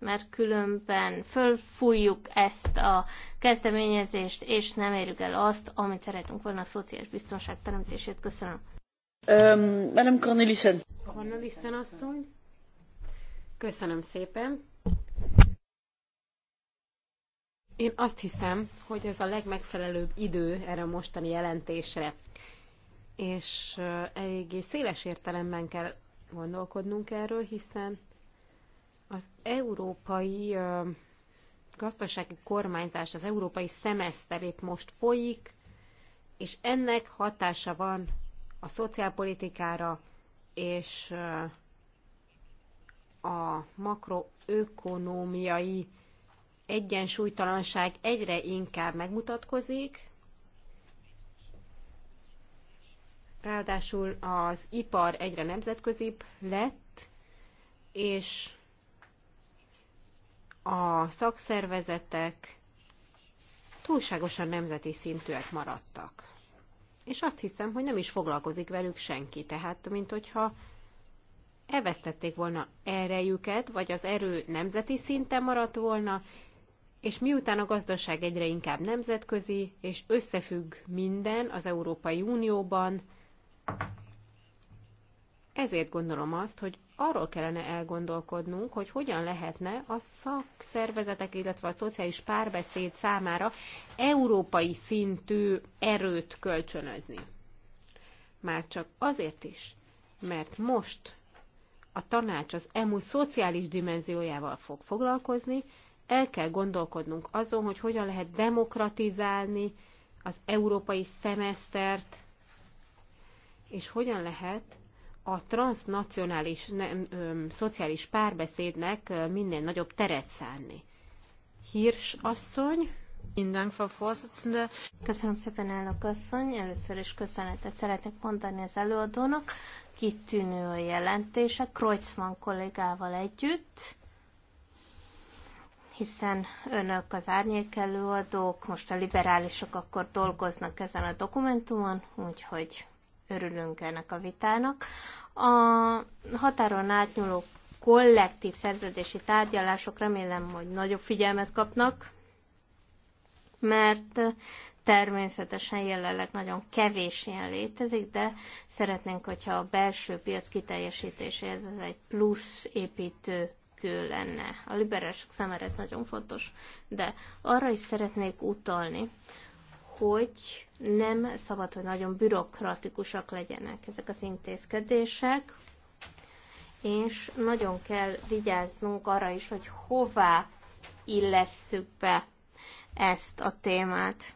Mert különben fölfújjuk ezt a kezdeményezést, és nem érjük el azt, amit szeretünk volna a szociális biztonság teremtését. Köszönöm. Um, Madame Cornelissen. Cornelissen asszony. Köszönöm szépen. Én azt hiszem, hogy ez a legmegfelelőbb idő erre a mostani jelentésre. És eléggé széles értelemben kell gondolkodnunk erről, hiszen az európai gazdasági kormányzás, az európai szemeszter épp most folyik, és ennek hatása van a szociálpolitikára és a makroökonómiai egyensúlytalanság egyre inkább megmutatkozik, ráadásul az ipar egyre nemzetközibb lett, és a szakszervezetek túlságosan nemzeti szintűek maradtak. És azt hiszem, hogy nem is foglalkozik velük senki, tehát mint hogyha elvesztették volna erejüket, vagy az erő nemzeti szinten maradt volna, és miután a gazdaság egyre inkább nemzetközi, és összefügg minden az Európai Unióban, ezért gondolom azt, hogy arról kellene elgondolkodnunk, hogy hogyan lehetne a szakszervezetek, illetve a szociális párbeszéd számára európai szintű erőt kölcsönözni. Már csak azért is, mert most a tanács az EMU szociális dimenziójával fog foglalkozni, el kell gondolkodnunk azon, hogy hogyan lehet demokratizálni az európai szemesztert, és hogyan lehet a transnacionális nem, ö, szociális párbeszédnek minél nagyobb teret szánni. Hirsch asszony. Köszönöm szépen, elnök asszony. Először is köszönetet szeretnék mondani az előadónak. Kitűnő a jelentése, Kreuzmann kollégával együtt hiszen önök az árnyékelőadók, most a liberálisok akkor dolgoznak ezen a dokumentumon, úgyhogy örülünk ennek a vitának. A határon átnyúló kollektív szerződési tárgyalások remélem, hogy nagyobb figyelmet kapnak, mert természetesen jelenleg nagyon kevés ilyen létezik, de szeretnénk, hogyha a belső piac kiteljesítéséhez ez egy plusz építő érthető lenne. A liberálisok számára ez nagyon fontos. De arra is szeretnék utalni, hogy nem szabad, hogy nagyon bürokratikusak legyenek ezek az intézkedések, és nagyon kell vigyáznunk arra is, hogy hová illesszük be ezt a témát.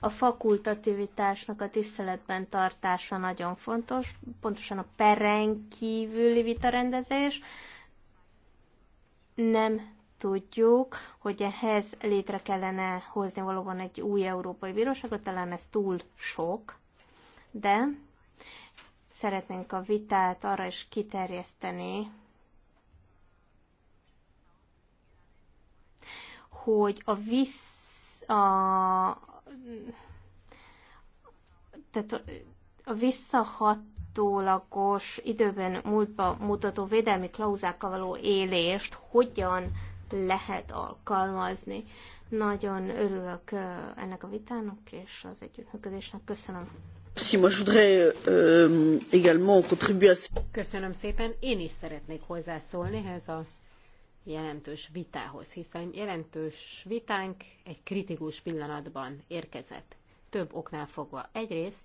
A fakultativitásnak a tiszteletben tartása nagyon fontos, pontosan a peren kívüli vitarendezés, nem tudjuk, hogy ehhez létre kellene hozni valóban egy új európai bíróságot, talán ez túl sok, de szeretnénk a vitát arra is kiterjeszteni, hogy a visz, a, tehát a visszahat utólagos időben múltba mutató védelmi klauzákkal való élést hogyan lehet alkalmazni. Nagyon örülök ennek a vitának és az együttműködésnek. Köszönöm. Euh, Köszönöm szépen. Én is szeretnék hozzászólni ehhez a jelentős vitához, hiszen jelentős vitánk egy kritikus pillanatban érkezett. Több oknál fogva. Egyrészt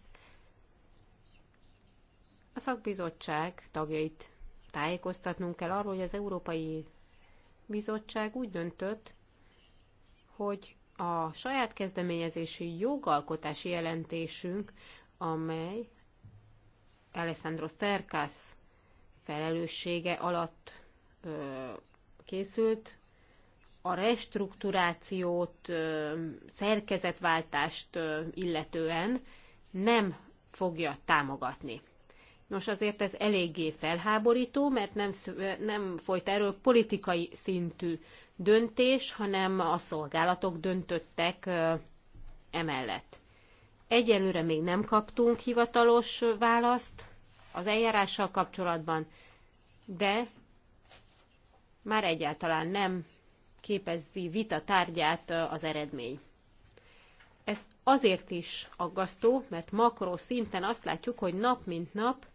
a szakbizottság tagjait tájékoztatnunk kell arról, hogy az Európai Bizottság úgy döntött, hogy a saját kezdeményezési jogalkotási jelentésünk, amely Alessandro Szerkász felelőssége alatt ö, készült, a restrukturációt, ö, szerkezetváltást ö, illetően nem fogja támogatni. Nos, azért ez eléggé felháborító, mert nem, nem folyt erről politikai szintű döntés, hanem a szolgálatok döntöttek emellett. Egyelőre még nem kaptunk hivatalos választ az eljárással kapcsolatban, de már egyáltalán nem képezi vita tárgyát az eredmény. Ez azért is aggasztó, mert makró szinten azt látjuk, hogy nap mint nap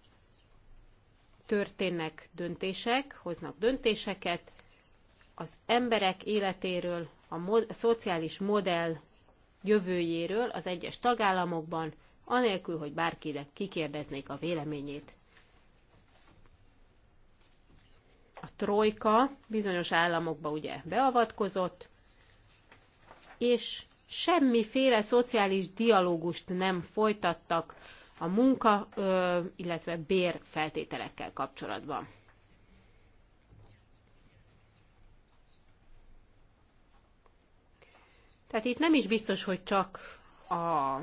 történnek döntések, hoznak döntéseket az emberek életéről, a, mod- a szociális modell jövőjéről az egyes tagállamokban, anélkül, hogy bárkinek kikérdeznék a véleményét. A trojka bizonyos államokba ugye beavatkozott, és semmiféle szociális dialógust nem folytattak a munka, illetve bér feltételekkel kapcsolatban. Tehát itt nem is biztos, hogy csak a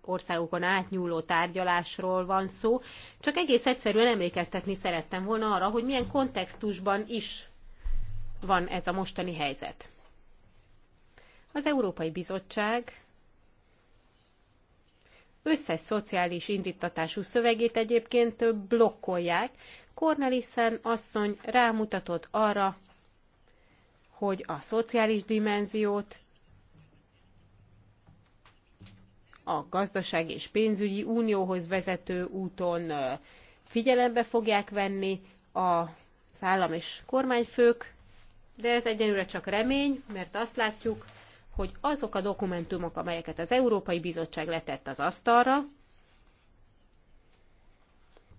országokon átnyúló tárgyalásról van szó, csak egész egyszerűen emlékeztetni szerettem volna arra, hogy milyen kontextusban is van ez a mostani helyzet. Az Európai Bizottság összes szociális indítatású szövegét egyébként blokkolják. Cornelissen asszony rámutatott arra, hogy a szociális dimenziót a gazdaság és pénzügyi unióhoz vezető úton figyelembe fogják venni a állam és kormányfők, de ez egyenlőre csak remény, mert azt látjuk, hogy azok a dokumentumok, amelyeket az Európai Bizottság letett az asztalra,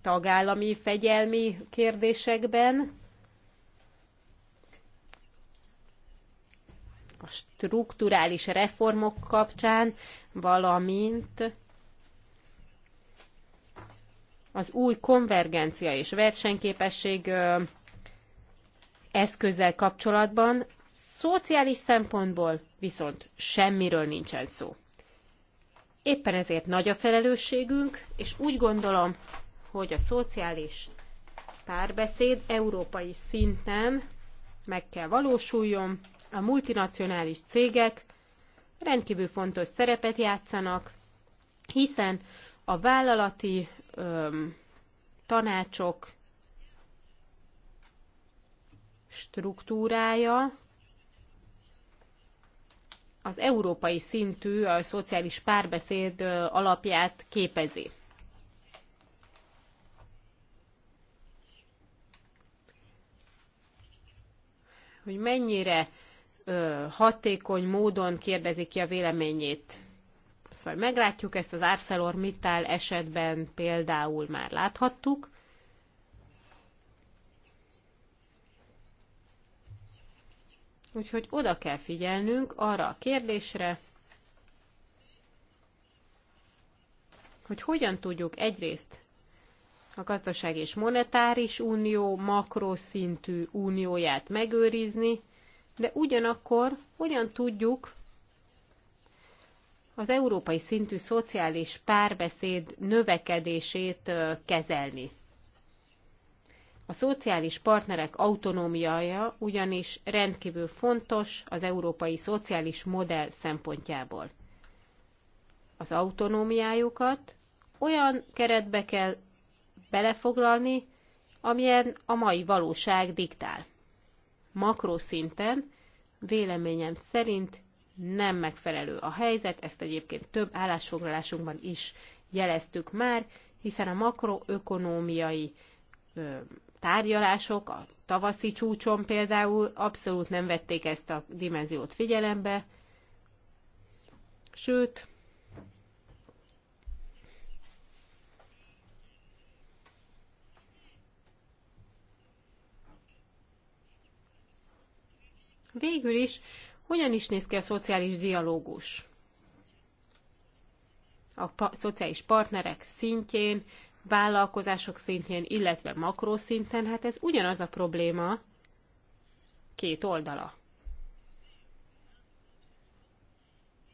tagállami fegyelmi kérdésekben, a strukturális reformok kapcsán, valamint az új konvergencia és versenyképesség eszközzel kapcsolatban szociális szempontból viszont semmiről nincsen szó. Éppen ezért nagy a felelősségünk, és úgy gondolom, hogy a szociális párbeszéd európai szinten meg kell valósuljon, a multinacionális cégek rendkívül fontos szerepet játszanak, hiszen a vállalati öm, tanácsok struktúrája az európai szintű a szociális párbeszéd alapját képezi. Hogy mennyire hatékony módon kérdezik ki a véleményét. Szóval meglátjuk ezt az ArcelorMittal esetben például már láthattuk, Úgyhogy oda kell figyelnünk arra a kérdésre, hogy hogyan tudjuk egyrészt a gazdaság és monetáris unió makroszintű unióját megőrizni, de ugyanakkor hogyan tudjuk az európai szintű szociális párbeszéd növekedését kezelni. A szociális partnerek autonómiája ugyanis rendkívül fontos az európai szociális modell szempontjából. Az autonómiájukat olyan keretbe kell belefoglalni, amilyen a mai valóság diktál. Makroszinten véleményem szerint nem megfelelő a helyzet, ezt egyébként több állásfoglalásunkban is jeleztük már, hiszen a makroökonómiai tárgyalások, a tavaszi csúcson például abszolút nem vették ezt a dimenziót figyelembe, sőt, Végül is, hogyan is néz ki a szociális dialógus? A pa- szociális partnerek szintjén, vállalkozások szintjén, illetve makrószinten, hát ez ugyanaz a probléma két oldala.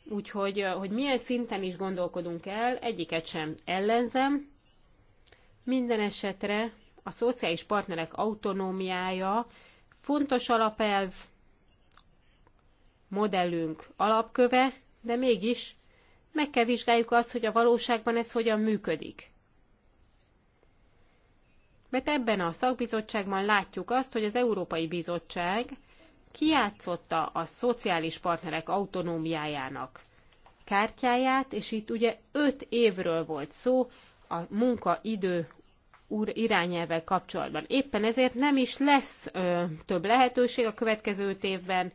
Úgyhogy, hogy milyen szinten is gondolkodunk el, egyiket sem ellenzem. Minden esetre a szociális partnerek autonómiája fontos alapelv, modellünk alapköve, de mégis meg kell vizsgáljuk azt, hogy a valóságban ez hogyan működik mert ebben a szakbizottságban látjuk azt, hogy az Európai Bizottság kijátszotta a szociális partnerek autonómiájának kártyáját, és itt ugye öt évről volt szó a munkaidő úr irányelvvel kapcsolatban. Éppen ezért nem is lesz ö, több lehetőség a következő öt évben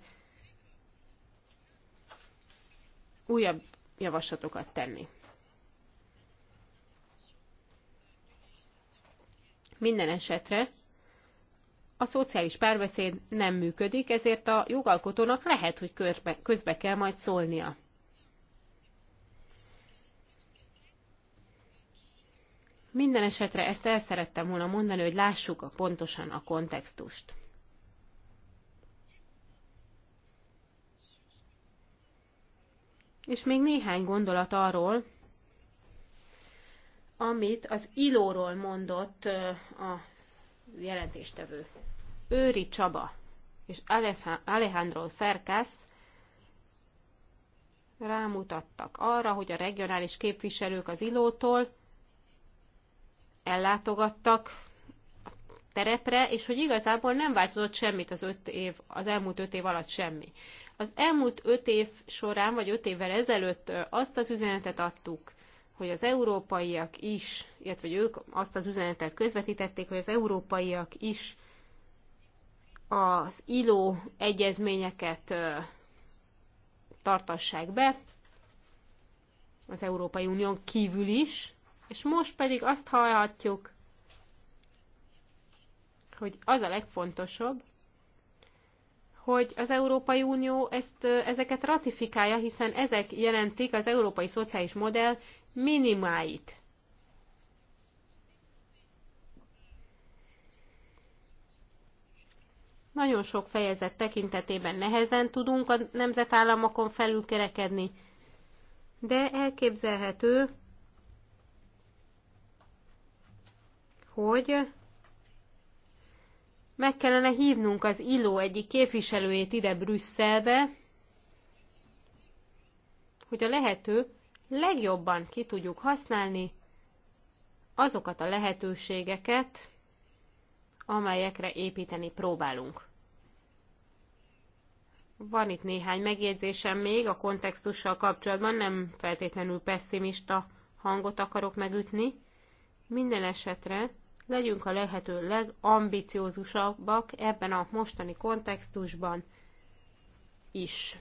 újabb javaslatokat tenni. Minden esetre a szociális párbeszéd nem működik, ezért a jogalkotónak lehet, hogy közbe, közbe kell majd szólnia. Minden esetre ezt el szerettem volna mondani, hogy lássuk a pontosan a kontextust. És még néhány gondolat arról, amit az ilóról mondott a jelentéstevő. Őri Csaba és Alejandro Szerkesz rámutattak arra, hogy a regionális képviselők az ilótól ellátogattak a terepre, és hogy igazából nem változott semmit az, öt év, az elmúlt öt év alatt semmi. Az elmúlt öt év során, vagy öt évvel ezelőtt azt az üzenetet adtuk hogy az európaiak is, illetve hogy ők azt az üzenetet közvetítették, hogy az európaiak is az ILO egyezményeket tartassák be, az Európai Unión kívül is, és most pedig azt hallhatjuk, hogy az a legfontosabb, hogy az Európai Unió ezt, ezeket ratifikálja, hiszen ezek jelentik az európai szociális modell minimáit. Nagyon sok fejezet tekintetében nehezen tudunk a nemzetállamokon felülkerekedni, de elképzelhető, hogy meg kellene hívnunk az ILO egyik képviselőjét ide Brüsszelbe, hogy a lehető legjobban ki tudjuk használni azokat a lehetőségeket, amelyekre építeni próbálunk. Van itt néhány megjegyzésem még a kontextussal kapcsolatban, nem feltétlenül pessimista hangot akarok megütni. Minden esetre legyünk a lehető legambiciózusabbak ebben a mostani kontextusban is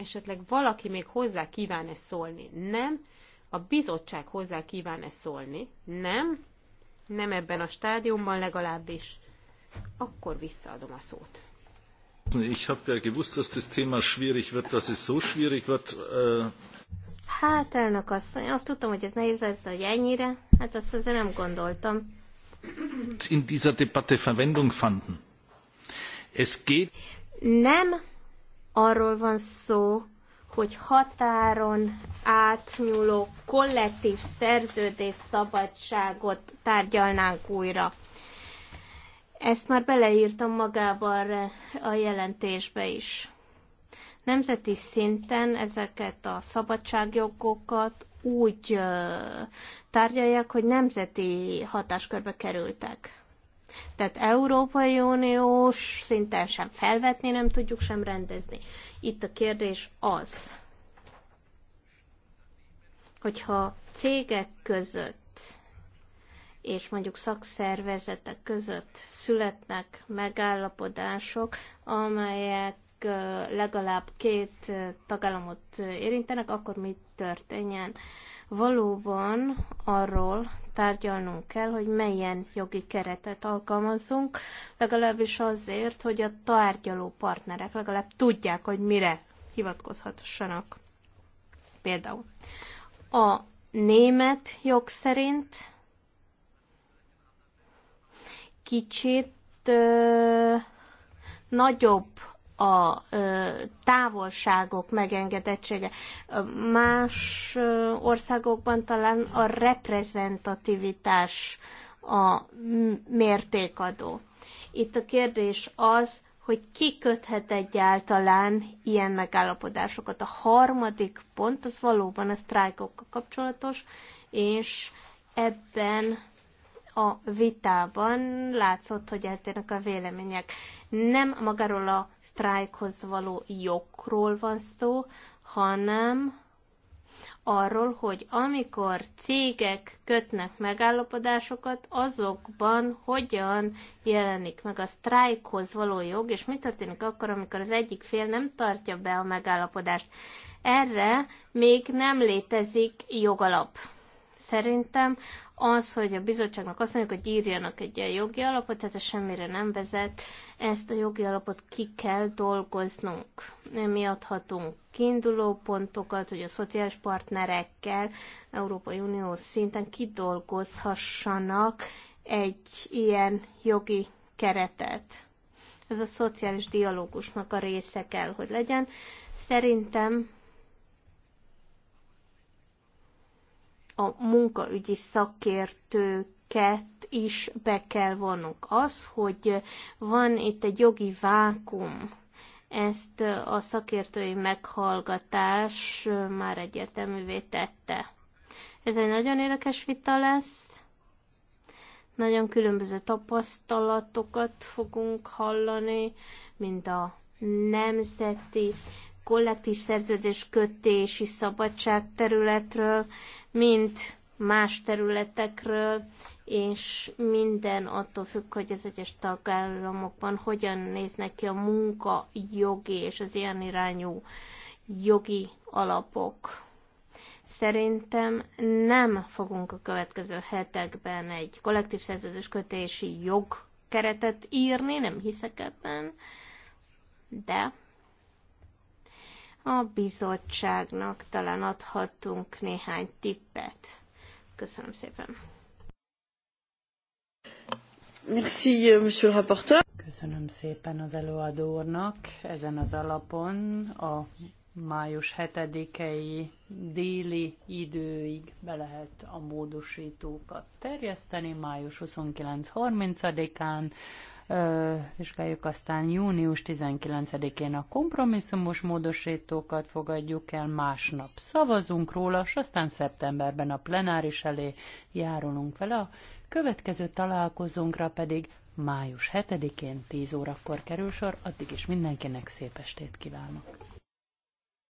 esetleg valaki még hozzá kíván-e szólni? Nem. A bizottság hozzá kíván-e szólni? Nem. Nem ebben a stádiumban legalábbis. Akkor visszaadom a szót. Ich habe ja gewusst, dass das Thema schwierig wird, dass es so schwierig wird. Äh... Hát, elnök asszony, azt tudtam, hogy ez nehéz lesz, hogy ennyire, hát azt azért nem gondoltam. In dieser Debatte Verwendung fanden. Es geht... Nem arról van szó, hogy határon átnyúló kollektív szerződés szabadságot tárgyalnánk újra. Ezt már beleírtam magával a jelentésbe is. Nemzeti szinten ezeket a szabadságjogokat úgy tárgyalják, hogy nemzeti hatáskörbe kerültek. Tehát Európai Uniós szinten sem felvetni nem tudjuk, sem rendezni. Itt a kérdés az, hogyha cégek között és mondjuk szakszervezetek között születnek megállapodások, amelyek legalább két tagállamot érintenek, akkor mi történjen. Valóban arról tárgyalnunk kell, hogy milyen jogi keretet alkalmazunk, legalábbis azért, hogy a tárgyaló partnerek legalább tudják, hogy mire hivatkozhassanak. Például a német jog szerint kicsit ö, nagyobb a távolságok megengedettsége. Más országokban talán a reprezentativitás a mértékadó. Itt a kérdés az, hogy ki köthet egyáltalán ilyen megállapodásokat. A harmadik pont az valóban a sztrájkokkal kapcsolatos, és ebben a vitában látszott, hogy eltérnek a vélemények. Nem magáról a sztrájkhoz való jogról van szó, hanem arról, hogy amikor cégek kötnek megállapodásokat, azokban hogyan jelenik meg a sztrájkhoz való jog, és mi történik akkor, amikor az egyik fél nem tartja be a megállapodást. Erre még nem létezik jogalap. Szerintem az, hogy a bizottságnak azt mondjuk, hogy írjanak egy ilyen jogi alapot, ez semmire nem vezet, ezt a jogi alapot ki kell dolgoznunk. Mi adhatunk kiinduló pontokat, hogy a szociális partnerekkel Európai Unió szinten kidolgozhassanak egy ilyen jogi keretet. Ez a szociális dialógusnak a része kell, hogy legyen. Szerintem a munkaügyi szakértőket is be kell vonnunk. Az, hogy van itt egy jogi vákum, ezt a szakértői meghallgatás már egyértelművé tette. Ez egy nagyon érdekes vita lesz, nagyon különböző tapasztalatokat fogunk hallani, mint a nemzeti kollektív szerződés kötési szabadság területről, mint más területekről, és minden attól függ, hogy az egyes tagállamokban hogyan néznek ki a munka jogi és az ilyen irányú jogi alapok. Szerintem nem fogunk a következő hetekben egy kollektív szerződés jog jogkeretet írni, nem hiszek ebben, de a bizottságnak talán adhatunk néhány tippet. Köszönöm szépen. Merci, euh, monsieur le rapporteur. Köszönöm szépen az előadónak. Ezen az alapon a május 7-i déli időig be lehet a módosítókat terjeszteni, május 29-30-án vizsgáljuk, aztán június 19-én a kompromisszumos módosítókat fogadjuk el, másnap szavazunk róla, és aztán szeptemberben a plenáris elé járulunk vele. A következő találkozónkra pedig május 7-én 10 órakor kerül sor, addig is mindenkinek szép estét kívánok!